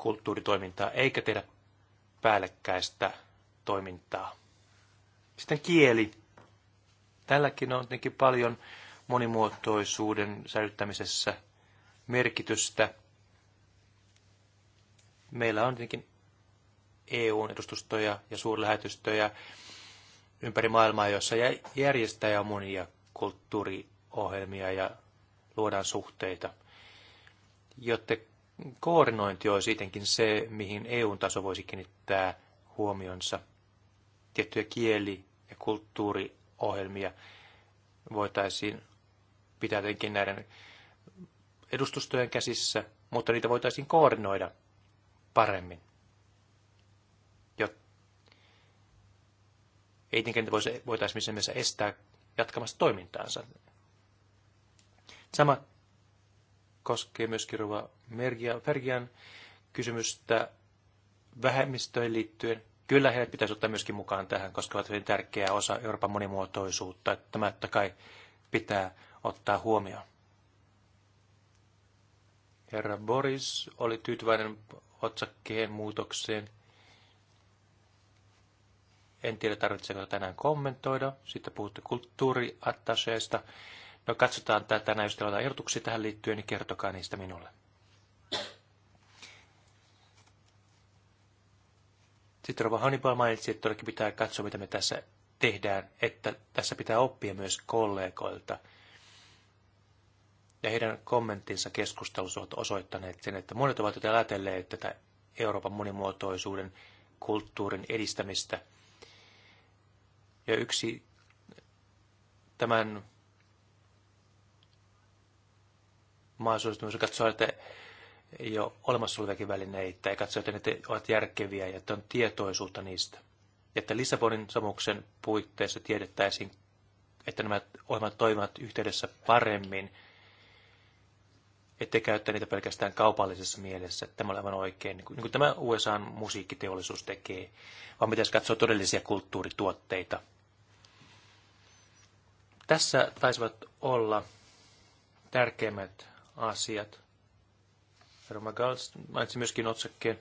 kulttuuritoimintaa eikä tehdä päällekkäistä toimintaa. Sitten kieli. Tälläkin on tietenkin paljon monimuotoisuuden säilyttämisessä merkitystä. Meillä on tietenkin EU-edustustoja ja suurlähetystöjä ympäri maailmaa, joissa järjestää monia kulttuuriohjelmia ja luodaan suhteita, joten koordinointi on sitenkin se, mihin EU-taso voisi kiinnittää huomionsa. Tiettyjä kieli- ja kulttuuriohjelmia voitaisiin pitää jotenkin näiden edustustojen käsissä, mutta niitä voitaisiin koordinoida paremmin. ei tietenkään voisi voitaisiin voitaisi missään mielessä estää jatkamasta toimintaansa. Sama koskee myöskin Ruva Fergian kysymystä vähemmistöihin liittyen. Kyllä heidät pitäisi ottaa myöskin mukaan tähän, koska ovat hyvin tärkeä osa Euroopan monimuotoisuutta. Tämä totta kai pitää ottaa huomioon. Herra Boris oli tyytyväinen otsakkeen muutokseen. En tiedä, tarvitseeko tänään kommentoida. Sitten puhutte kulttuuriattaseesta. No katsotaan tätä, tänään jos teillä on ehdotuksia tähän liittyen, niin kertokaa niistä minulle. Sitten Rova Hannibal mainitsi, että todellakin pitää katsoa, mitä me tässä tehdään, että tässä pitää oppia myös kollegoilta. Ja heidän kommenttinsa keskustelussa ovat osoittaneet sen, että monet ovat jo ajatelleet tätä Euroopan monimuotoisuuden kulttuurin edistämistä. Ja yksi tämän mahdollisuus myös katsoa, että jo olemassa oleviakin välineitä ja katsoa, että ne ovat järkeviä ja että on tietoisuutta niistä. Ja että Lissabonin sopimuksen puitteissa tiedettäisiin, että nämä ohjelmat toimivat yhteydessä paremmin, ettei käyttää niitä pelkästään kaupallisessa mielessä. Tämä on aivan oikein, niin kuin, niin kuin tämä USA musiikkiteollisuus tekee, vaan pitäisi katsoa todellisia kulttuurituotteita. Tässä taisivat olla tärkeimmät asiat. Roma Gals mainitsi myöskin otsakkeen.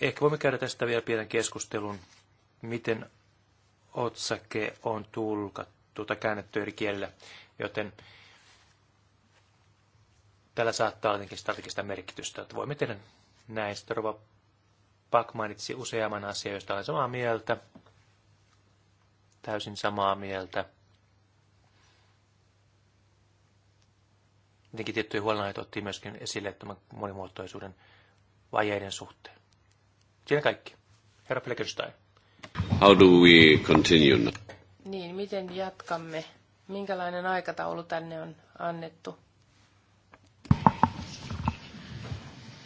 Ehkä voimme käydä tästä vielä pienen keskustelun, miten otsake on tulkattu tai käännetty eri kielillä, joten tällä saattaa jotenkin strategista merkitystä, että voimme tehdä näin. Sitten Rova Pak mainitsi useamman asian, joista olen samaa mieltä, täysin samaa mieltä. Tietenkin tiettyjä huolenaiheita otti myöskin esille tämän monimuotoisuuden vajeiden suhteen. Siinä kaikki. Herra Plekenstein. How do we continue now? Niin, miten jatkamme? Minkälainen aikataulu tänne on annettu?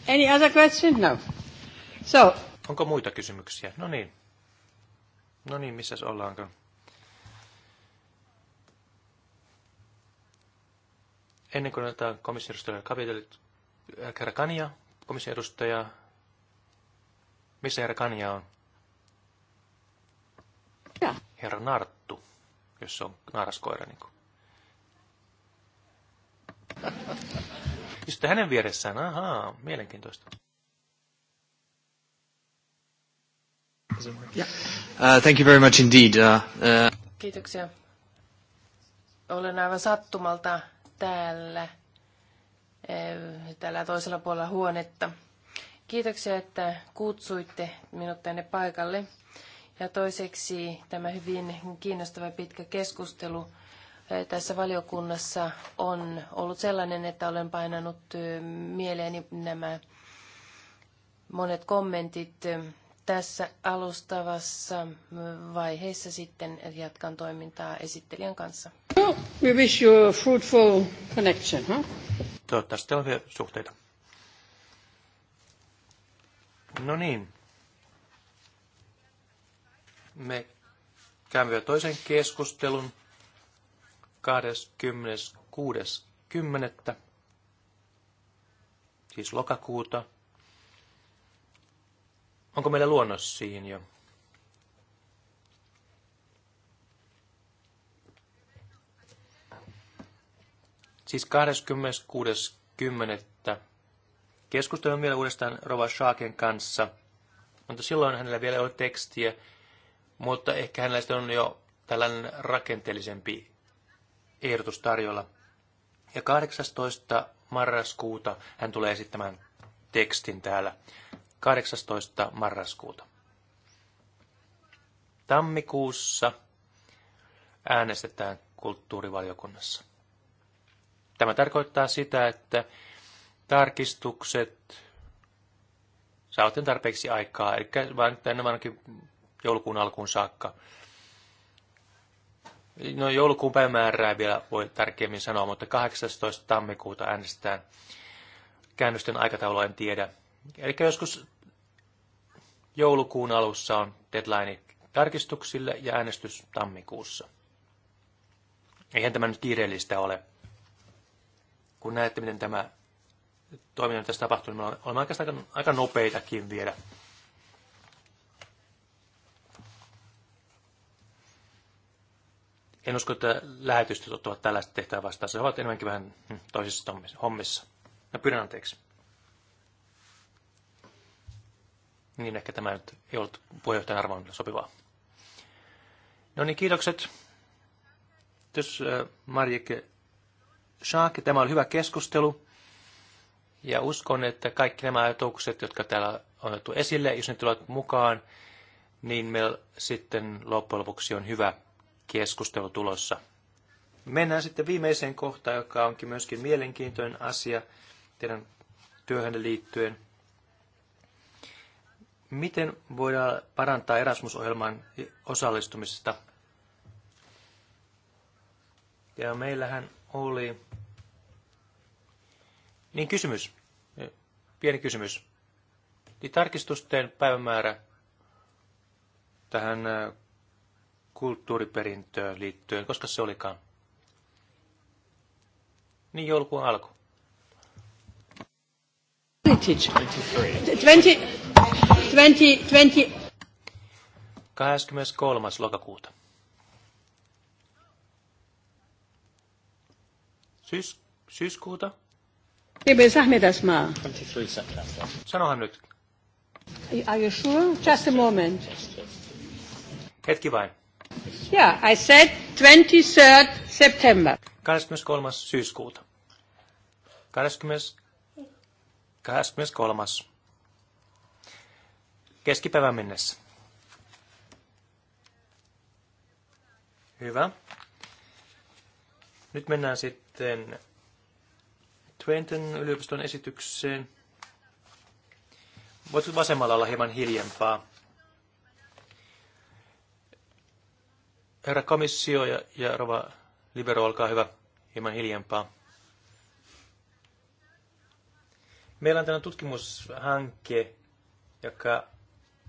Any other questions? No. So. Onko muita kysymyksiä? No niin. No niin, missäs ollaankaan? Ennen kuin annetaan komission edustajalle kapitelit, äh, herra Kania, komission edustaja, missä herra Kania on? Ja. Herra Narttu, jos se on naaraskoira. Niin kuin. Istutte hänen vieressään, ahaa, mielenkiintoista. Uh, thank you very much indeed. Uh, uh... Kiitoksia. Olen aivan sattumalta täällä, eh, täällä toisella puolella huonetta. Kiitoksia, että kutsuitte minut tänne paikalle. Ja toiseksi tämä hyvin kiinnostava pitkä keskustelu eh, tässä valiokunnassa on ollut sellainen, että olen painanut eh, mieleeni nämä monet kommentit tässä alustavassa vaiheessa sitten jatkan toimintaa esittelijän kanssa. we wish you a fruitful connection, huh? Toivottavasti on hyviä suhteita. No niin. Me käymme vielä toisen keskustelun 26.10. siis lokakuuta Onko meillä luonnos siihen jo? Siis 26.10. Keskustelemme vielä uudestaan Rova Shaaken kanssa, mutta silloin hänellä vielä ei ole tekstiä, mutta ehkä hänellä sitten on jo tällainen rakenteellisempi ehdotus tarjolla. Ja 18. marraskuuta hän tulee esittämään tekstin täällä. 18. marraskuuta. Tammikuussa äänestetään kulttuurivaliokunnassa. Tämä tarkoittaa sitä, että tarkistukset saavat tarpeeksi aikaa, eli vain tänne ainakin joulukuun alkuun saakka. No joulukuun päivämäärää vielä voi tarkemmin sanoa, mutta 18. tammikuuta äänestetään käännösten aikataulua en tiedä. Eli joskus Joulukuun alussa on deadline tarkistuksille ja äänestys tammikuussa. Eihän tämä nyt kiireellistä ole. Kun näette, miten tämä toiminta tässä tapahtuu, niin me olemme aika, aika nopeitakin vielä. En usko, että lähetystöt ottavat tällaista tehtävää vastaan. Se ovat enemmänkin vähän hmm, toisissa hommissa. No pyydän anteeksi. niin ehkä tämä nyt ei ollut puheenjohtajan arvoon sopivaa. No niin, kiitokset. Tys äh, Marjeke Schaake. Tämä oli hyvä keskustelu. Ja uskon, että kaikki nämä ajatukset, jotka täällä on otettu esille, jos ne tulevat mukaan, niin meillä sitten loppujen lopuksi on hyvä keskustelu tulossa. Mennään sitten viimeiseen kohtaan, joka onkin myöskin mielenkiintoinen asia teidän työhönne liittyen – Miten voidaan parantaa Erasmus-ohjelman osallistumista? Ja meillähän oli... Niin kysymys. Pieni kysymys. Niin tarkistusten päivämäärä tähän äh, kulttuuriperintöön liittyen, koska se olikaan? Niin joulukuun alku. 20. 20. 23. lokakuuta. Syys, syyskuuta? Sanohan nyt. Are you sure? Just a moment. Hetki vain. Yeah, I said 23rd September. 23. syyskuuta. 20. 23 keskipäivän mennessä. Hyvä. Nyt mennään sitten Twenton yliopiston esitykseen. Voitko vasemmalla olla hieman hiljempaa? Herra komissio ja, ja rova libero, olkaa hyvä, hieman hiljempaa. Meillä on tämä tutkimushanke, joka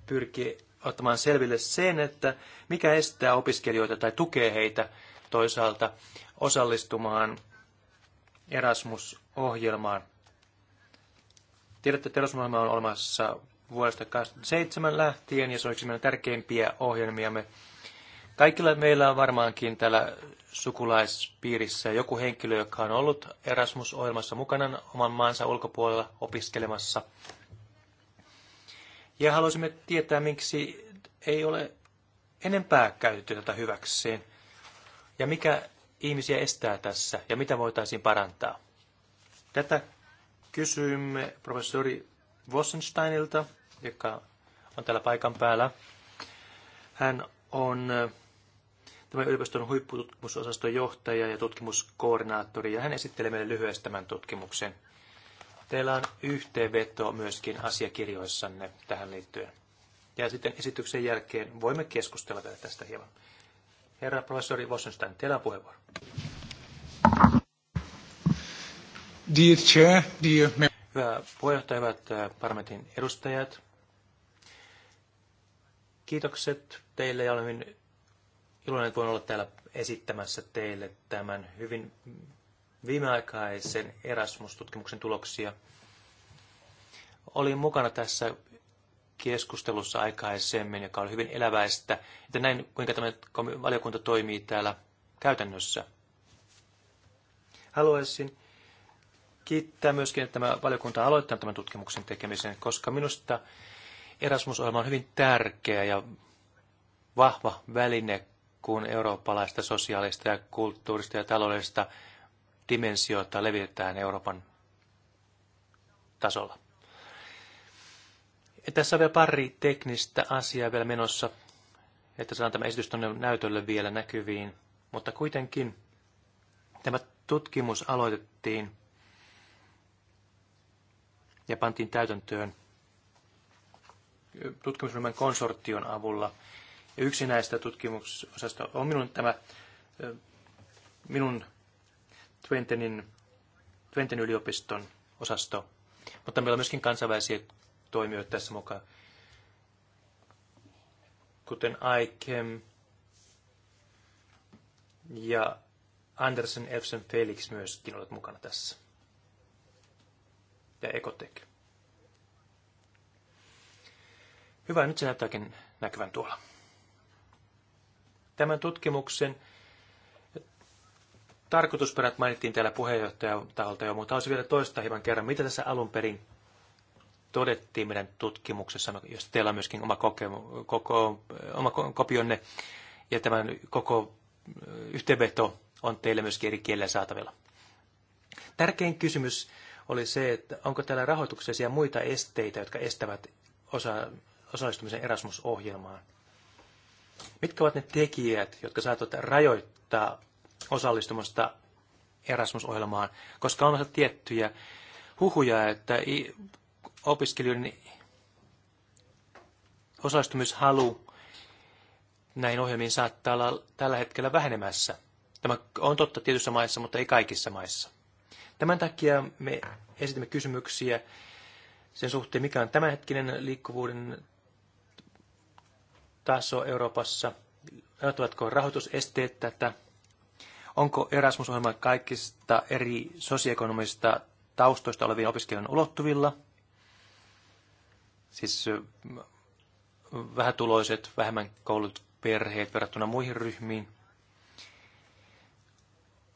pyrki ottamaan selville sen, että mikä estää opiskelijoita tai tukee heitä toisaalta osallistumaan Erasmus-ohjelmaan. Tiedätte, että Erasmus-ohjelma on olemassa vuodesta 2007 lähtien ja se on yksi meidän tärkeimpiä ohjelmiamme. Kaikilla meillä on varmaankin täällä sukulaispiirissä joku henkilö, joka on ollut Erasmus-ohjelmassa mukana oman maansa ulkopuolella opiskelemassa – ja haluaisimme tietää, miksi ei ole enempää käytetty tätä hyväkseen. Ja mikä ihmisiä estää tässä ja mitä voitaisiin parantaa. Tätä kysymme professori Wossensteinilta, joka on täällä paikan päällä. Hän on äh, tämä yliopiston huippututkimusosaston johtaja ja tutkimuskoordinaattori, ja hän esittelee meille lyhyesti tämän tutkimuksen. Teillä on yhteenveto myöskin asiakirjoissanne tähän liittyen. Ja sitten esityksen jälkeen voimme keskustella vielä tästä hieman. Herra professori Wossenstein, teillä on puheenvuoro. Dear chair, dear... Hyvä puheenjohtaja, hyvät äh, parlamentin edustajat. Kiitokset teille ja olen hyvin iloinen, että voin olla täällä esittämässä teille tämän hyvin viimeaikaisen Erasmus-tutkimuksen tuloksia. Olin mukana tässä keskustelussa aikaisemmin, joka oli hyvin eläväistä, että näin kuinka tämä valiokunta toimii täällä käytännössä. Haluaisin kiittää myöskin, että tämä valiokunta on aloittanut tämän tutkimuksen tekemisen, koska minusta Erasmus-ohjelma on hyvin tärkeä ja vahva väline, kun eurooppalaista sosiaalista ja kulttuurista ja taloudellista dimensioita levitetään Euroopan tasolla. Ja tässä on vielä pari teknistä asiaa vielä menossa, että saadaan tämä esitys tuonne näytölle vielä näkyviin. Mutta kuitenkin tämä tutkimus aloitettiin ja pantiin täytäntöön tutkimusryhmän konsortion avulla. Ja yksi näistä tutkimusosasta on minun, tämä, minun Twentenin, Twenten yliopiston osasto, mutta meillä on myöskin kansainvälisiä toimijoita tässä mukaan, kuten ICAM ja Andersen, Epson, Felix myöskin olet mukana tässä. Ja Ecotech. Hyvä, nyt se näyttääkin näkyvän tuolla. Tämän tutkimuksen Tarkoitusperät mainittiin täällä puheenjohtajan taholta jo, mutta haluaisin vielä toistaa hieman kerran, mitä tässä alun perin todettiin meidän tutkimuksessa, no, jos teillä on myöskin oma, kokemu, koko, oma kopionne ja tämän koko yhteenveto on teille myöskin eri kielellä saatavilla. Tärkein kysymys oli se, että onko täällä rahoituksellisia muita esteitä, jotka estävät osa, osallistumisen Erasmus-ohjelmaan. Mitkä ovat ne tekijät, jotka saattavat rajoittaa osallistumasta Erasmus-ohjelmaan, koska on osa tiettyjä huhuja, että opiskelijoiden osallistumishalu näihin ohjelmiin saattaa olla tällä hetkellä vähenemässä. Tämä on totta tietyissä maissa, mutta ei kaikissa maissa. Tämän takia me esitimme kysymyksiä sen suhteen, mikä on tämänhetkinen liikkuvuuden taso Euroopassa. Ajattavatko rahoitusesteet tätä Onko Erasmus-ohjelma kaikista eri sosioekonomista taustoista olevien opiskelijoiden ulottuvilla? Siis mm, vähätuloiset, vähemmän koulut perheet verrattuna muihin ryhmiin.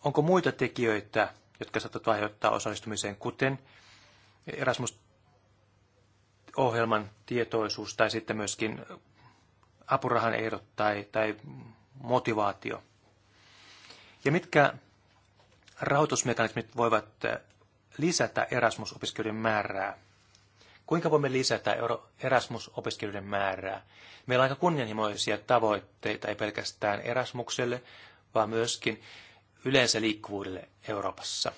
Onko muita tekijöitä, jotka saattavat aiheuttaa osallistumiseen, kuten Erasmus-ohjelman tietoisuus tai sitten myöskin apurahan ehdot tai, tai motivaatio? Ja mitkä rahoitusmekanismit voivat eh, lisätä Erasmus-opiskelijoiden määrää? Kuinka voimme lisätä Erasmus-opiskelijoiden määrää? Meillä on aika kunnianhimoisia tavoitteita, ei pelkästään Erasmukselle, vaan myöskin yleensä liikkuvuudelle Euroopassa.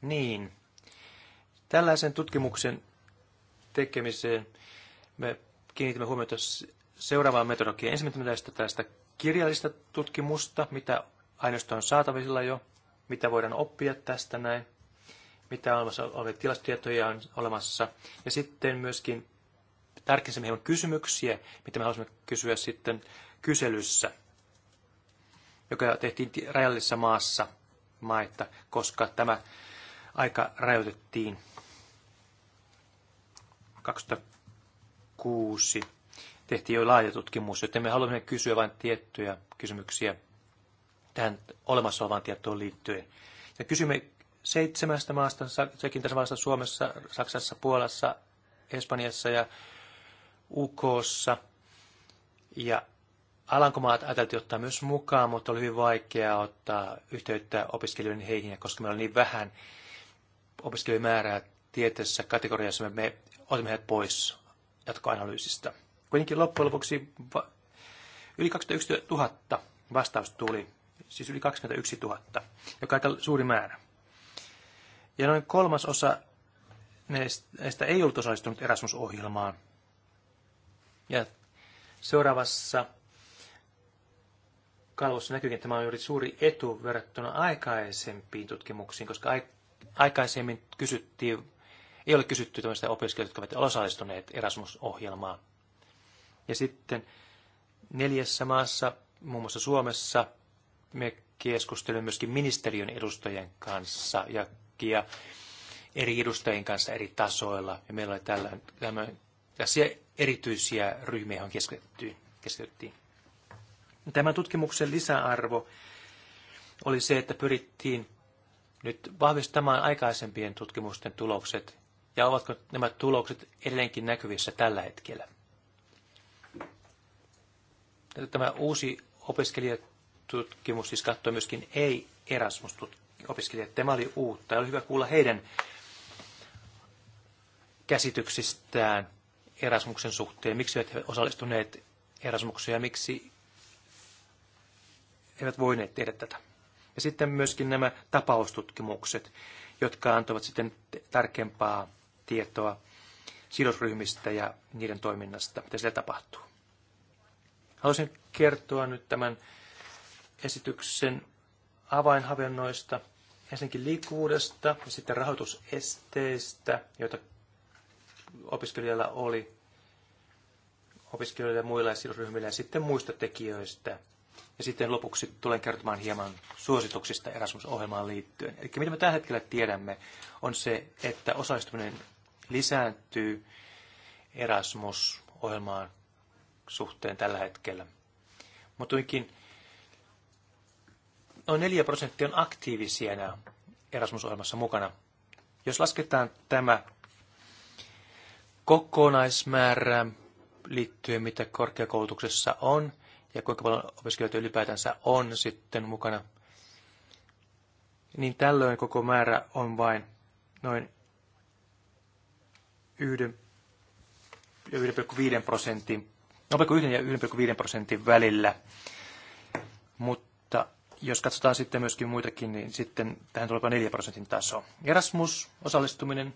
Niin. Tällaisen tutkimuksen tekemiseen me kiinnitimme huomiota seuraavaan metodologiaan. Ensimmäinen tästä kirjallista tutkimusta, mitä aineisto on saatavilla jo, mitä voidaan oppia tästä näin, mitä olemassa olevia tilastotietoja on olemassa. Ja sitten myöskin meillä on kysymyksiä, mitä me haluaisimme kysyä sitten kyselyssä, joka tehtiin rajallisessa maassa maita, koska tämä aika rajoitettiin 2006. Tehtiin jo laaja tutkimus, joten me haluamme kysyä vain tiettyjä kysymyksiä tähän olemassa olevaan tietoon liittyen. Ja kysymme seitsemästä maasta, sekin tässä maasta Suomessa, Saksassa, Puolassa, Espanjassa ja UKssa. Ja Alankomaat ajateltiin ottaa myös mukaan, mutta oli hyvin vaikeaa ottaa yhteyttä opiskelijoiden heihin, koska meillä oli niin vähän opiskelijamäärää tieteessä kategoriassa, me, me otimme heidät pois jatkoanalyysistä. Kuitenkin loppujen lopuksi yli 21 000 vastausta tuli siis yli 21 000, joka on aika suuri määrä. Ja noin kolmas osa näistä ei ollut osallistunut Erasmus-ohjelmaan. Ja seuraavassa kalvossa näkyykin, että tämä on juuri suuri etu verrattuna aikaisempiin tutkimuksiin, koska aikaisemmin kysyttiin, ei ole kysytty tämmöistä opiskelijoita, jotka ovat osallistuneet Erasmus-ohjelmaan. Ja sitten neljässä maassa, muun muassa Suomessa, me keskustelimme myöskin ministeriön edustajien kanssa ja, ja eri edustajien kanssa eri tasoilla. Ja meillä oli tällä, tämä, tässä erityisiä ryhmiä, joihin keskityttiin. keskityttiin. Tämän tutkimuksen lisäarvo oli se, että pyrittiin nyt vahvistamaan aikaisempien tutkimusten tulokset ja ovatko nämä tulokset edelleenkin näkyvissä tällä hetkellä. Tämä uusi opiskelijat tutkimus siis katsoi myöskin ei Erasmus-opiskelijat. Tämä oli uutta ja oli hyvä kuulla heidän käsityksistään Erasmuksen suhteen. Miksi eivät osallistuneet Erasmukseen ja miksi eivät voineet tehdä tätä. Ja sitten myöskin nämä tapaustutkimukset, jotka antavat sitten tarkempaa tietoa sidosryhmistä ja niiden toiminnasta, mitä siellä tapahtuu. Haluaisin kertoa nyt tämän esityksen avainhavennoista, ensinnäkin liikkuvuudesta ja sitten rahoitusesteistä, joita opiskelijalla oli opiskelijoille ja muilla sidosryhmillä ja sitten muista tekijöistä. Ja sitten lopuksi tulen kertomaan hieman suosituksista Erasmus-ohjelmaan liittyen. Eli mitä me tällä hetkellä tiedämme, on se, että osallistuminen lisääntyy Erasmus-ohjelmaan suhteen tällä hetkellä. Mutta noin 4 prosenttia on aktiivisia enää Erasmus-ohjelmassa mukana. Jos lasketaan tämä kokonaismäärä liittyen, mitä korkeakoulutuksessa on ja kuinka paljon opiskelijoita ylipäätänsä on sitten mukana, niin tällöin koko määrä on vain noin 1,5 prosentin, 0,1 ja 1,5 prosentin välillä. Mutta jos katsotaan sitten myöskin muitakin, niin sitten tähän tulee 4 prosentin taso. Erasmus-osallistuminen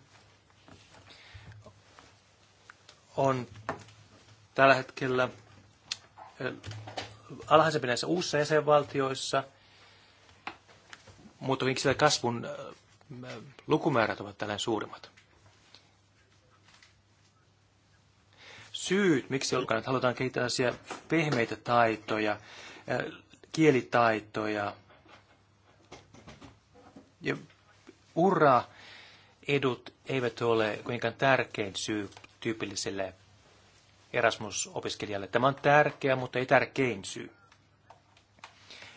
on tällä hetkellä alhaisempi näissä uusissa jäsenvaltioissa, mutta miksi kasvun lukumäärät ovat tällään suurimmat. Syyt, miksi olkaan, että halutaan kehittää tällaisia pehmeitä taitoja, kielitaitoja ja ura edut eivät ole kuitenkaan tärkein syy tyypilliselle Erasmus-opiskelijalle. Tämä on tärkeä, mutta ei tärkein syy.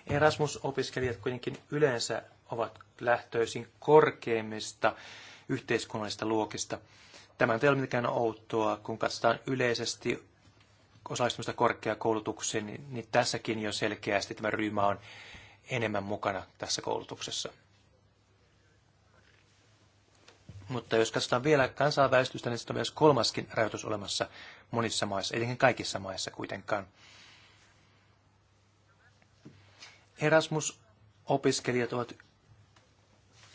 Erasmus-opiskelijat kuitenkin yleensä ovat lähtöisin korkeimmista yhteiskunnallisista luokista. Tämä ei ole mitenkään outoa, kun katsotaan yleisesti osallistumista korkeakoulutukseen, niin, niin tässäkin jo selkeästi tämä ryhmä on enemmän mukana tässä koulutuksessa. Mutta jos katsotaan vielä kansainvälistystä, niin sitten on myös kolmaskin rajoitus olemassa monissa maissa, ei kaikissa maissa kuitenkaan. Erasmus-opiskelijat ovat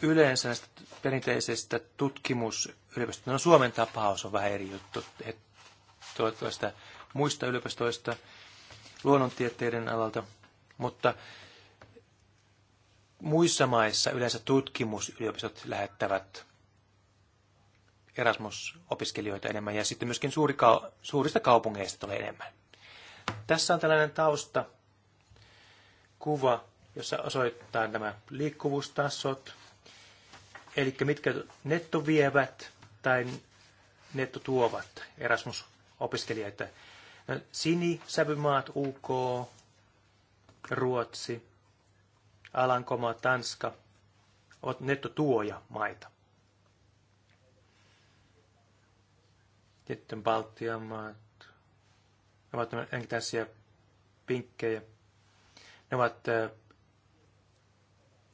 yleensä näistä perinteisistä tutkimusyliopistosta. No Suomen tapaus on vähän eri juttu. He tuottavat sitä muista yliopistoista luonnontieteiden alalta, mutta muissa maissa yleensä tutkimusyliopistot lähettävät Erasmus-opiskelijoita enemmän ja sitten myöskin suuri ka- suurista kaupungeista tulee enemmän. Tässä on tällainen tausta kuva, jossa osoittaa nämä liikkuvuustasot, eli mitkä netto vievät tai netto tuovat Erasmus-opiskelijoita. Sinisävymaat UK, Ruotsi, Alankoma, Tanska ovat maita. Sitten Baltian maat ovat tällaisia pinkkejä. Ne ovat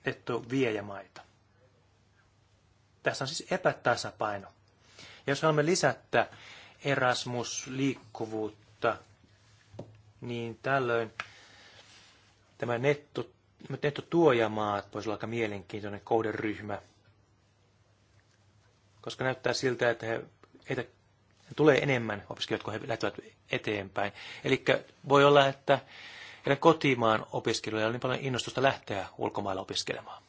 nettoviejämaita. Tässä on siis epätasapaino. Ja jos haluamme lisätä Erasmus-liikkuvuutta, mutta niin tällöin tämä netto, nettotuojamaat voisi olla aika mielenkiintoinen kohderyhmä, koska näyttää siltä, että he, heitä tulee enemmän opiskelijoita, kun he lähtevät eteenpäin. Eli voi olla, että heidän kotimaan opiskelijoilla on niin paljon innostusta lähteä ulkomailla opiskelemaan.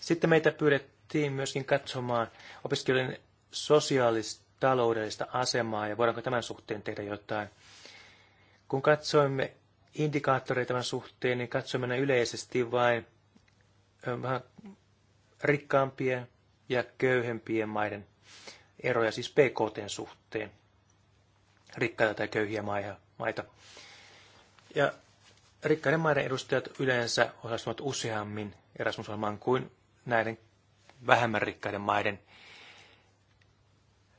Sitten meitä pyydettiin myöskin katsomaan opiskelijoiden sosiaalista taloudellista asemaa ja voidaanko tämän suhteen tehdä jotain. Kun katsoimme indikaattoreita tämän suhteen, niin katsoimme ne yleisesti vain vähän rikkaampien ja köyhempien maiden eroja, siis PKTn suhteen, rikkaita tai köyhiä maita. Ja rikkaiden maiden edustajat yleensä osallistuvat useammin Erasmus-ohjelmaan kuin näiden vähemmän rikkaiden maiden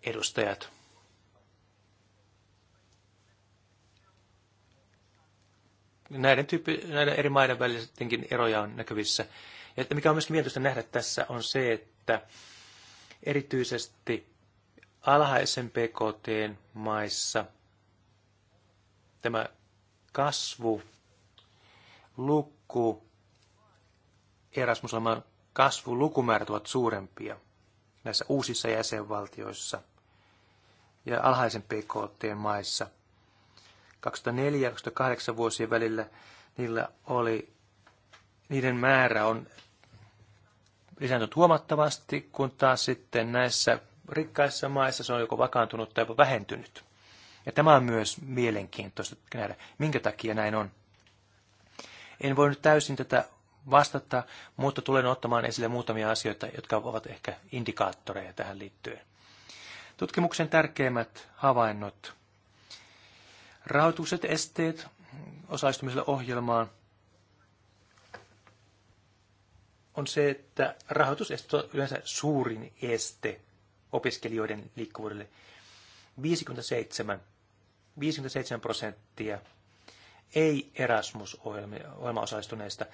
edustajat. Näiden, tyyppi, näiden eri maiden välisetkin eroja on näkyvissä. Ja että mikä on myöskin mielenkiintoista nähdä tässä on se, että erityisesti alhaisen PKT maissa tämä kasvu, luku, kasvu kasvulukumäärät ovat suurempia näissä uusissa jäsenvaltioissa – ja alhaisen PKT maissa. 2004-2008 vuosien välillä niillä oli, niiden määrä on lisääntynyt huomattavasti, kun taas sitten näissä rikkaissa maissa se on joko vakaantunut tai jopa vähentynyt. Ja tämä on myös mielenkiintoista nähdä, minkä takia näin on. En voi nyt täysin tätä vastata, mutta tulen ottamaan esille muutamia asioita, jotka ovat ehkä indikaattoreja tähän liittyen. Tutkimuksen tärkeimmät havainnot. Rahoitukset, esteet osallistumiselle ohjelmaan on se, että rahoitusesto on yleensä suurin este opiskelijoiden liikkuvuudelle. 57, 57 prosenttia ei Erasmus-ohjelma osallistuneista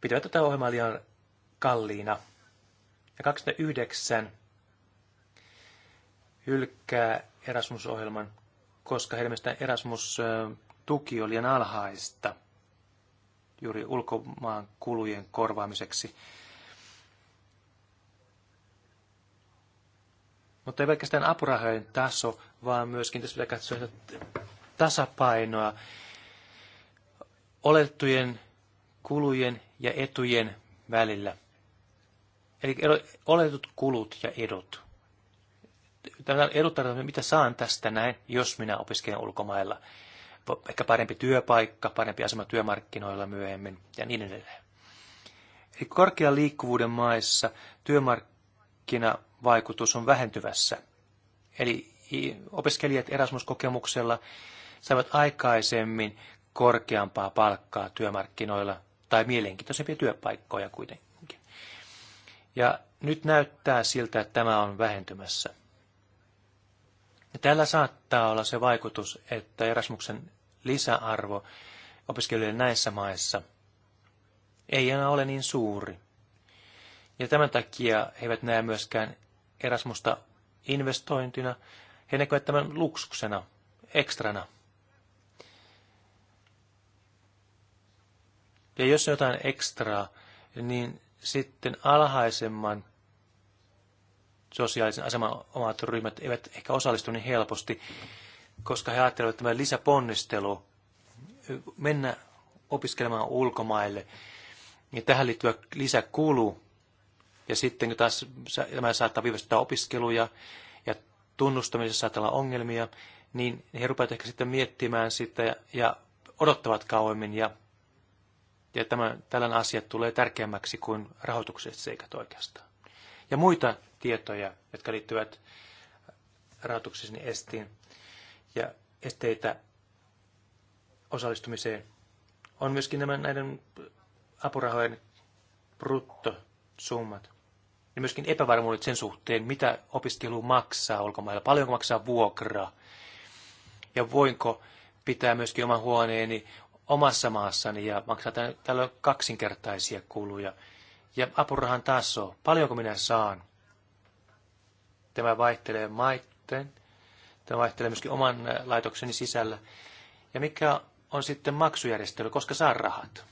pitävät tätä ohjelmaa liian kalliina. Ja 29 hylkää Erasmus-ohjelman, koska heidän mielestään Erasmus-tuki oli liian alhaista juuri ulkomaan kulujen korvaamiseksi. Mutta ei pelkästään apurahojen taso, vaan myöskin tässä pitää katsoa tasapainoa olettujen kulujen ja etujen välillä. Eli oletut kulut ja edut edut tarkoittaa, mitä saan tästä näin, jos minä opiskelen ulkomailla. Ehkä parempi työpaikka, parempi asema työmarkkinoilla myöhemmin ja niin edelleen. Eli korkean liikkuvuuden maissa työmarkkinavaikutus on vähentyvässä. Eli opiskelijat Erasmus-kokemuksella aikaisemmin korkeampaa palkkaa työmarkkinoilla tai mielenkiintoisempia työpaikkoja kuitenkin. Ja nyt näyttää siltä, että tämä on vähentymässä. Ja tällä saattaa olla se vaikutus, että Erasmuksen lisäarvo opiskelijoille näissä maissa ei enää ole niin suuri. Ja tämän takia he eivät näe myöskään Erasmusta investointina, he näkevät tämän luksuksena, ekstrana. Ja jos jotain ekstraa, niin sitten alhaisemman sosiaalisen aseman omat ryhmät eivät ehkä osallistu niin helposti, koska he ajattelevat että tämä lisäponnistelu mennä opiskelemaan ulkomaille ja niin tähän liittyvä lisäkulu. Ja sitten taas tämä saattaa viivästyttää opiskeluja ja tunnustamisessa saattaa olla ongelmia, niin he rupeavat ehkä sitten miettimään sitä ja, ja odottavat kauemmin ja, ja tämä, tällainen asia tulee tärkeämmäksi kuin rahoitukset seikat oikeastaan ja muita tietoja, jotka liittyvät rahoituksellisiin estiin ja esteitä osallistumiseen. On myöskin nämä näiden apurahojen bruttosummat. Ja myöskin epävarmuudet sen suhteen, mitä opiskelu maksaa ulkomailla, paljonko maksaa vuokra ja voinko pitää myöskin oman huoneeni omassa maassani ja maksaa tällöin kaksinkertaisia kuluja ja apurahan taso, paljonko minä saan. Tämä vaihtelee maitten, tämä vaihtelee myöskin oman laitokseni sisällä. Ja mikä on sitten maksujärjestely, koska saan rahat.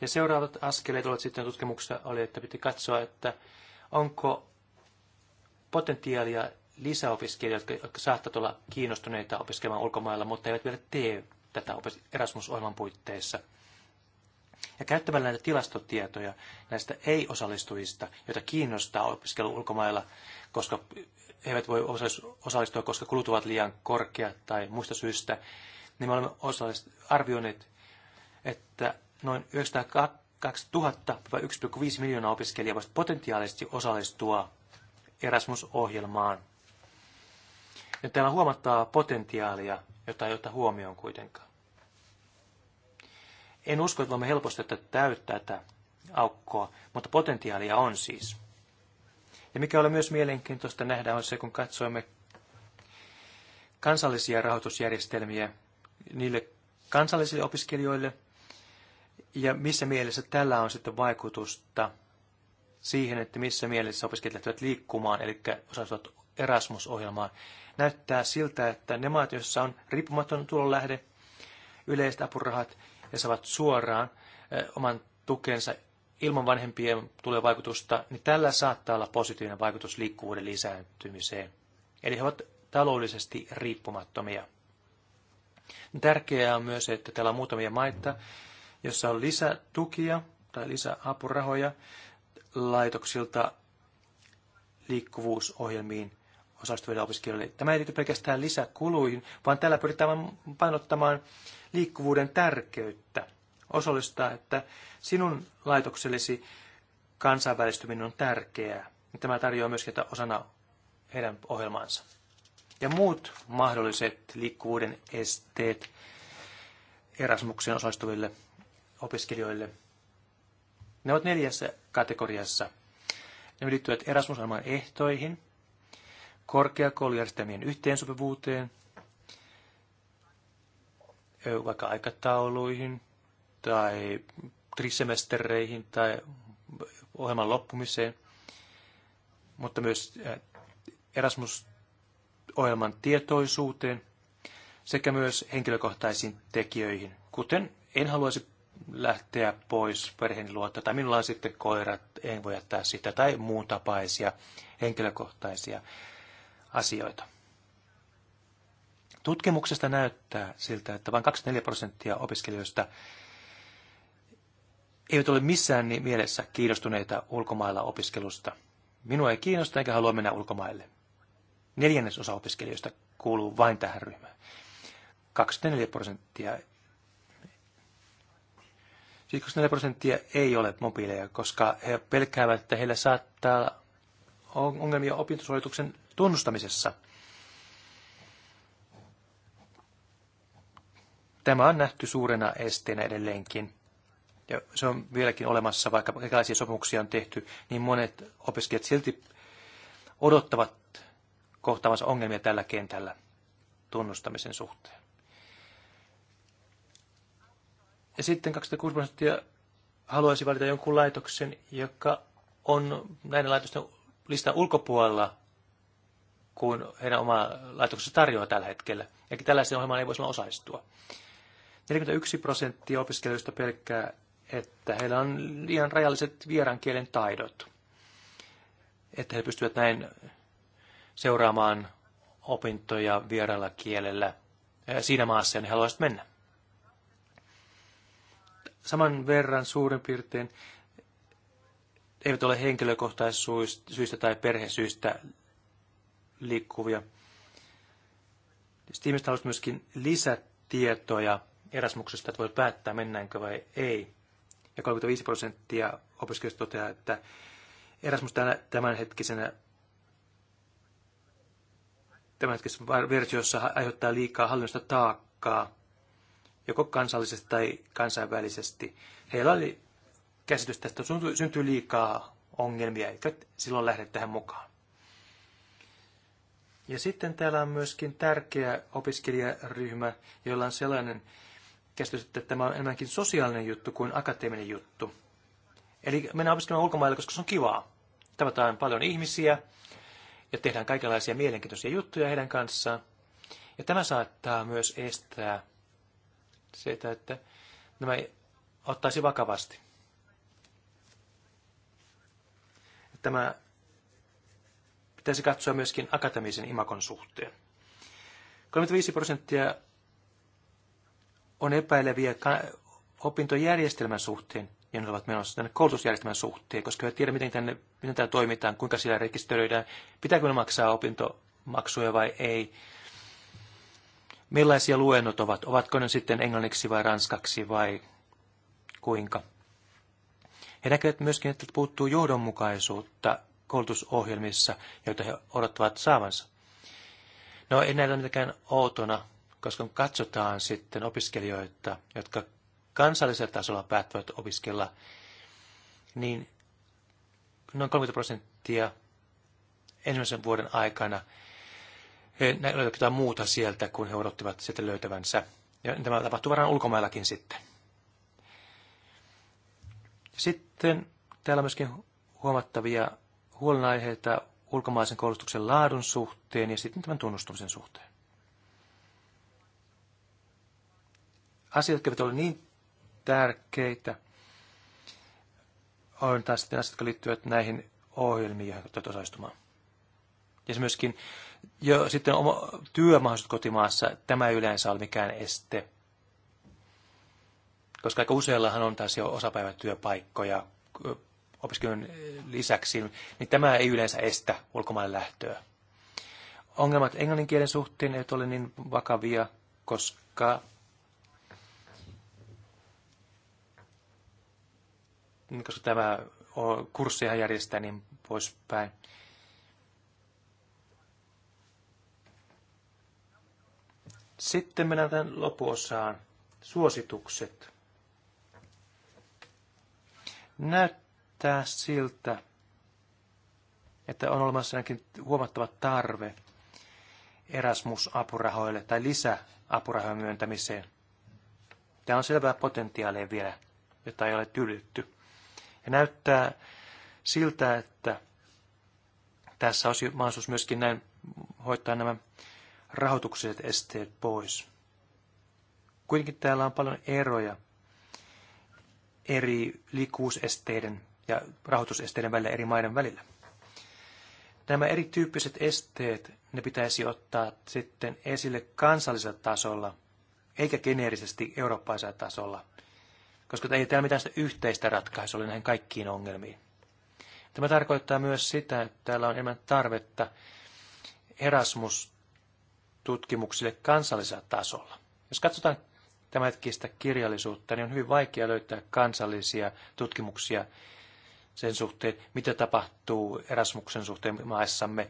Ja seuraavat askeleet olivat sitten tutkimuksessa, oli, että piti katsoa, että onko potentiaalia lisäopiskelijoita, jotka, jotka saattavat olla kiinnostuneita opiskelemaan ulkomailla, mutta eivät vielä tee tätä Erasmus-ohjelman puitteissa – ja käyttämällä näitä tilastotietoja näistä ei-osallistujista, joita kiinnostaa opiskelu ulkomailla, koska he eivät voi osallistua, koska kulut ovat liian korkeat tai muista syistä, niin me olemme osallist- arvioineet, että noin 902 000-1,5 miljoonaa opiskelijaa voisi potentiaalisesti osallistua Erasmus-ohjelmaan. Ja täällä huomattaa potentiaalia, jota ei ota huomioon kuitenkaan. En usko, että voimme helposti täyttää tätä aukkoa, mutta potentiaalia on siis. Ja mikä oli myös mielenkiintoista nähdä on se, kun katsoimme kansallisia rahoitusjärjestelmiä niille kansallisille opiskelijoille, ja missä mielessä tällä on sitten vaikutusta siihen, että missä mielessä opiskelijat lähtevät liikkumaan, eli osallistuvat Erasmus-ohjelmaan. Näyttää siltä, että ne maat, joissa on riippumaton tulonlähde, yleiset apurahat ja saavat suoraan oman tukensa ilman vanhempien tulee vaikutusta, niin tällä saattaa olla positiivinen vaikutus liikkuvuuden lisääntymiseen. Eli he ovat taloudellisesti riippumattomia. Tärkeää on myös, että täällä on muutamia maita, jossa on lisätukia tai lisäapurahoja laitoksilta liikkuvuusohjelmiin osallistuville opiskelijoille. Tämä ei liity pelkästään lisäkuluihin, vaan tällä pyritään painottamaan liikkuvuuden tärkeyttä. Osallistaa, että sinun laitoksellesi kansainvälistyminen on tärkeää. Tämä tarjoaa myöskin että osana heidän ohjelmaansa. Ja muut mahdolliset liikkuvuuden esteet Erasmuksen osallistuville opiskelijoille. Ne ovat neljässä kategoriassa. Ne liittyvät Erasmus-ohjelman ehtoihin – korkeakoulujärjestelmien yhteensopivuuteen, vaikka aikatauluihin tai trisemestereihin tai ohjelman loppumiseen, mutta myös Erasmus-ohjelman tietoisuuteen sekä myös henkilökohtaisiin tekijöihin, kuten en haluaisi lähteä pois perheen luota, tai minulla on sitten koirat, en voi jättää sitä, tai muun tapaisia henkilökohtaisia asioita. Tutkimuksesta näyttää siltä, että vain 24 prosenttia opiskelijoista ei ole missään mielessä kiinnostuneita ulkomailla opiskelusta. Minua ei kiinnosta eikä halua mennä ulkomaille. osa opiskelijoista kuuluu vain tähän ryhmään. 24 prosenttia. Siis 24 prosenttia ei ole mobiileja, koska he pelkäävät, että heillä saattaa ongelmia opintosuorituksen tunnustamisessa. Tämä on nähty suurena esteenä edelleenkin. Ja se on vieläkin olemassa, vaikka erilaisia sopimuksia on tehty, niin monet opiskelijat silti odottavat kohtaamassa ongelmia tällä kentällä tunnustamisen suhteen. Ja sitten 26 prosenttia haluaisi valita jonkun laitoksen, joka on näiden laitosten listan ulkopuolella kuin heidän oma laitoksensa tarjoaa tällä hetkellä. eikä tällaiseen ohjelmaan ei voisi osaistua. 41 prosenttia opiskelijoista pelkkää, että heillä on liian rajalliset kielen taidot. Että he pystyvät näin seuraamaan opintoja vieraalla kielellä siinä maassa, johon niin he haluaisivat mennä. Saman verran suurin piirtein eivät ole henkilökohtaisista syistä tai perhesyistä liikkuvia. Sitten ihmiset haluaisivat myöskin lisätietoja Erasmuksesta, että voi päättää mennäänkö vai ei. Ja 35 prosenttia opiskelijoista toteaa, että Erasmus tämänhetkisenä tämänhetkisessä versiossa aiheuttaa liikaa hallinnosta taakkaa, joko kansallisesti tai kansainvälisesti. Heillä oli käsitys tästä, että syntyy liikaa ongelmia, eikä silloin lähde tähän mukaan. Ja sitten täällä on myöskin tärkeä opiskelijaryhmä, jolla on sellainen käsitys, että tämä on enemmänkin sosiaalinen juttu kuin akateeminen juttu. Eli mennään opiskelemaan ulkomaille, koska se on kivaa. Tavataan paljon ihmisiä ja tehdään kaikenlaisia mielenkiintoisia juttuja heidän kanssaan. Ja tämä saattaa myös estää sitä, että nämä ottaisi vakavasti. Tämä pitäisi katsoa myöskin akateemisen imakon suhteen. 35 prosenttia on epäileviä opintojärjestelmän suhteen, ja ne ovat menossa tänne koulutusjärjestelmän suhteen, koska he tiedä, miten, tänne, miten tämä toimitaan, kuinka siellä rekisteröidään, pitääkö ne maksaa opintomaksuja vai ei, millaisia luennot ovat, ovatko ne sitten englanniksi vai ranskaksi vai kuinka. He näkevät myöskin, että puuttuu johdonmukaisuutta koulutusohjelmissa, joita he odottavat saavansa. No ei näitä mitenkään outona, koska kun katsotaan sitten opiskelijoita, jotka kansallisella tasolla päättävät opiskella, niin noin 30 prosenttia ensimmäisen vuoden aikana he löytävät jotain muuta sieltä, kun he odottivat sieltä löytävänsä. Ja tämä tapahtuu varmaan ulkomaillakin sitten. Sitten täällä on myöskin huomattavia huolenaiheita ulkomaisen koulutuksen laadun suhteen ja sitten tämän tunnustamisen suhteen. Asiat, jotka eivät ole niin tärkeitä, on taas sitten asiat, jotka liittyvät näihin ohjelmiin, joihin olet osallistumaan. Ja se myöskin jo sitten oma työmahdollisuus kotimaassa, tämä ei yleensä ole mikään este. Koska aika useillahan on taas jo osapäivätyöpaikkoja opiskelun lisäksi, niin tämä ei yleensä estä ulkomaille lähtöä. Ongelmat englannin kielen suhteen eivät ole niin vakavia, koska, koska tämä kursseja järjestää niin poispäin. Sitten mennään tämän lopuosaan. Suositukset. Näyttää näyttää siltä, että on olemassa ainakin huomattava tarve Erasmus-apurahoille tai lisäapurahojen myöntämiseen. Tämä on selvää potentiaalia vielä, jota ei ole tylytty. Ja näyttää siltä, että tässä olisi mahdollisuus myöskin näin hoitaa nämä rahoitukset esteet pois. Kuitenkin täällä on paljon eroja eri liikkuvuusesteiden ja rahoitusesteiden välillä eri maiden välillä. Nämä erityyppiset esteet, ne pitäisi ottaa sitten esille kansallisella tasolla, eikä geneerisesti eurooppalaisella tasolla, koska ei täällä mitään sitä yhteistä ratkaisua ole näihin kaikkiin ongelmiin. Tämä tarkoittaa myös sitä, että täällä on enemmän tarvetta Erasmus-tutkimuksille kansallisella tasolla. Jos katsotaan tämänhetkistä kirjallisuutta, niin on hyvin vaikea löytää kansallisia tutkimuksia sen suhteen, mitä tapahtuu Erasmuksen suhteen maissamme,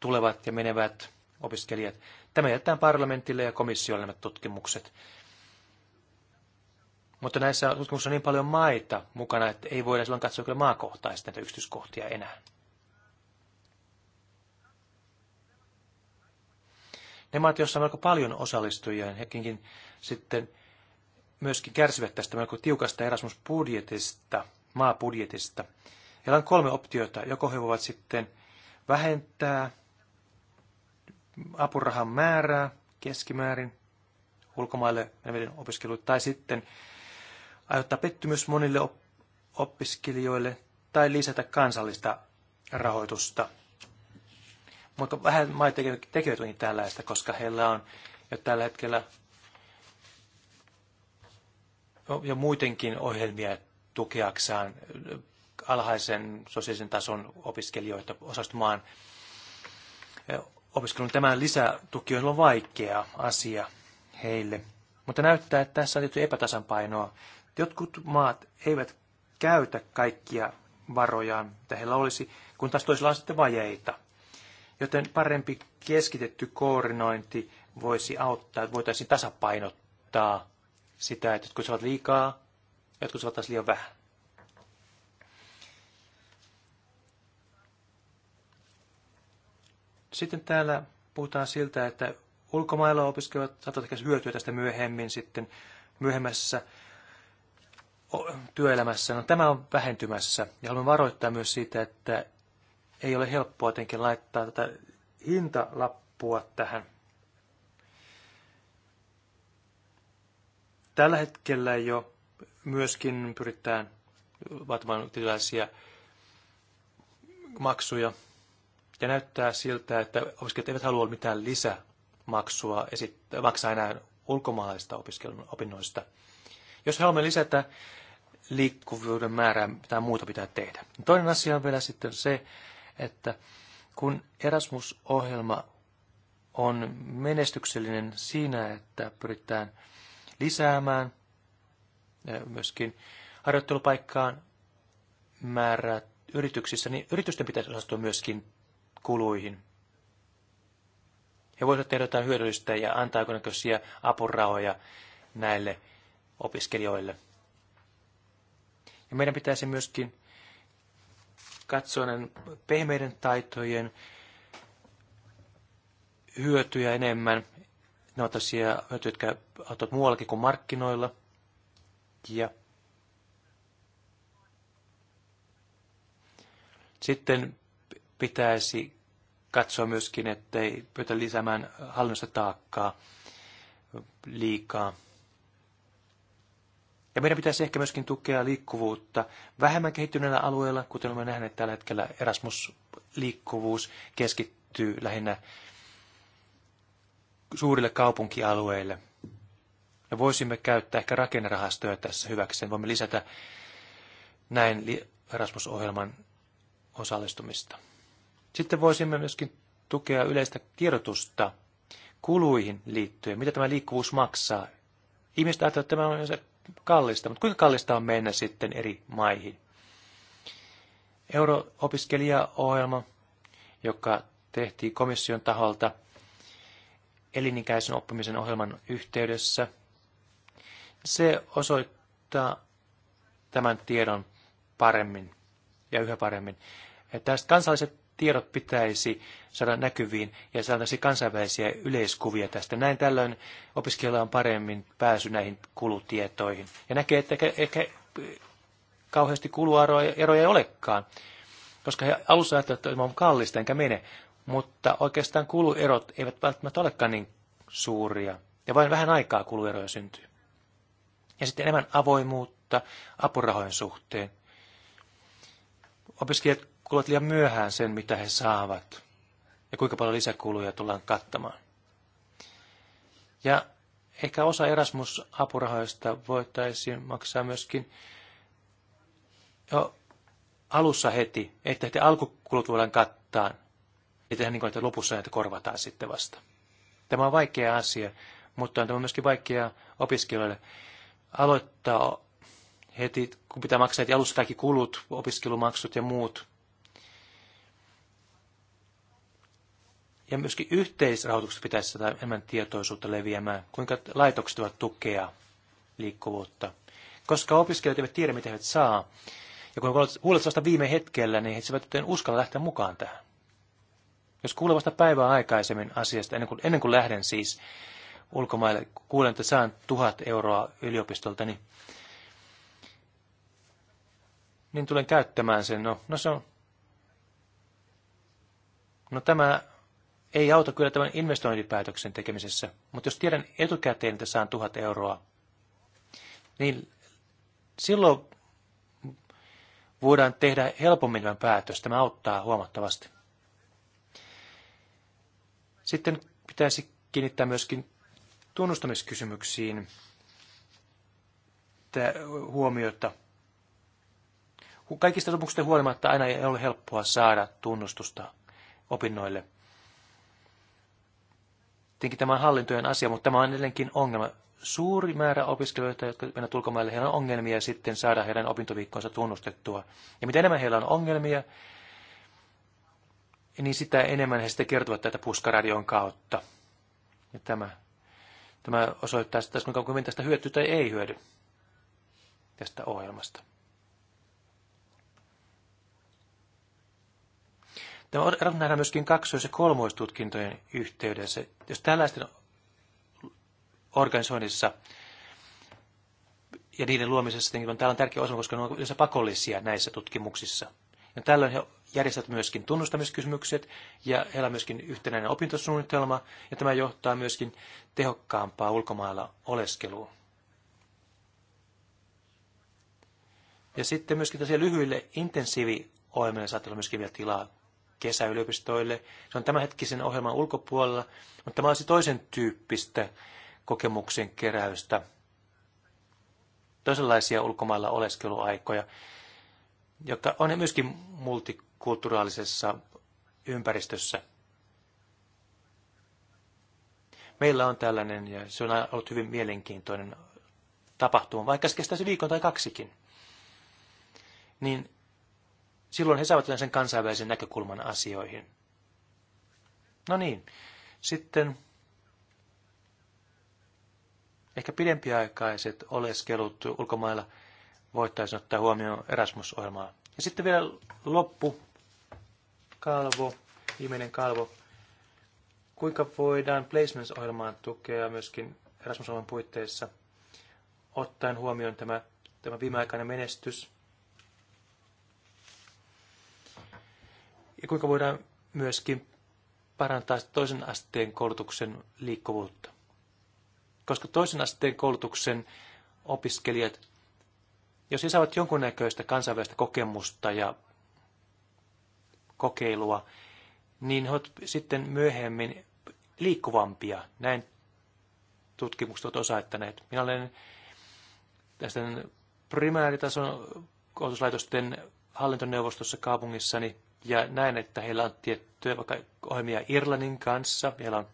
tulevat ja menevät opiskelijat. Tämä jätetään parlamentille ja komissiolle nämä tutkimukset. Mutta näissä tutkimuksissa on niin paljon maita mukana, että ei voida silloin katsoa kyllä maakohtaisesti näitä yksityiskohtia enää. Ne maat, joissa on melko paljon osallistujia, hekinkin sitten myöskin kärsivät tästä melko tiukasta Erasmus-budjetista – maapudjetista. Heillä on kolme optiota. Joko he voivat sitten vähentää apurahan määrää keskimäärin ulkomaille meidän opiskeluun, tai sitten aiheuttaa pettymys monille op- opiskelijoille, tai lisätä kansallista rahoitusta. Mutta vähän maita tekevät tällaista, koska heillä on jo tällä hetkellä jo muutenkin ohjelmia, tukeakseen alhaisen sosiaalisen tason opiskelijoita osastumaan opiskelun. Tämä lisätuki on vaikea asia heille. Mutta näyttää, että tässä on tietty epätasapainoa. Jotkut maat eivät käytä kaikkia varojaan, mitä heillä olisi, kun taas toisilla on sitten vajeita. Joten parempi keskitetty koordinointi voisi auttaa, että voitaisiin tasapainottaa sitä, että kun saavat liikaa Jotkut saattaa liian vähän. Sitten täällä puhutaan siltä, että ulkomailla opiskelijat saattavat ehkä hyötyä tästä myöhemmin sitten myöhemmässä työelämässä. No, tämä on vähentymässä ja haluan varoittaa myös siitä, että ei ole helppoa jotenkin laittaa tätä hintalappua tähän. Tällä hetkellä jo myöskin pyritään vaatimaan tietynlaisia maksuja. Ja näyttää siltä, että opiskelijat eivät halua mitään lisämaksua esittää, maksaa enää ulkomaalaisista opiskelun opinnoista. Jos haluamme lisätä liikkuvuuden määrää, mitä muuta pitää tehdä. Toinen asia on vielä sitten se, että kun Erasmus-ohjelma on menestyksellinen siinä, että pyritään lisäämään myöskin harjoittelupaikkaan määrää yrityksissä, niin yritysten pitäisi osallistua myöskin kuluihin. He voisivat tehdä jotain hyödyllistä ja antaa jonkinlaisia apurahoja näille opiskelijoille. Ja meidän pitäisi myöskin katsoa näiden pehmeiden taitojen hyötyjä enemmän. Ne ovat tosiaan hyötyjä, jotka auttavat muuallakin kuin markkinoilla – ja sitten pitäisi katsoa myöskin, ettei pyytä lisäämään hallinnosta taakkaa liikaa. Ja meidän pitäisi ehkä myöskin tukea liikkuvuutta vähemmän kehittyneillä alueilla, kuten olemme nähneet tällä hetkellä Erasmus-liikkuvuus keskittyy lähinnä suurille kaupunkialueille – me voisimme käyttää ehkä rakennerahastoja tässä Sen Voimme lisätä näin Erasmus-ohjelman osallistumista. Sitten voisimme myöskin tukea yleistä kirjoitusta kuluihin liittyen. Mitä tämä liikkuvuus maksaa? Ihmiset ajattelevat, että tämä on se kallista, mutta kuinka kallista on mennä sitten eri maihin? Euro-opiskelijaohjelma, joka tehtiin komission taholta elinikäisen oppimisen ohjelman yhteydessä, se osoittaa tämän tiedon paremmin ja yhä paremmin. Että tästä kansalliset tiedot pitäisi saada näkyviin ja saataisiin kansainvälisiä yleiskuvia tästä. Näin tällöin opiskelijoilla on paremmin pääsy näihin kulutietoihin. Ja näkee, että ehkä, ehkä kauheasti kulueroja ei olekaan, koska he alussa ajattelivat, että on kallista enkä mene. Mutta oikeastaan kuluerot eivät välttämättä olekaan niin suuria. Ja vain vähän aikaa kulueroja syntyy. Ja sitten enemmän avoimuutta apurahojen suhteen. Opiskelijat kuulevat liian myöhään sen, mitä he saavat ja kuinka paljon lisäkuluja tullaan kattamaan. Ja ehkä osa Erasmus-apurahoista voitaisiin maksaa myöskin jo alussa heti, että heti alkukulut voidaan kattaa. ettei niin kuin, että lopussa näitä korvataan sitten vasta. Tämä on vaikea asia, mutta on tämä myöskin vaikea opiskelijoille aloittaa heti, kun pitää maksaa heti alussa kaikki kulut, opiskelumaksut ja muut. Ja myöskin yhteisrahoituksesta pitäisi saada enemmän tietoisuutta leviämään, kuinka laitokset ovat tukea liikkuvuutta. Koska opiskelijat eivät tiedä, mitä he saa, ja kun kuulet vasta viime hetkellä, niin he eivät uskalla lähteä mukaan tähän. Jos kuulen vasta päivää aikaisemmin asiasta, ennen kuin, ennen kuin lähden siis, ulkomaille. Kuulen, että saan tuhat euroa yliopistolta, Niin tulen käyttämään sen. No, no se on... No tämä ei auta kyllä tämän investointipäätöksen tekemisessä. Mutta jos tiedän etukäteen, että saan tuhat euroa, niin silloin voidaan tehdä helpommin tämän päätös. Tämä auttaa huomattavasti. Sitten pitäisi kiinnittää myöskin tunnustamiskysymyksiin huomiota. Kaikista sopimuksista huolimatta aina ei ole helppoa saada tunnustusta opinnoille. Tietenkin tämä on hallintojen asia, mutta tämä on edelleenkin ongelma. Suuri määrä opiskelijoita, jotka menevät ulkomaille, heillä on ongelmia sitten saada heidän opintoviikkoonsa tunnustettua. Ja mitä enemmän heillä on ongelmia, niin sitä enemmän he sitten kertovat tätä puskaradion kautta. Ja tämä Tämä osoittaa sitä, kuinka hyvin tästä hyötyy tai ei hyödy tästä ohjelmasta. Tämä erot nähdään myöskin kaksois- ja kolmoistutkintojen yhteydessä. Jos tällaisten organisoinnissa ja niiden luomisessa niin täällä on tärkeä osa, koska ne ovat yleensä pakollisia näissä tutkimuksissa. Ja tällöin he järjestät myöskin tunnustamiskysymykset ja heillä on myöskin yhtenäinen opintosuunnitelma ja tämä johtaa myöskin tehokkaampaa ulkomailla oleskeluun. Ja sitten myöskin tässä lyhyille intensiiviohjelmille saattaa olla myöskin vielä tilaa kesäyliopistoille. Se on tämänhetkisen ohjelman ulkopuolella, mutta tämä olisi toisen tyyppistä kokemuksen keräystä, toisenlaisia ulkomailla oleskeluaikoja, jotka on myöskin multi Kulttuurillisessa ympäristössä. Meillä on tällainen, ja se on ollut hyvin mielenkiintoinen tapahtuma, vaikka se kestäisi viikon tai kaksikin. Niin silloin he saavat sen kansainvälisen näkökulman asioihin. No niin, sitten ehkä pidempiaikaiset oleskelut ulkomailla voitaisiin ottaa huomioon Erasmus-ohjelmaa ja sitten vielä loppu, kalvo, viimeinen kalvo. Kuinka voidaan placements-ohjelmaan tukea myöskin erasmus puitteissa, ottaen huomioon tämä, tämä viimeaikainen menestys? Ja kuinka voidaan myöskin parantaa toisen asteen koulutuksen liikkuvuutta? Koska toisen asteen koulutuksen opiskelijat jos he saavat jonkunnäköistä kansainvälistä kokemusta ja kokeilua, niin he ovat sitten myöhemmin liikkuvampia. Näin tutkimukset ovat osaittaneet. Minä olen tästä primääritason koulutuslaitosten hallintoneuvostossa kaupungissani ja näen, että heillä on tiettyjä vaikka ohjelmia Irlannin kanssa, heillä on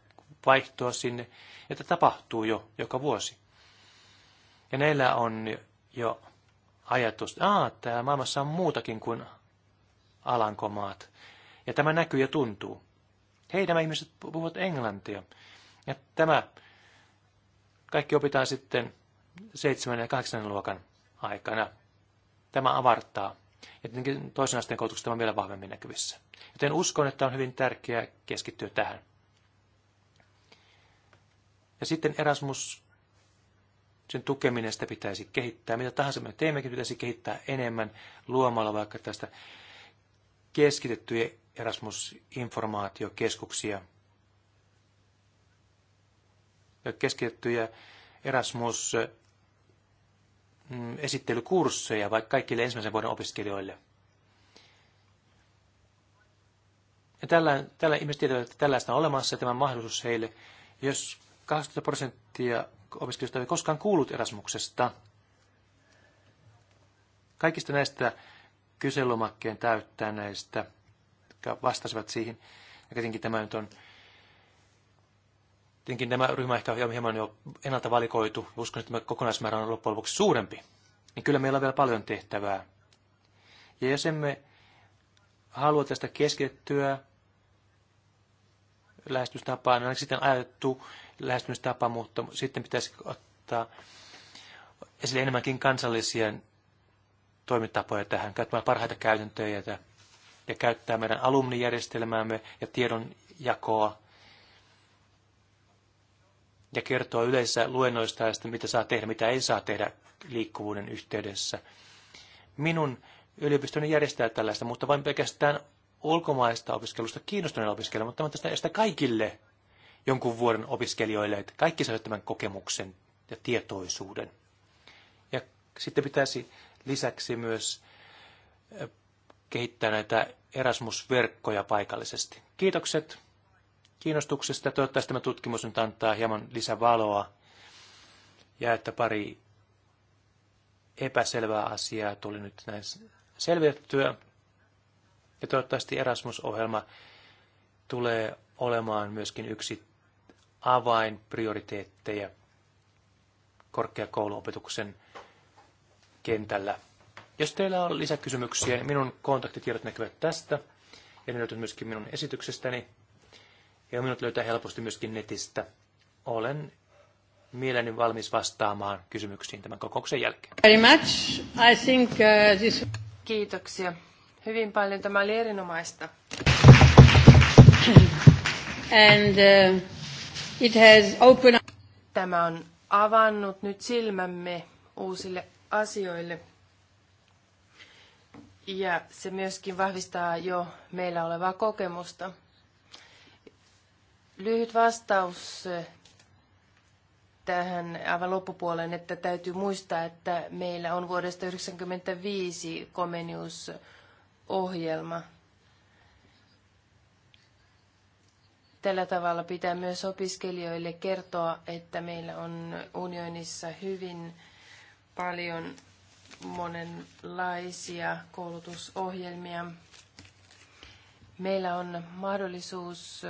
vaihtoa sinne, että tapahtuu jo joka vuosi. Ja näillä on jo ajatus, että Aa, tämä maailmassa on muutakin kuin alankomaat. Ja tämä näkyy ja tuntuu. Hei, nämä ihmiset puhuvat englantia. Ja tämä kaikki opitaan sitten 7. ja 8. luokan aikana. Tämä avartaa. Ja tietenkin toisen asteen koulutuksessa tämä on vielä vahvemmin näkyvissä. Joten uskon, että on hyvin tärkeää keskittyä tähän. Ja sitten Erasmus sen tukeminen sitä pitäisi kehittää. Mitä tahansa me teemmekin, pitäisi kehittää enemmän luomalla vaikka tästä keskitettyjä Erasmus-informaatiokeskuksia ja keskitettyjä Erasmus-esittelykursseja mm, vaikka kaikille ensimmäisen vuoden opiskelijoille. Ja tällä, tällä ihmiset tietävät, että tällaista on olemassa tämä mahdollisuus heille. Jos 20 prosenttia opiskelijoista ei koskaan kuullut Erasmuksesta. Kaikista näistä kyselomakkeen täyttäneistä, jotka vastasivat siihen, ja tietenkin tämä nyt on Tietenkin tämä ryhmä ehkä on hieman jo ennalta valikoitu. Uskon, että tämä kokonaismäärä on loppujen lopuksi suurempi. Niin kyllä meillä on vielä paljon tehtävää. Ja jos emme halua tästä keskittyä lähestymistapaa, on sitten ajatettu lähestymistapa, mutta sitten pitäisi ottaa esille enemmänkin kansallisia toimintatapoja tähän, käyttämään parhaita käytäntöjä ja käyttää meidän alumnijärjestelmäämme ja tiedonjakoa ja kertoa yleensä luennoista ja sitä, mitä saa tehdä, mitä ei saa tehdä liikkuvuuden yhteydessä. Minun yliopistoni järjestää tällaista, mutta vain pelkästään ulkomaista opiskelusta kiinnostuneille opiskelijoille, mutta tämä on tästä kaikille jonkun vuoden opiskelijoille, että kaikki saavat tämän kokemuksen ja tietoisuuden. Ja sitten pitäisi lisäksi myös eh, kehittää näitä Erasmus-verkkoja paikallisesti. Kiitokset kiinnostuksesta. Toivottavasti tämä tutkimus nyt antaa hieman lisävaloa ja että pari epäselvää asiaa tuli nyt näin selvitettyä. Ja toivottavasti Erasmus-ohjelma tulee olemaan myöskin yksi avainprioriteetteja korkeakouluopetuksen kentällä. Jos teillä on lisäkysymyksiä, niin minun kontaktitiedot näkyvät tästä ja ne löytyvät myöskin minun esityksestäni. Ja minut löytää helposti myöskin netistä. Olen mielelläni valmis vastaamaan kysymyksiin tämän kokouksen jälkeen. Very much. I think, uh, this... Kiitoksia hyvin paljon. Tämä oli erinomaista. And, uh, it has opened... Tämä on avannut nyt silmämme uusille asioille. Ja se myöskin vahvistaa jo meillä olevaa kokemusta. Lyhyt vastaus eh, tähän aivan loppupuoleen, että täytyy muistaa, että meillä on vuodesta 1995 komenius ohjelma. Tällä tavalla pitää myös opiskelijoille kertoa, että meillä on unionissa hyvin paljon monenlaisia koulutusohjelmia. Meillä on mahdollisuus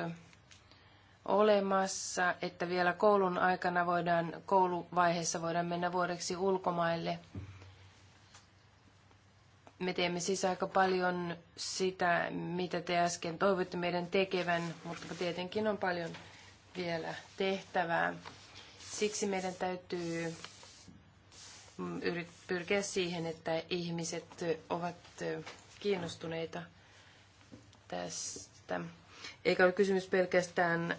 olemassa, että vielä koulun aikana voidaan, kouluvaiheessa voidaan mennä vuodeksi ulkomaille – me teemme siis aika paljon sitä, mitä te äsken toivotte meidän tekevän, mutta tietenkin on paljon vielä tehtävää. Siksi meidän täytyy mm, pyrkiä siihen, että ihmiset ovat kiinnostuneita tästä. Eikä ole kysymys pelkästään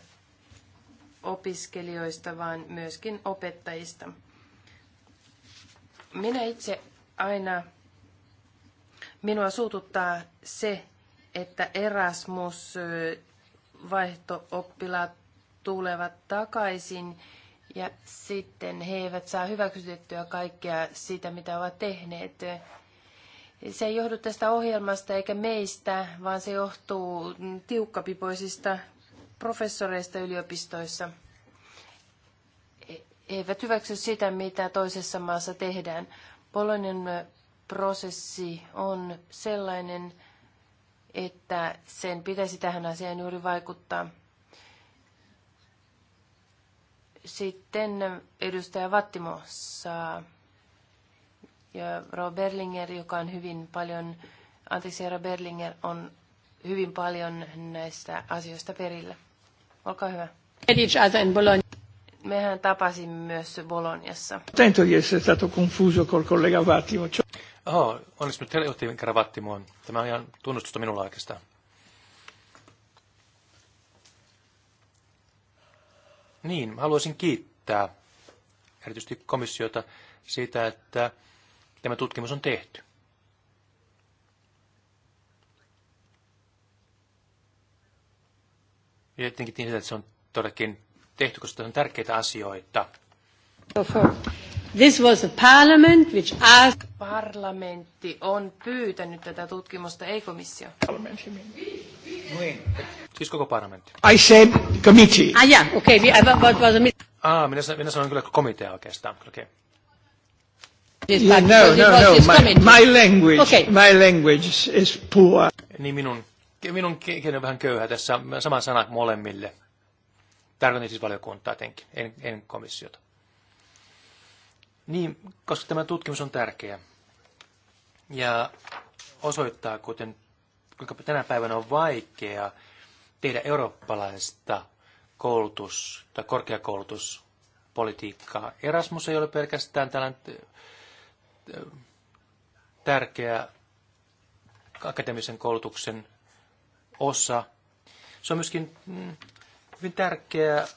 opiskelijoista, vaan myöskin opettajista. Minä itse aina Minua suututtaa se, että Erasmus vaihtooppilaat tulevat takaisin ja sitten he eivät saa hyväksytettyä kaikkea sitä, mitä ovat tehneet. Se ei johdu tästä ohjelmasta eikä meistä, vaan se johtuu tiukkapipoisista professoreista yliopistoissa. He eivät hyväksy sitä, mitä toisessa maassa tehdään. Polonin prosessi on sellainen, että sen pitäisi tähän asiaan juuri vaikuttaa. Sitten edustaja Vattimo saa ja Ro Berlinger, joka on hyvin paljon, anteeksi Berlinger on hyvin paljon näistä asioista perillä. Olkaa hyvä. Mehän tapasimme myös Bolognassa. Tento di essere stato confuso col collega Vattimo. Oho, onnistunut kravatti mua. Tämä on ihan tunnustusta minulla oikeastaan. Niin, haluaisin kiittää erityisesti komissiota siitä, että tämä tutkimus on tehty. Ja tietenkin tiedetään, että se on todellakin tehty, koska se on tärkeitä asioita. This was a parliament which asked... Parlamentti on pyytänyt tätä tutkimusta, ei komissio. Parlamentti. Siis koko parlamentti. I said committee. Ah, yeah, okay. We, I, what was the... Ah, minä, minä sanoin kyllä komitea oikeastaan. Okay. Yeah, no, no, no. no. My, my language, okay. my language is poor. Niin minun, minun kieli on vähän köyhä tässä. Sama sana molemmille. Tarkoitan siis valiokuntaa tietenkin, en, en komissiota. Niin, koska tämä tutkimus on tärkeä ja osoittaa, kuten kuinka tänä päivänä on vaikea tehdä eurooppalaista koulutus- tai korkeakoulutuspolitiikkaa. Erasmus ei ole pelkästään tällainen äh, äh, tärkeä akateemisen koulutuksen osa. Se on myöskin mm, hyvin tärkeä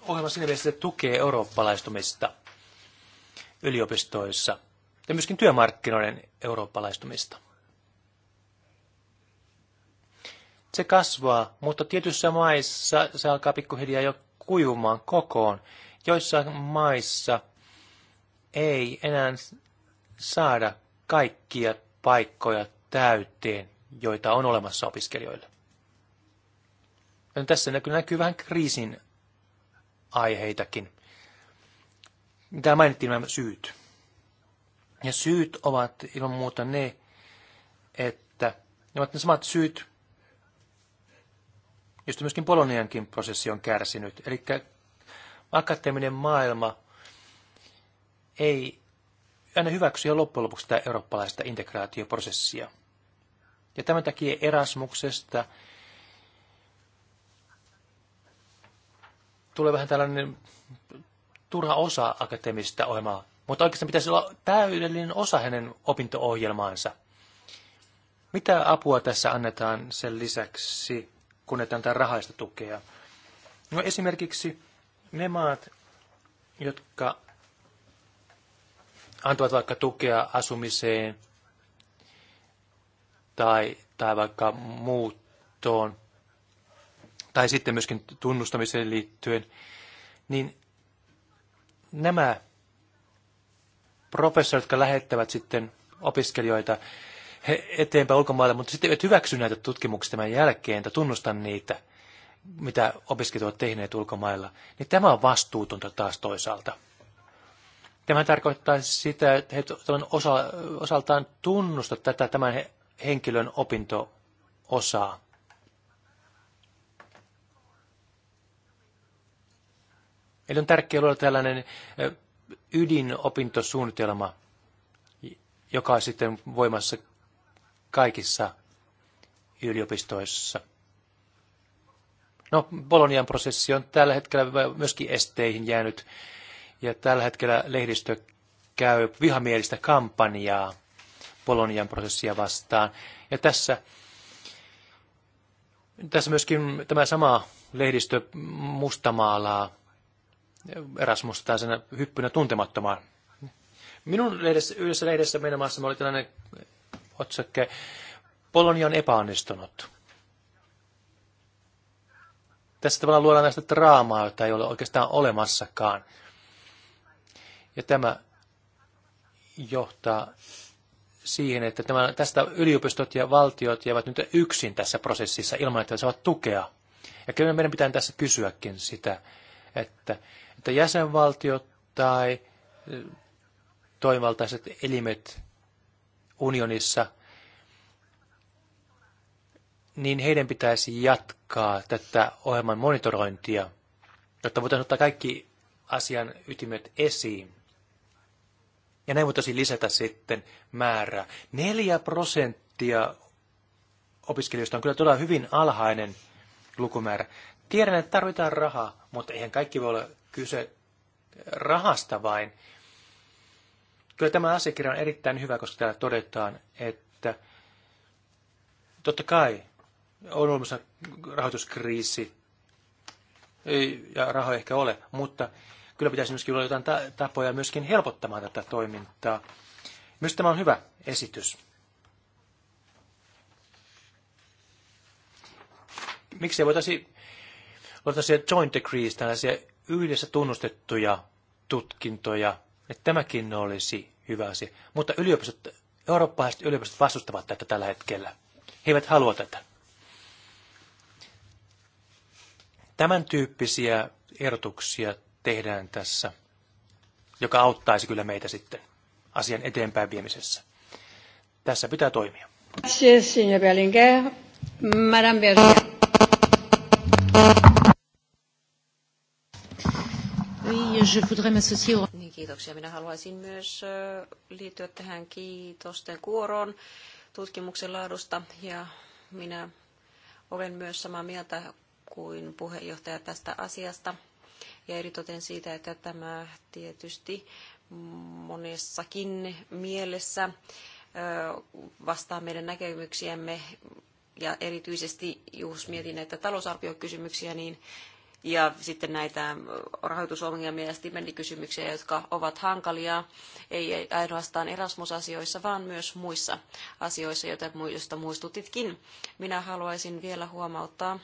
ohjelma siinä mielessä, että tukee eurooppalaistumista yliopistoissa ja myöskin työmarkkinoiden eurooppalaistumista. Se kasvaa, mutta tietyissä maissa se alkaa pikkuhiljaa jo kuivumaan kokoon. Joissain maissa ei enää saada kaikkia paikkoja täyteen, joita on olemassa opiskelijoille. Ja tässä näkyy, näkyy vähän kriisin aiheitakin. Täällä mainittiin nämä syyt. Ja syyt ovat ilman muuta ne, että ne ovat ne samat syyt, josta myöskin Poloniankin prosessi on kärsinyt. Eli akateeminen maailma ei aina hyväksy ja loppujen lopuksi tätä eurooppalaista integraatioprosessia. Ja tämän takia Erasmuksesta tulee vähän tällainen turha osa akateemista ohjelmaa, mutta oikeastaan pitäisi olla täydellinen osa hänen opinto-ohjelmaansa. Mitä apua tässä annetaan sen lisäksi, kun annetaan rahaista tukea? No esimerkiksi ne maat, jotka antavat vaikka tukea asumiseen tai, tai vaikka muuttoon tai sitten myöskin tunnustamiseen liittyen, niin nämä professorit, jotka lähettävät sitten opiskelijoita eteenpäin ulkomaille, mutta sitten eivät hyväksy näitä tutkimuksia tämän jälkeen tai tunnustan niitä, mitä opiskelijat ovat tehneet ulkomailla, niin tämä on vastuutonta taas toisaalta. Tämä tarkoittaa sitä, että he osa, osaltaan tunnusta tätä tämän henkilön opinto-osaa. Eli on tärkeää luoda tällainen ydinopintosuunnitelma, joka on sitten voimassa kaikissa yliopistoissa. No, Bolonian prosessi on tällä hetkellä myöskin esteihin jäänyt, ja tällä hetkellä lehdistö käy vihamielistä kampanjaa Bolonian prosessia vastaan. Ja tässä, tässä myöskin tämä sama lehdistö mustamaalaa Erasmus sen hyppynä tuntemattomaan. Minun lehdessä, yhdessä lehdessä meidän oli tällainen otsakke, Polonia on epäonnistunut. Tässä tavallaan luodaan näistä draamaa, jota ei ole oikeastaan olemassakaan. Ja tämä johtaa siihen, että tämä, tästä yliopistot ja valtiot jäävät nyt yksin tässä prosessissa ilman, että he saavat tukea. Ja kyllä meidän pitää tässä kysyäkin sitä, että että jäsenvaltiot tai toimivaltaiset elimet unionissa, niin heidän pitäisi jatkaa tätä ohjelman monitorointia, jotta voitaisiin ottaa kaikki asian ytimet esiin. Ja näin voitaisiin lisätä sitten määrää. Neljä prosenttia opiskelijoista on kyllä todella hyvin alhainen lukumäärä. Tiedän, että tarvitaan rahaa, mutta eihän kaikki voi olla kyse rahasta vain. Kyllä tämä asiakirja on erittäin hyvä, koska täällä todetaan, että totta kai on olemassa rahoituskriisi, ja rahoja ehkä ole, mutta kyllä pitäisi myöskin olla jotain tapoja myöskin helpottamaan tätä toimintaa. Myös tämä on hyvä esitys. Miksi voitaisiin voitaisiin joint decrees, tällaisia yhdessä tunnustettuja tutkintoja, että tämäkin olisi hyvä asia. Mutta yliopistot, eurooppalaiset yliopistot vastustavat tätä tällä hetkellä. He eivät halua tätä. Tämän tyyppisiä erotuksia tehdään tässä, joka auttaisi kyllä meitä sitten asian eteenpäin viemisessä. Tässä pitää toimia. Kiitos, signor Madame Berger. Je voudrais m'associer au... Niin, kiitoksia. Minä haluaisin myös liittyä tähän kiitosten kuoroon tutkimuksen laadusta ja minä olen myös samaa mieltä kuin puheenjohtaja tästä asiasta ja eritoten siitä, että tämä tietysti monessakin mielessä vastaa meidän näkemyksiämme ja erityisesti, jos mietin näitä talousarviokysymyksiä, niin ja sitten näitä rahoitusongelmia ja stipendikysymyksiä, jotka ovat hankalia, ei ainoastaan Erasmus-asioissa, vaan myös muissa asioissa, joista muistutitkin. Minä haluaisin vielä huomauttaa,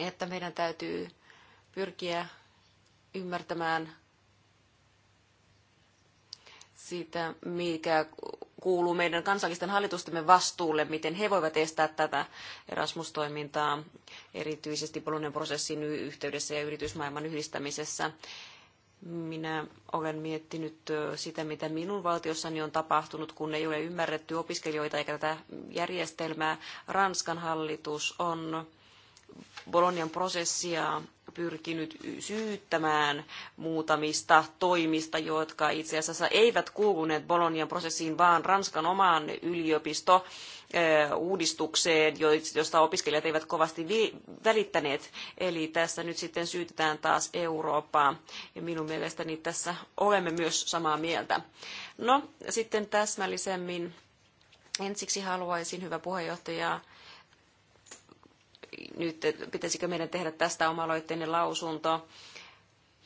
että meidän täytyy pyrkiä ymmärtämään siitä, mikä kuuluu meidän kansallisten hallitustemme vastuulle, miten he voivat estää tätä Erasmus-toimintaa erityisesti Bolognan prosessin yhteydessä ja yritysmaailman yhdistämisessä. Minä olen miettinyt sitä, mitä minun valtiossani on tapahtunut, kun ei ole ymmärretty opiskelijoita eikä tätä järjestelmää. Ranskan hallitus on Bolognan prosessia pyrkinyt syyttämään muutamista toimista, jotka itse asiassa eivät kuuluneet Bolonian prosessiin, vaan Ranskan omaan yliopisto eh, uudistukseen, josta opiskelijat eivät kovasti välittäneet. Eli tässä nyt sitten syytetään taas Eurooppaa, ja minun mielestäni tässä olemme myös samaa mieltä. No, sitten täsmällisemmin. Ensiksi haluaisin, hyvä puheenjohtaja, nyt, pitäisikö meidän tehdä tästä omaloitteinen lausunto,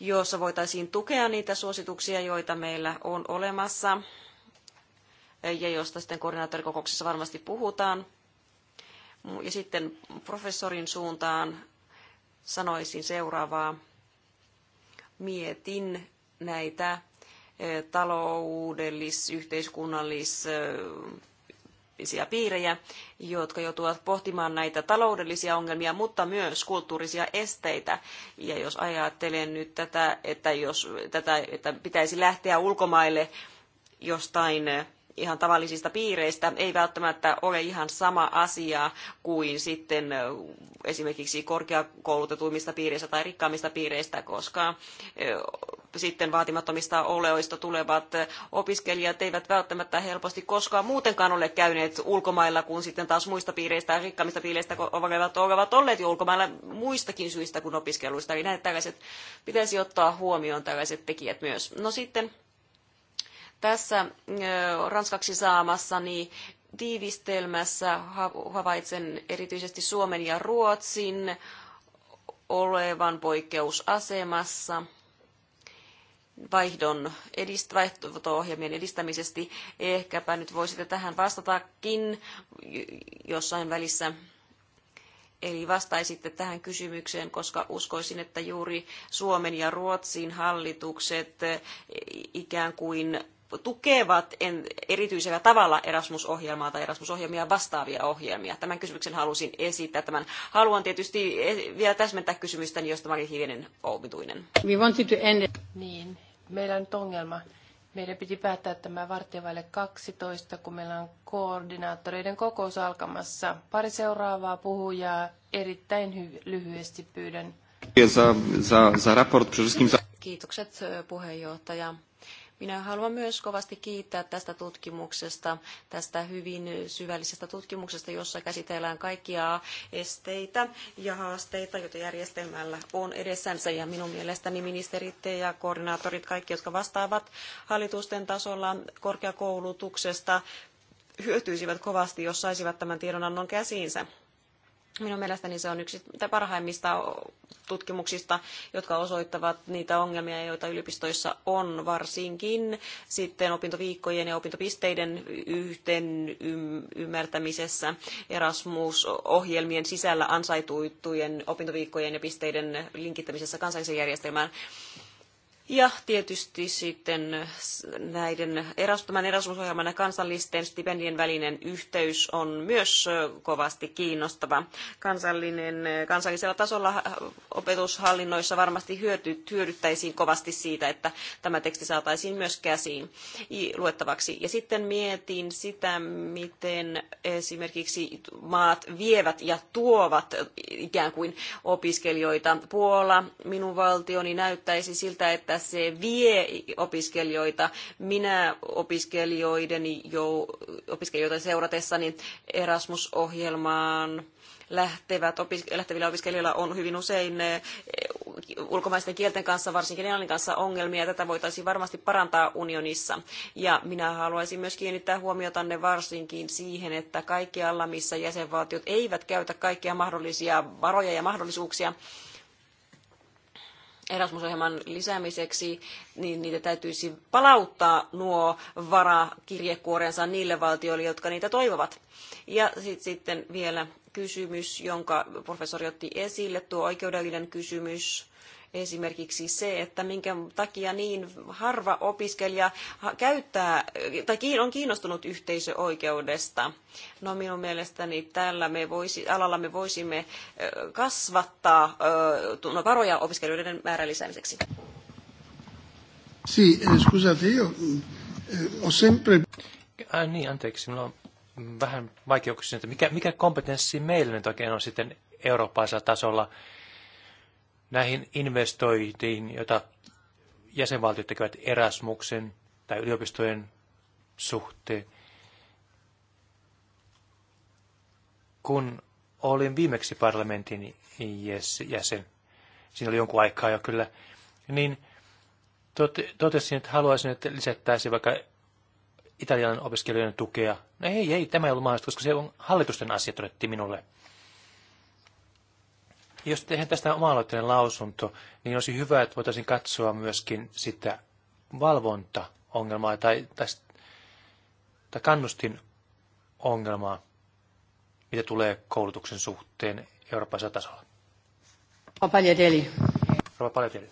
jossa voitaisiin tukea niitä suosituksia, joita meillä on olemassa, ja josta sitten koordinaattorikokouksessa varmasti puhutaan. Ja sitten professorin suuntaan sanoisin seuraavaa. Mietin näitä eh, taloudellis-, yhteiskunnallis- eh, erityyppisiä piirejä, jotka joutuvat pohtimaan näitä taloudellisia ongelmia, mutta myös kulttuurisia esteitä. Ja jos ajattelen nyt tätä, että, jos, tätä, että pitäisi lähteä ulkomaille jostain ihan tavallisista piireistä ei välttämättä ole ihan sama asia kuin sitten esimerkiksi korkeakoulutetuimmista piireistä tai rikkaammista piireistä, koska sitten vaatimattomista oleoista tulevat opiskelijat eivät välttämättä helposti koskaan muutenkaan ole käyneet ulkomailla, kun sitten taas muista piireistä ja rikkaammista piireistä olevat, ovat olleet jo ulkomailla muistakin syistä kuin opiskeluista. Eli näitä tällaiset pitäisi ottaa huomioon tällaiset tekijät myös. No sitten tässä ranskaksi saamassani tiivistelmässä havaitsen erityisesti Suomen ja Ruotsin olevan poikkeusasemassa vaihdon edist- vaihto-ohjelmien edistämisesti. Ehkäpä nyt voisitte tähän vastatakin jossain välissä. Eli vastaisitte tähän kysymykseen, koska uskoisin, että juuri Suomen ja Ruotsin hallitukset ikään kuin tukevat en, erityisellä tavalla Erasmus-ohjelmaa tai Erasmus-ohjelmia vastaavia ohjelmia? Tämän kysymyksen halusin esittää. Tämän haluan tietysti e, vielä täsmentää kysymystä, niin josta Mari Hivienen omituinen. We wanted to end it. Niin, meillä on nyt ongelma. Meidän piti päättää tämä vartiovaille 12, kun meillä on koordinaattoreiden kokous alkamassa. Pari seuraavaa puhujaa erittäin lyhyesti pyydän. Kiitokset e, puheenjohtaja minä haluan myös kovasti kiittää tästä tutkimuksesta, tästä hyvin syvällisestä tutkimuksesta, jossa käsitellään kaikkia esteitä ja haasteita, joita järjestelmällä on edessänsä. Ja minun mielestäni ministerit ja koordinaattorit, kaikki, jotka vastaavat hallitusten tasolla korkeakoulutuksesta, hyötyisivät kovasti, jos saisivat tämän tiedonannon käsiinsä. Minun mielestäni se on yksi parhaimmista tutkimuksista, jotka osoittavat niitä ongelmia, joita yliopistoissa on, varsinkin sitten opintoviikkojen ja opintopisteiden yhteen ymmärtämisessä Erasmus-ohjelmien sisällä ansaituittujen opintoviikkojen ja pisteiden linkittämisessä kansalliseen järjestelmään. Ja tietysti sitten näiden tämän Erasmus-ohjelman ja kansallisten stipendien välinen yhteys on myös kovasti kiinnostava. Kansallinen, kansallisella tasolla opetushallinnoissa varmasti hyöty, hyödyttäisiin kovasti siitä, että tämä teksti saataisiin myös käsiin luettavaksi. Ja sitten mietin sitä, miten esimerkiksi maat vievät ja tuovat ikään kuin opiskelijoita. Puola, minun valtioni, näyttäisi siltä, että se vie opiskelijoita. Minä opiskelijoiden jo, opiskelijoita seuratessani Erasmus-ohjelmaan lähtevät, opis, lähtevillä opiskelijoilla on hyvin usein eh, ulkomaisten kielten kanssa, varsinkin englannin kanssa ongelmia. Tätä voitaisiin varmasti parantaa unionissa. Ja minä haluaisin myös kiinnittää huomiotanne varsinkin siihen, että kaikkialla, missä jäsenvaltiot eivät käytä kaikkia mahdollisia varoja ja mahdollisuuksia, Erasmus-ohjelman lisäämiseksi, niin niitä täytyisi palauttaa nuo varakirjekuorensa niille valtioille, jotka niitä toivovat. Ja sit, sitten vielä kysymys, jonka professori otti esille, tuo oikeudellinen kysymys Esimerkiksi se, että minkä takia niin harva opiskelija käyttää tai on kiinnostunut yhteisöoikeudesta. No minun mielestäni tällä me voisi, alalla me voisimme kasvattaa no, varoja opiskelijoiden määrän lisäämiseksi. Sì, eh, scusate, io eh, ho sempre... Ah, niin, anteeksi, minulla on vähän vaikeuksia, että mikä, mikä kompetenssi meillä nyt oikein on sitten eurooppalaisella tasolla näihin investoitiin, joita jäsenvaltiot tekevät Erasmuksen tai yliopistojen suhteen. Kun olin viimeksi parlamentin jäsen, siinä oli jonkun aikaa jo kyllä, niin totesin, että haluaisin, että lisättäisiin vaikka italian opiskelijoiden tukea. No ei, ei, tämä ei ollut mahdollista, koska se on hallitusten asia, todettiin minulle. Jos tehdään tästä oma lausunto, niin olisi hyvä, että voitaisiin katsoa myöskin sitä valvontaongelmaa tai, tai, tai kannustin ongelmaa, mitä tulee koulutuksen suhteen Euroopan tasolla. Paljadeli. Rova Paljadeli.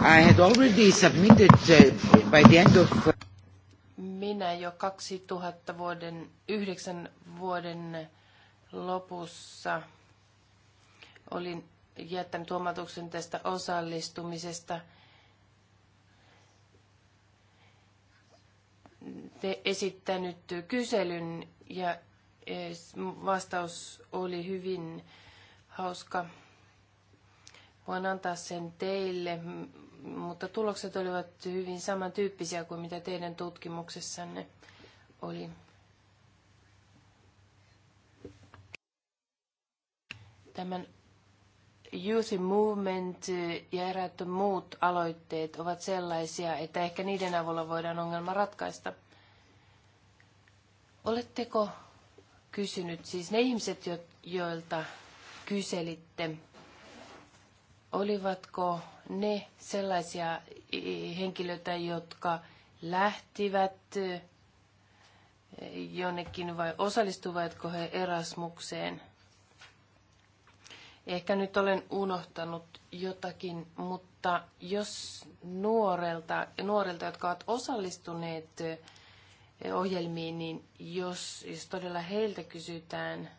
I had already submitted uh, by the end of minä jo 2000 vuoden, 9 vuoden lopussa olin jättänyt huomautuksen tästä osallistumisesta. Te esittänyt kyselyn ja e, vastaus oli hyvin hauska. Voin antaa sen teille mutta tulokset olivat hyvin samantyyppisiä kuin mitä teidän tutkimuksessanne oli. Tämän Youth Movement ja eräät muut aloitteet ovat sellaisia, että ehkä niiden avulla voidaan ongelma ratkaista. Oletteko kysynyt, siis ne ihmiset, joilta kyselitte, olivatko ne sellaisia eh, henkilöitä, jotka lähtivät eh, jonnekin vai osallistuvatko he Erasmukseen? Ehkä nyt olen unohtanut jotakin, mutta jos nuorelta, nuorelta jotka ovat osallistuneet eh, ohjelmiin, niin jos, jos todella heiltä kysytään,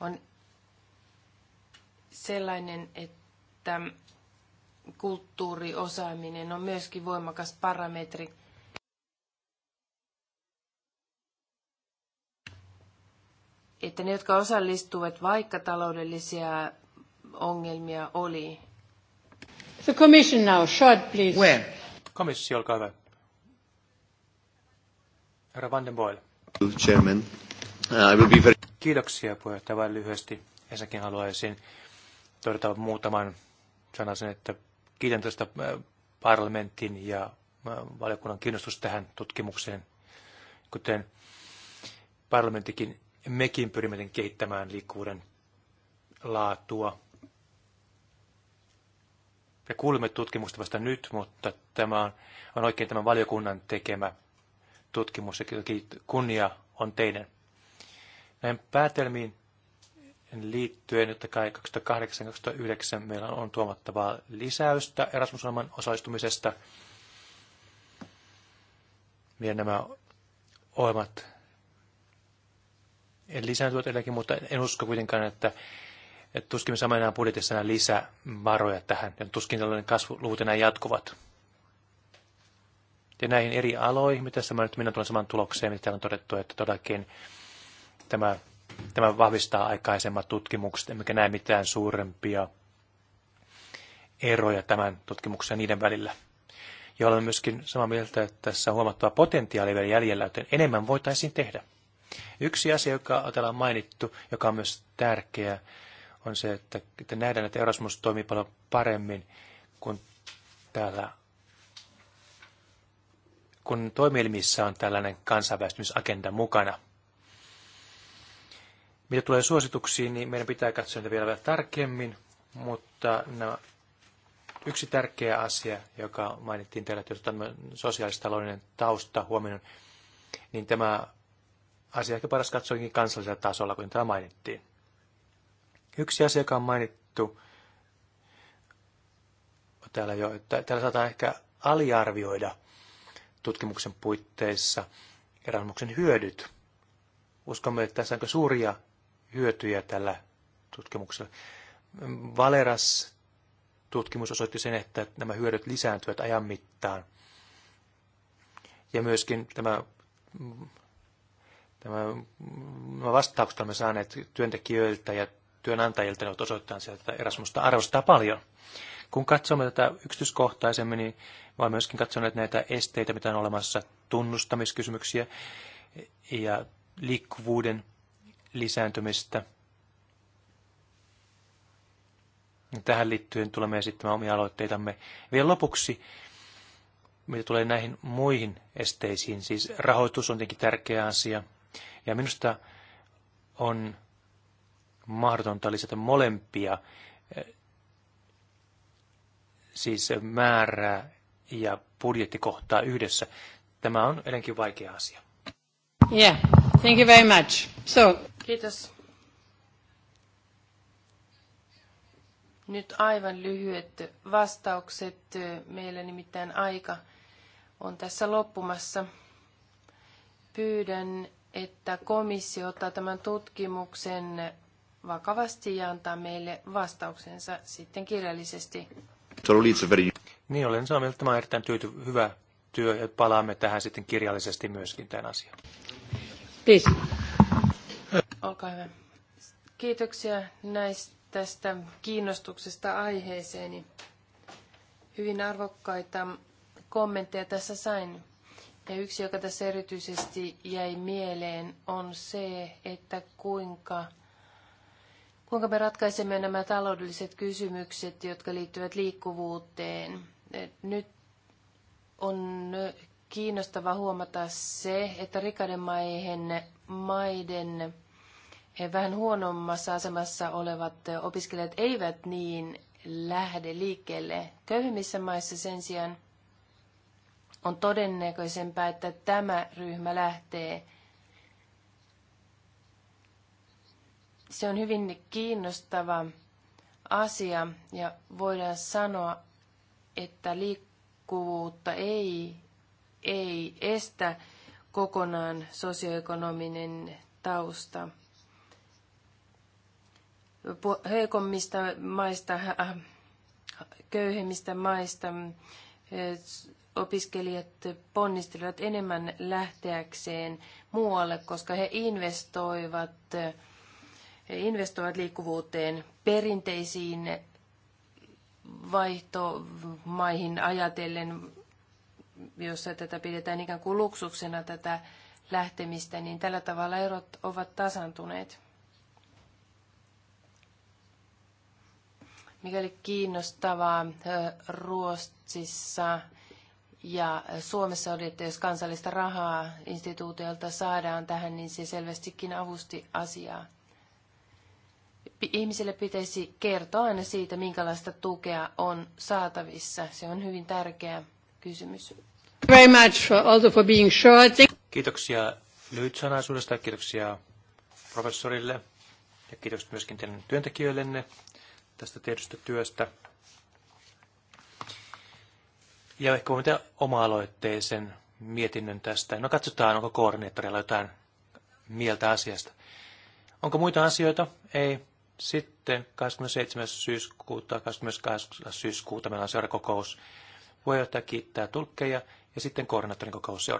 on sellainen, että kulttuuriosaaminen on myöskin voimakas parametri. Että ne, jotka osallistuvat, vaikka taloudellisia ongelmia oli. The commission now, short please. Where? Komissio, olkaa hyvä. Herra Van den Boel. Chairman. Uh, I will be very... Kiitoksia puheenjohtaja vain lyhyesti. Ensinnäkin haluaisin todeta muutaman sanasen, että kiitän tästä äh, parlamentin ja äh, valiokunnan kiinnostus tähän tutkimukseen. Kuten parlamenttikin, mekin pyrimme kehittämään liikkuvuuden laatua. Me kuulimme tutkimusta vasta nyt, mutta tämä on, on oikein tämän valiokunnan tekemä tutkimus ja kunnia on teidän. Näin päätelmiin liittyen, jotta kai 2008-2009 meillä on tuomattavaa lisäystä erasmus osallistumisesta. Meidän nämä ohjelmat lisääntyvät edelläkin, mutta en usko kuitenkaan, että, että tuskin me saamme enää budjetissa enää lisävaroja tähän, ja tuskin tällainen kasvuluvut enää jatkuvat. Ja näihin eri aloihin, mitä tässä mä nyt minä tulen saman tulokseen, mitä täällä on todettu, että todellakin tämä Tämä vahvistaa aikaisemmat tutkimukset, emmekä näe mitään suurempia eroja tämän tutkimuksen ja niiden välillä. Ja olemme myöskin samaa mieltä, että tässä on huomattava potentiaali vielä jäljellä, joten enemmän voitaisiin tehdä. Yksi asia, joka täällä on mainittu, joka on myös tärkeä, on se, että, että nähdään, että Erasmus toimii paljon paremmin kuin täällä kun toimielimissä on tällainen kansainvälistymisagenda mukana. Mitä tulee suosituksiin, niin meidän pitää katsoa niitä vielä vähän tarkemmin, mutta no, yksi tärkeä asia, joka mainittiin täällä, että otetaan sosiaalistaloudellinen tausta huomioon, niin tämä asia ehkä paras katsoinkin kansallisella tasolla, kun tämä mainittiin. Yksi asia, joka on mainittu täällä jo, että täällä saattaa ehkä aliarvioida tutkimuksen puitteissa erämuksen hyödyt. Uskomme, että tässä on suuria hyötyjä tällä tutkimuksella. Valeras tutkimus osoitti sen, että nämä hyödyt lisääntyvät ajan mittaan. Ja myöskin tämä, tämä, nämä vastaukset olemme saaneet työntekijöiltä ja työnantajilta, ne osoittaneet sieltä, että Erasmusta arvostaa paljon. Kun katsomme tätä yksityiskohtaisemmin, niin vaan myöskin katsoneet näitä esteitä, mitä on olemassa, tunnustamiskysymyksiä ja liikkuvuuden lisääntymistä. Tähän liittyen tulemme esittämään omia aloitteitamme. Vielä lopuksi, mitä tulee näihin muihin esteisiin, siis rahoitus on tietenkin tärkeä asia. Ja minusta on mahdotonta lisätä molempia, eh, siis määrää ja budjettikohtaa yhdessä. Tämä on edelleenkin vaikea asia. Yeah, thank you very much. So... Kiitos. Nyt aivan lyhyet vastaukset. Meillä nimittäin aika on tässä loppumassa. Pyydän, että komissio ottaa tämän tutkimuksen vakavasti ja antaa meille vastauksensa sitten kirjallisesti. Niin, olen samaa mieltä. Tämä on erittäin tyyty, hyvä työ ja palaamme tähän sitten kirjallisesti myöskin tämän asian. Peace. Olkaa hyvä. Kiitoksia näistä tästä kiinnostuksesta aiheeseeni. Hyvin arvokkaita kommentteja tässä sain. Ja yksi, joka tässä erityisesti jäi mieleen, on se, että kuinka, kuinka me ratkaisemme nämä taloudelliset kysymykset, jotka liittyvät liikkuvuuteen. Nyt on kiinnostava huomata se, että rikaiden maiden maiden eh, vähän huonommassa asemassa olevat eh, opiskelijat eivät niin lähde liikkeelle. Köyhimmissä maissa sen sijaan on todennäköisempää, että tämä ryhmä lähtee. Se on hyvin kiinnostava asia ja voidaan sanoa, että liikkuvuutta ei, ei estä kokonaan sosioekonominen tausta. Heikommista maista, äh, äh, köyhemmistä maista äh, opiskelijat ponnistelivat enemmän lähteäkseen muualle, koska he investoivat, investoivat liikkuvuuteen perinteisiin vaihtomaihin ajatellen jossa tätä pidetään ikään kuin luksuksena tätä lähtemistä, niin tällä tavalla erot ovat tasantuneet. Mikäli kiinnostavaa Ruotsissa ja Suomessa oli, että jos kansallista rahaa instituutiolta saadaan tähän, niin se selvästikin avusti asiaa. Ihmisille pitäisi kertoa aina siitä, minkälaista tukea on saatavissa. Se on hyvin tärkeä kysymys. Very much also for being short. Kiitoksia lyhytsanaisuudesta ja kiitoksia professorille ja kiitokset myöskin teidän työntekijöillenne tästä tehdystä työstä. Ja ehkä voimme tehdä oma-aloitteisen mietinnön tästä. No katsotaan, onko koordinaattorilla jotain mieltä asiasta. Onko muita asioita? Ei. Sitten 27. syyskuuta, 28. syyskuuta meillä on seuraava kokous. Puheenjohtaja kiittää tulkkeja ja sitten koordinaattorin kokous seuraa.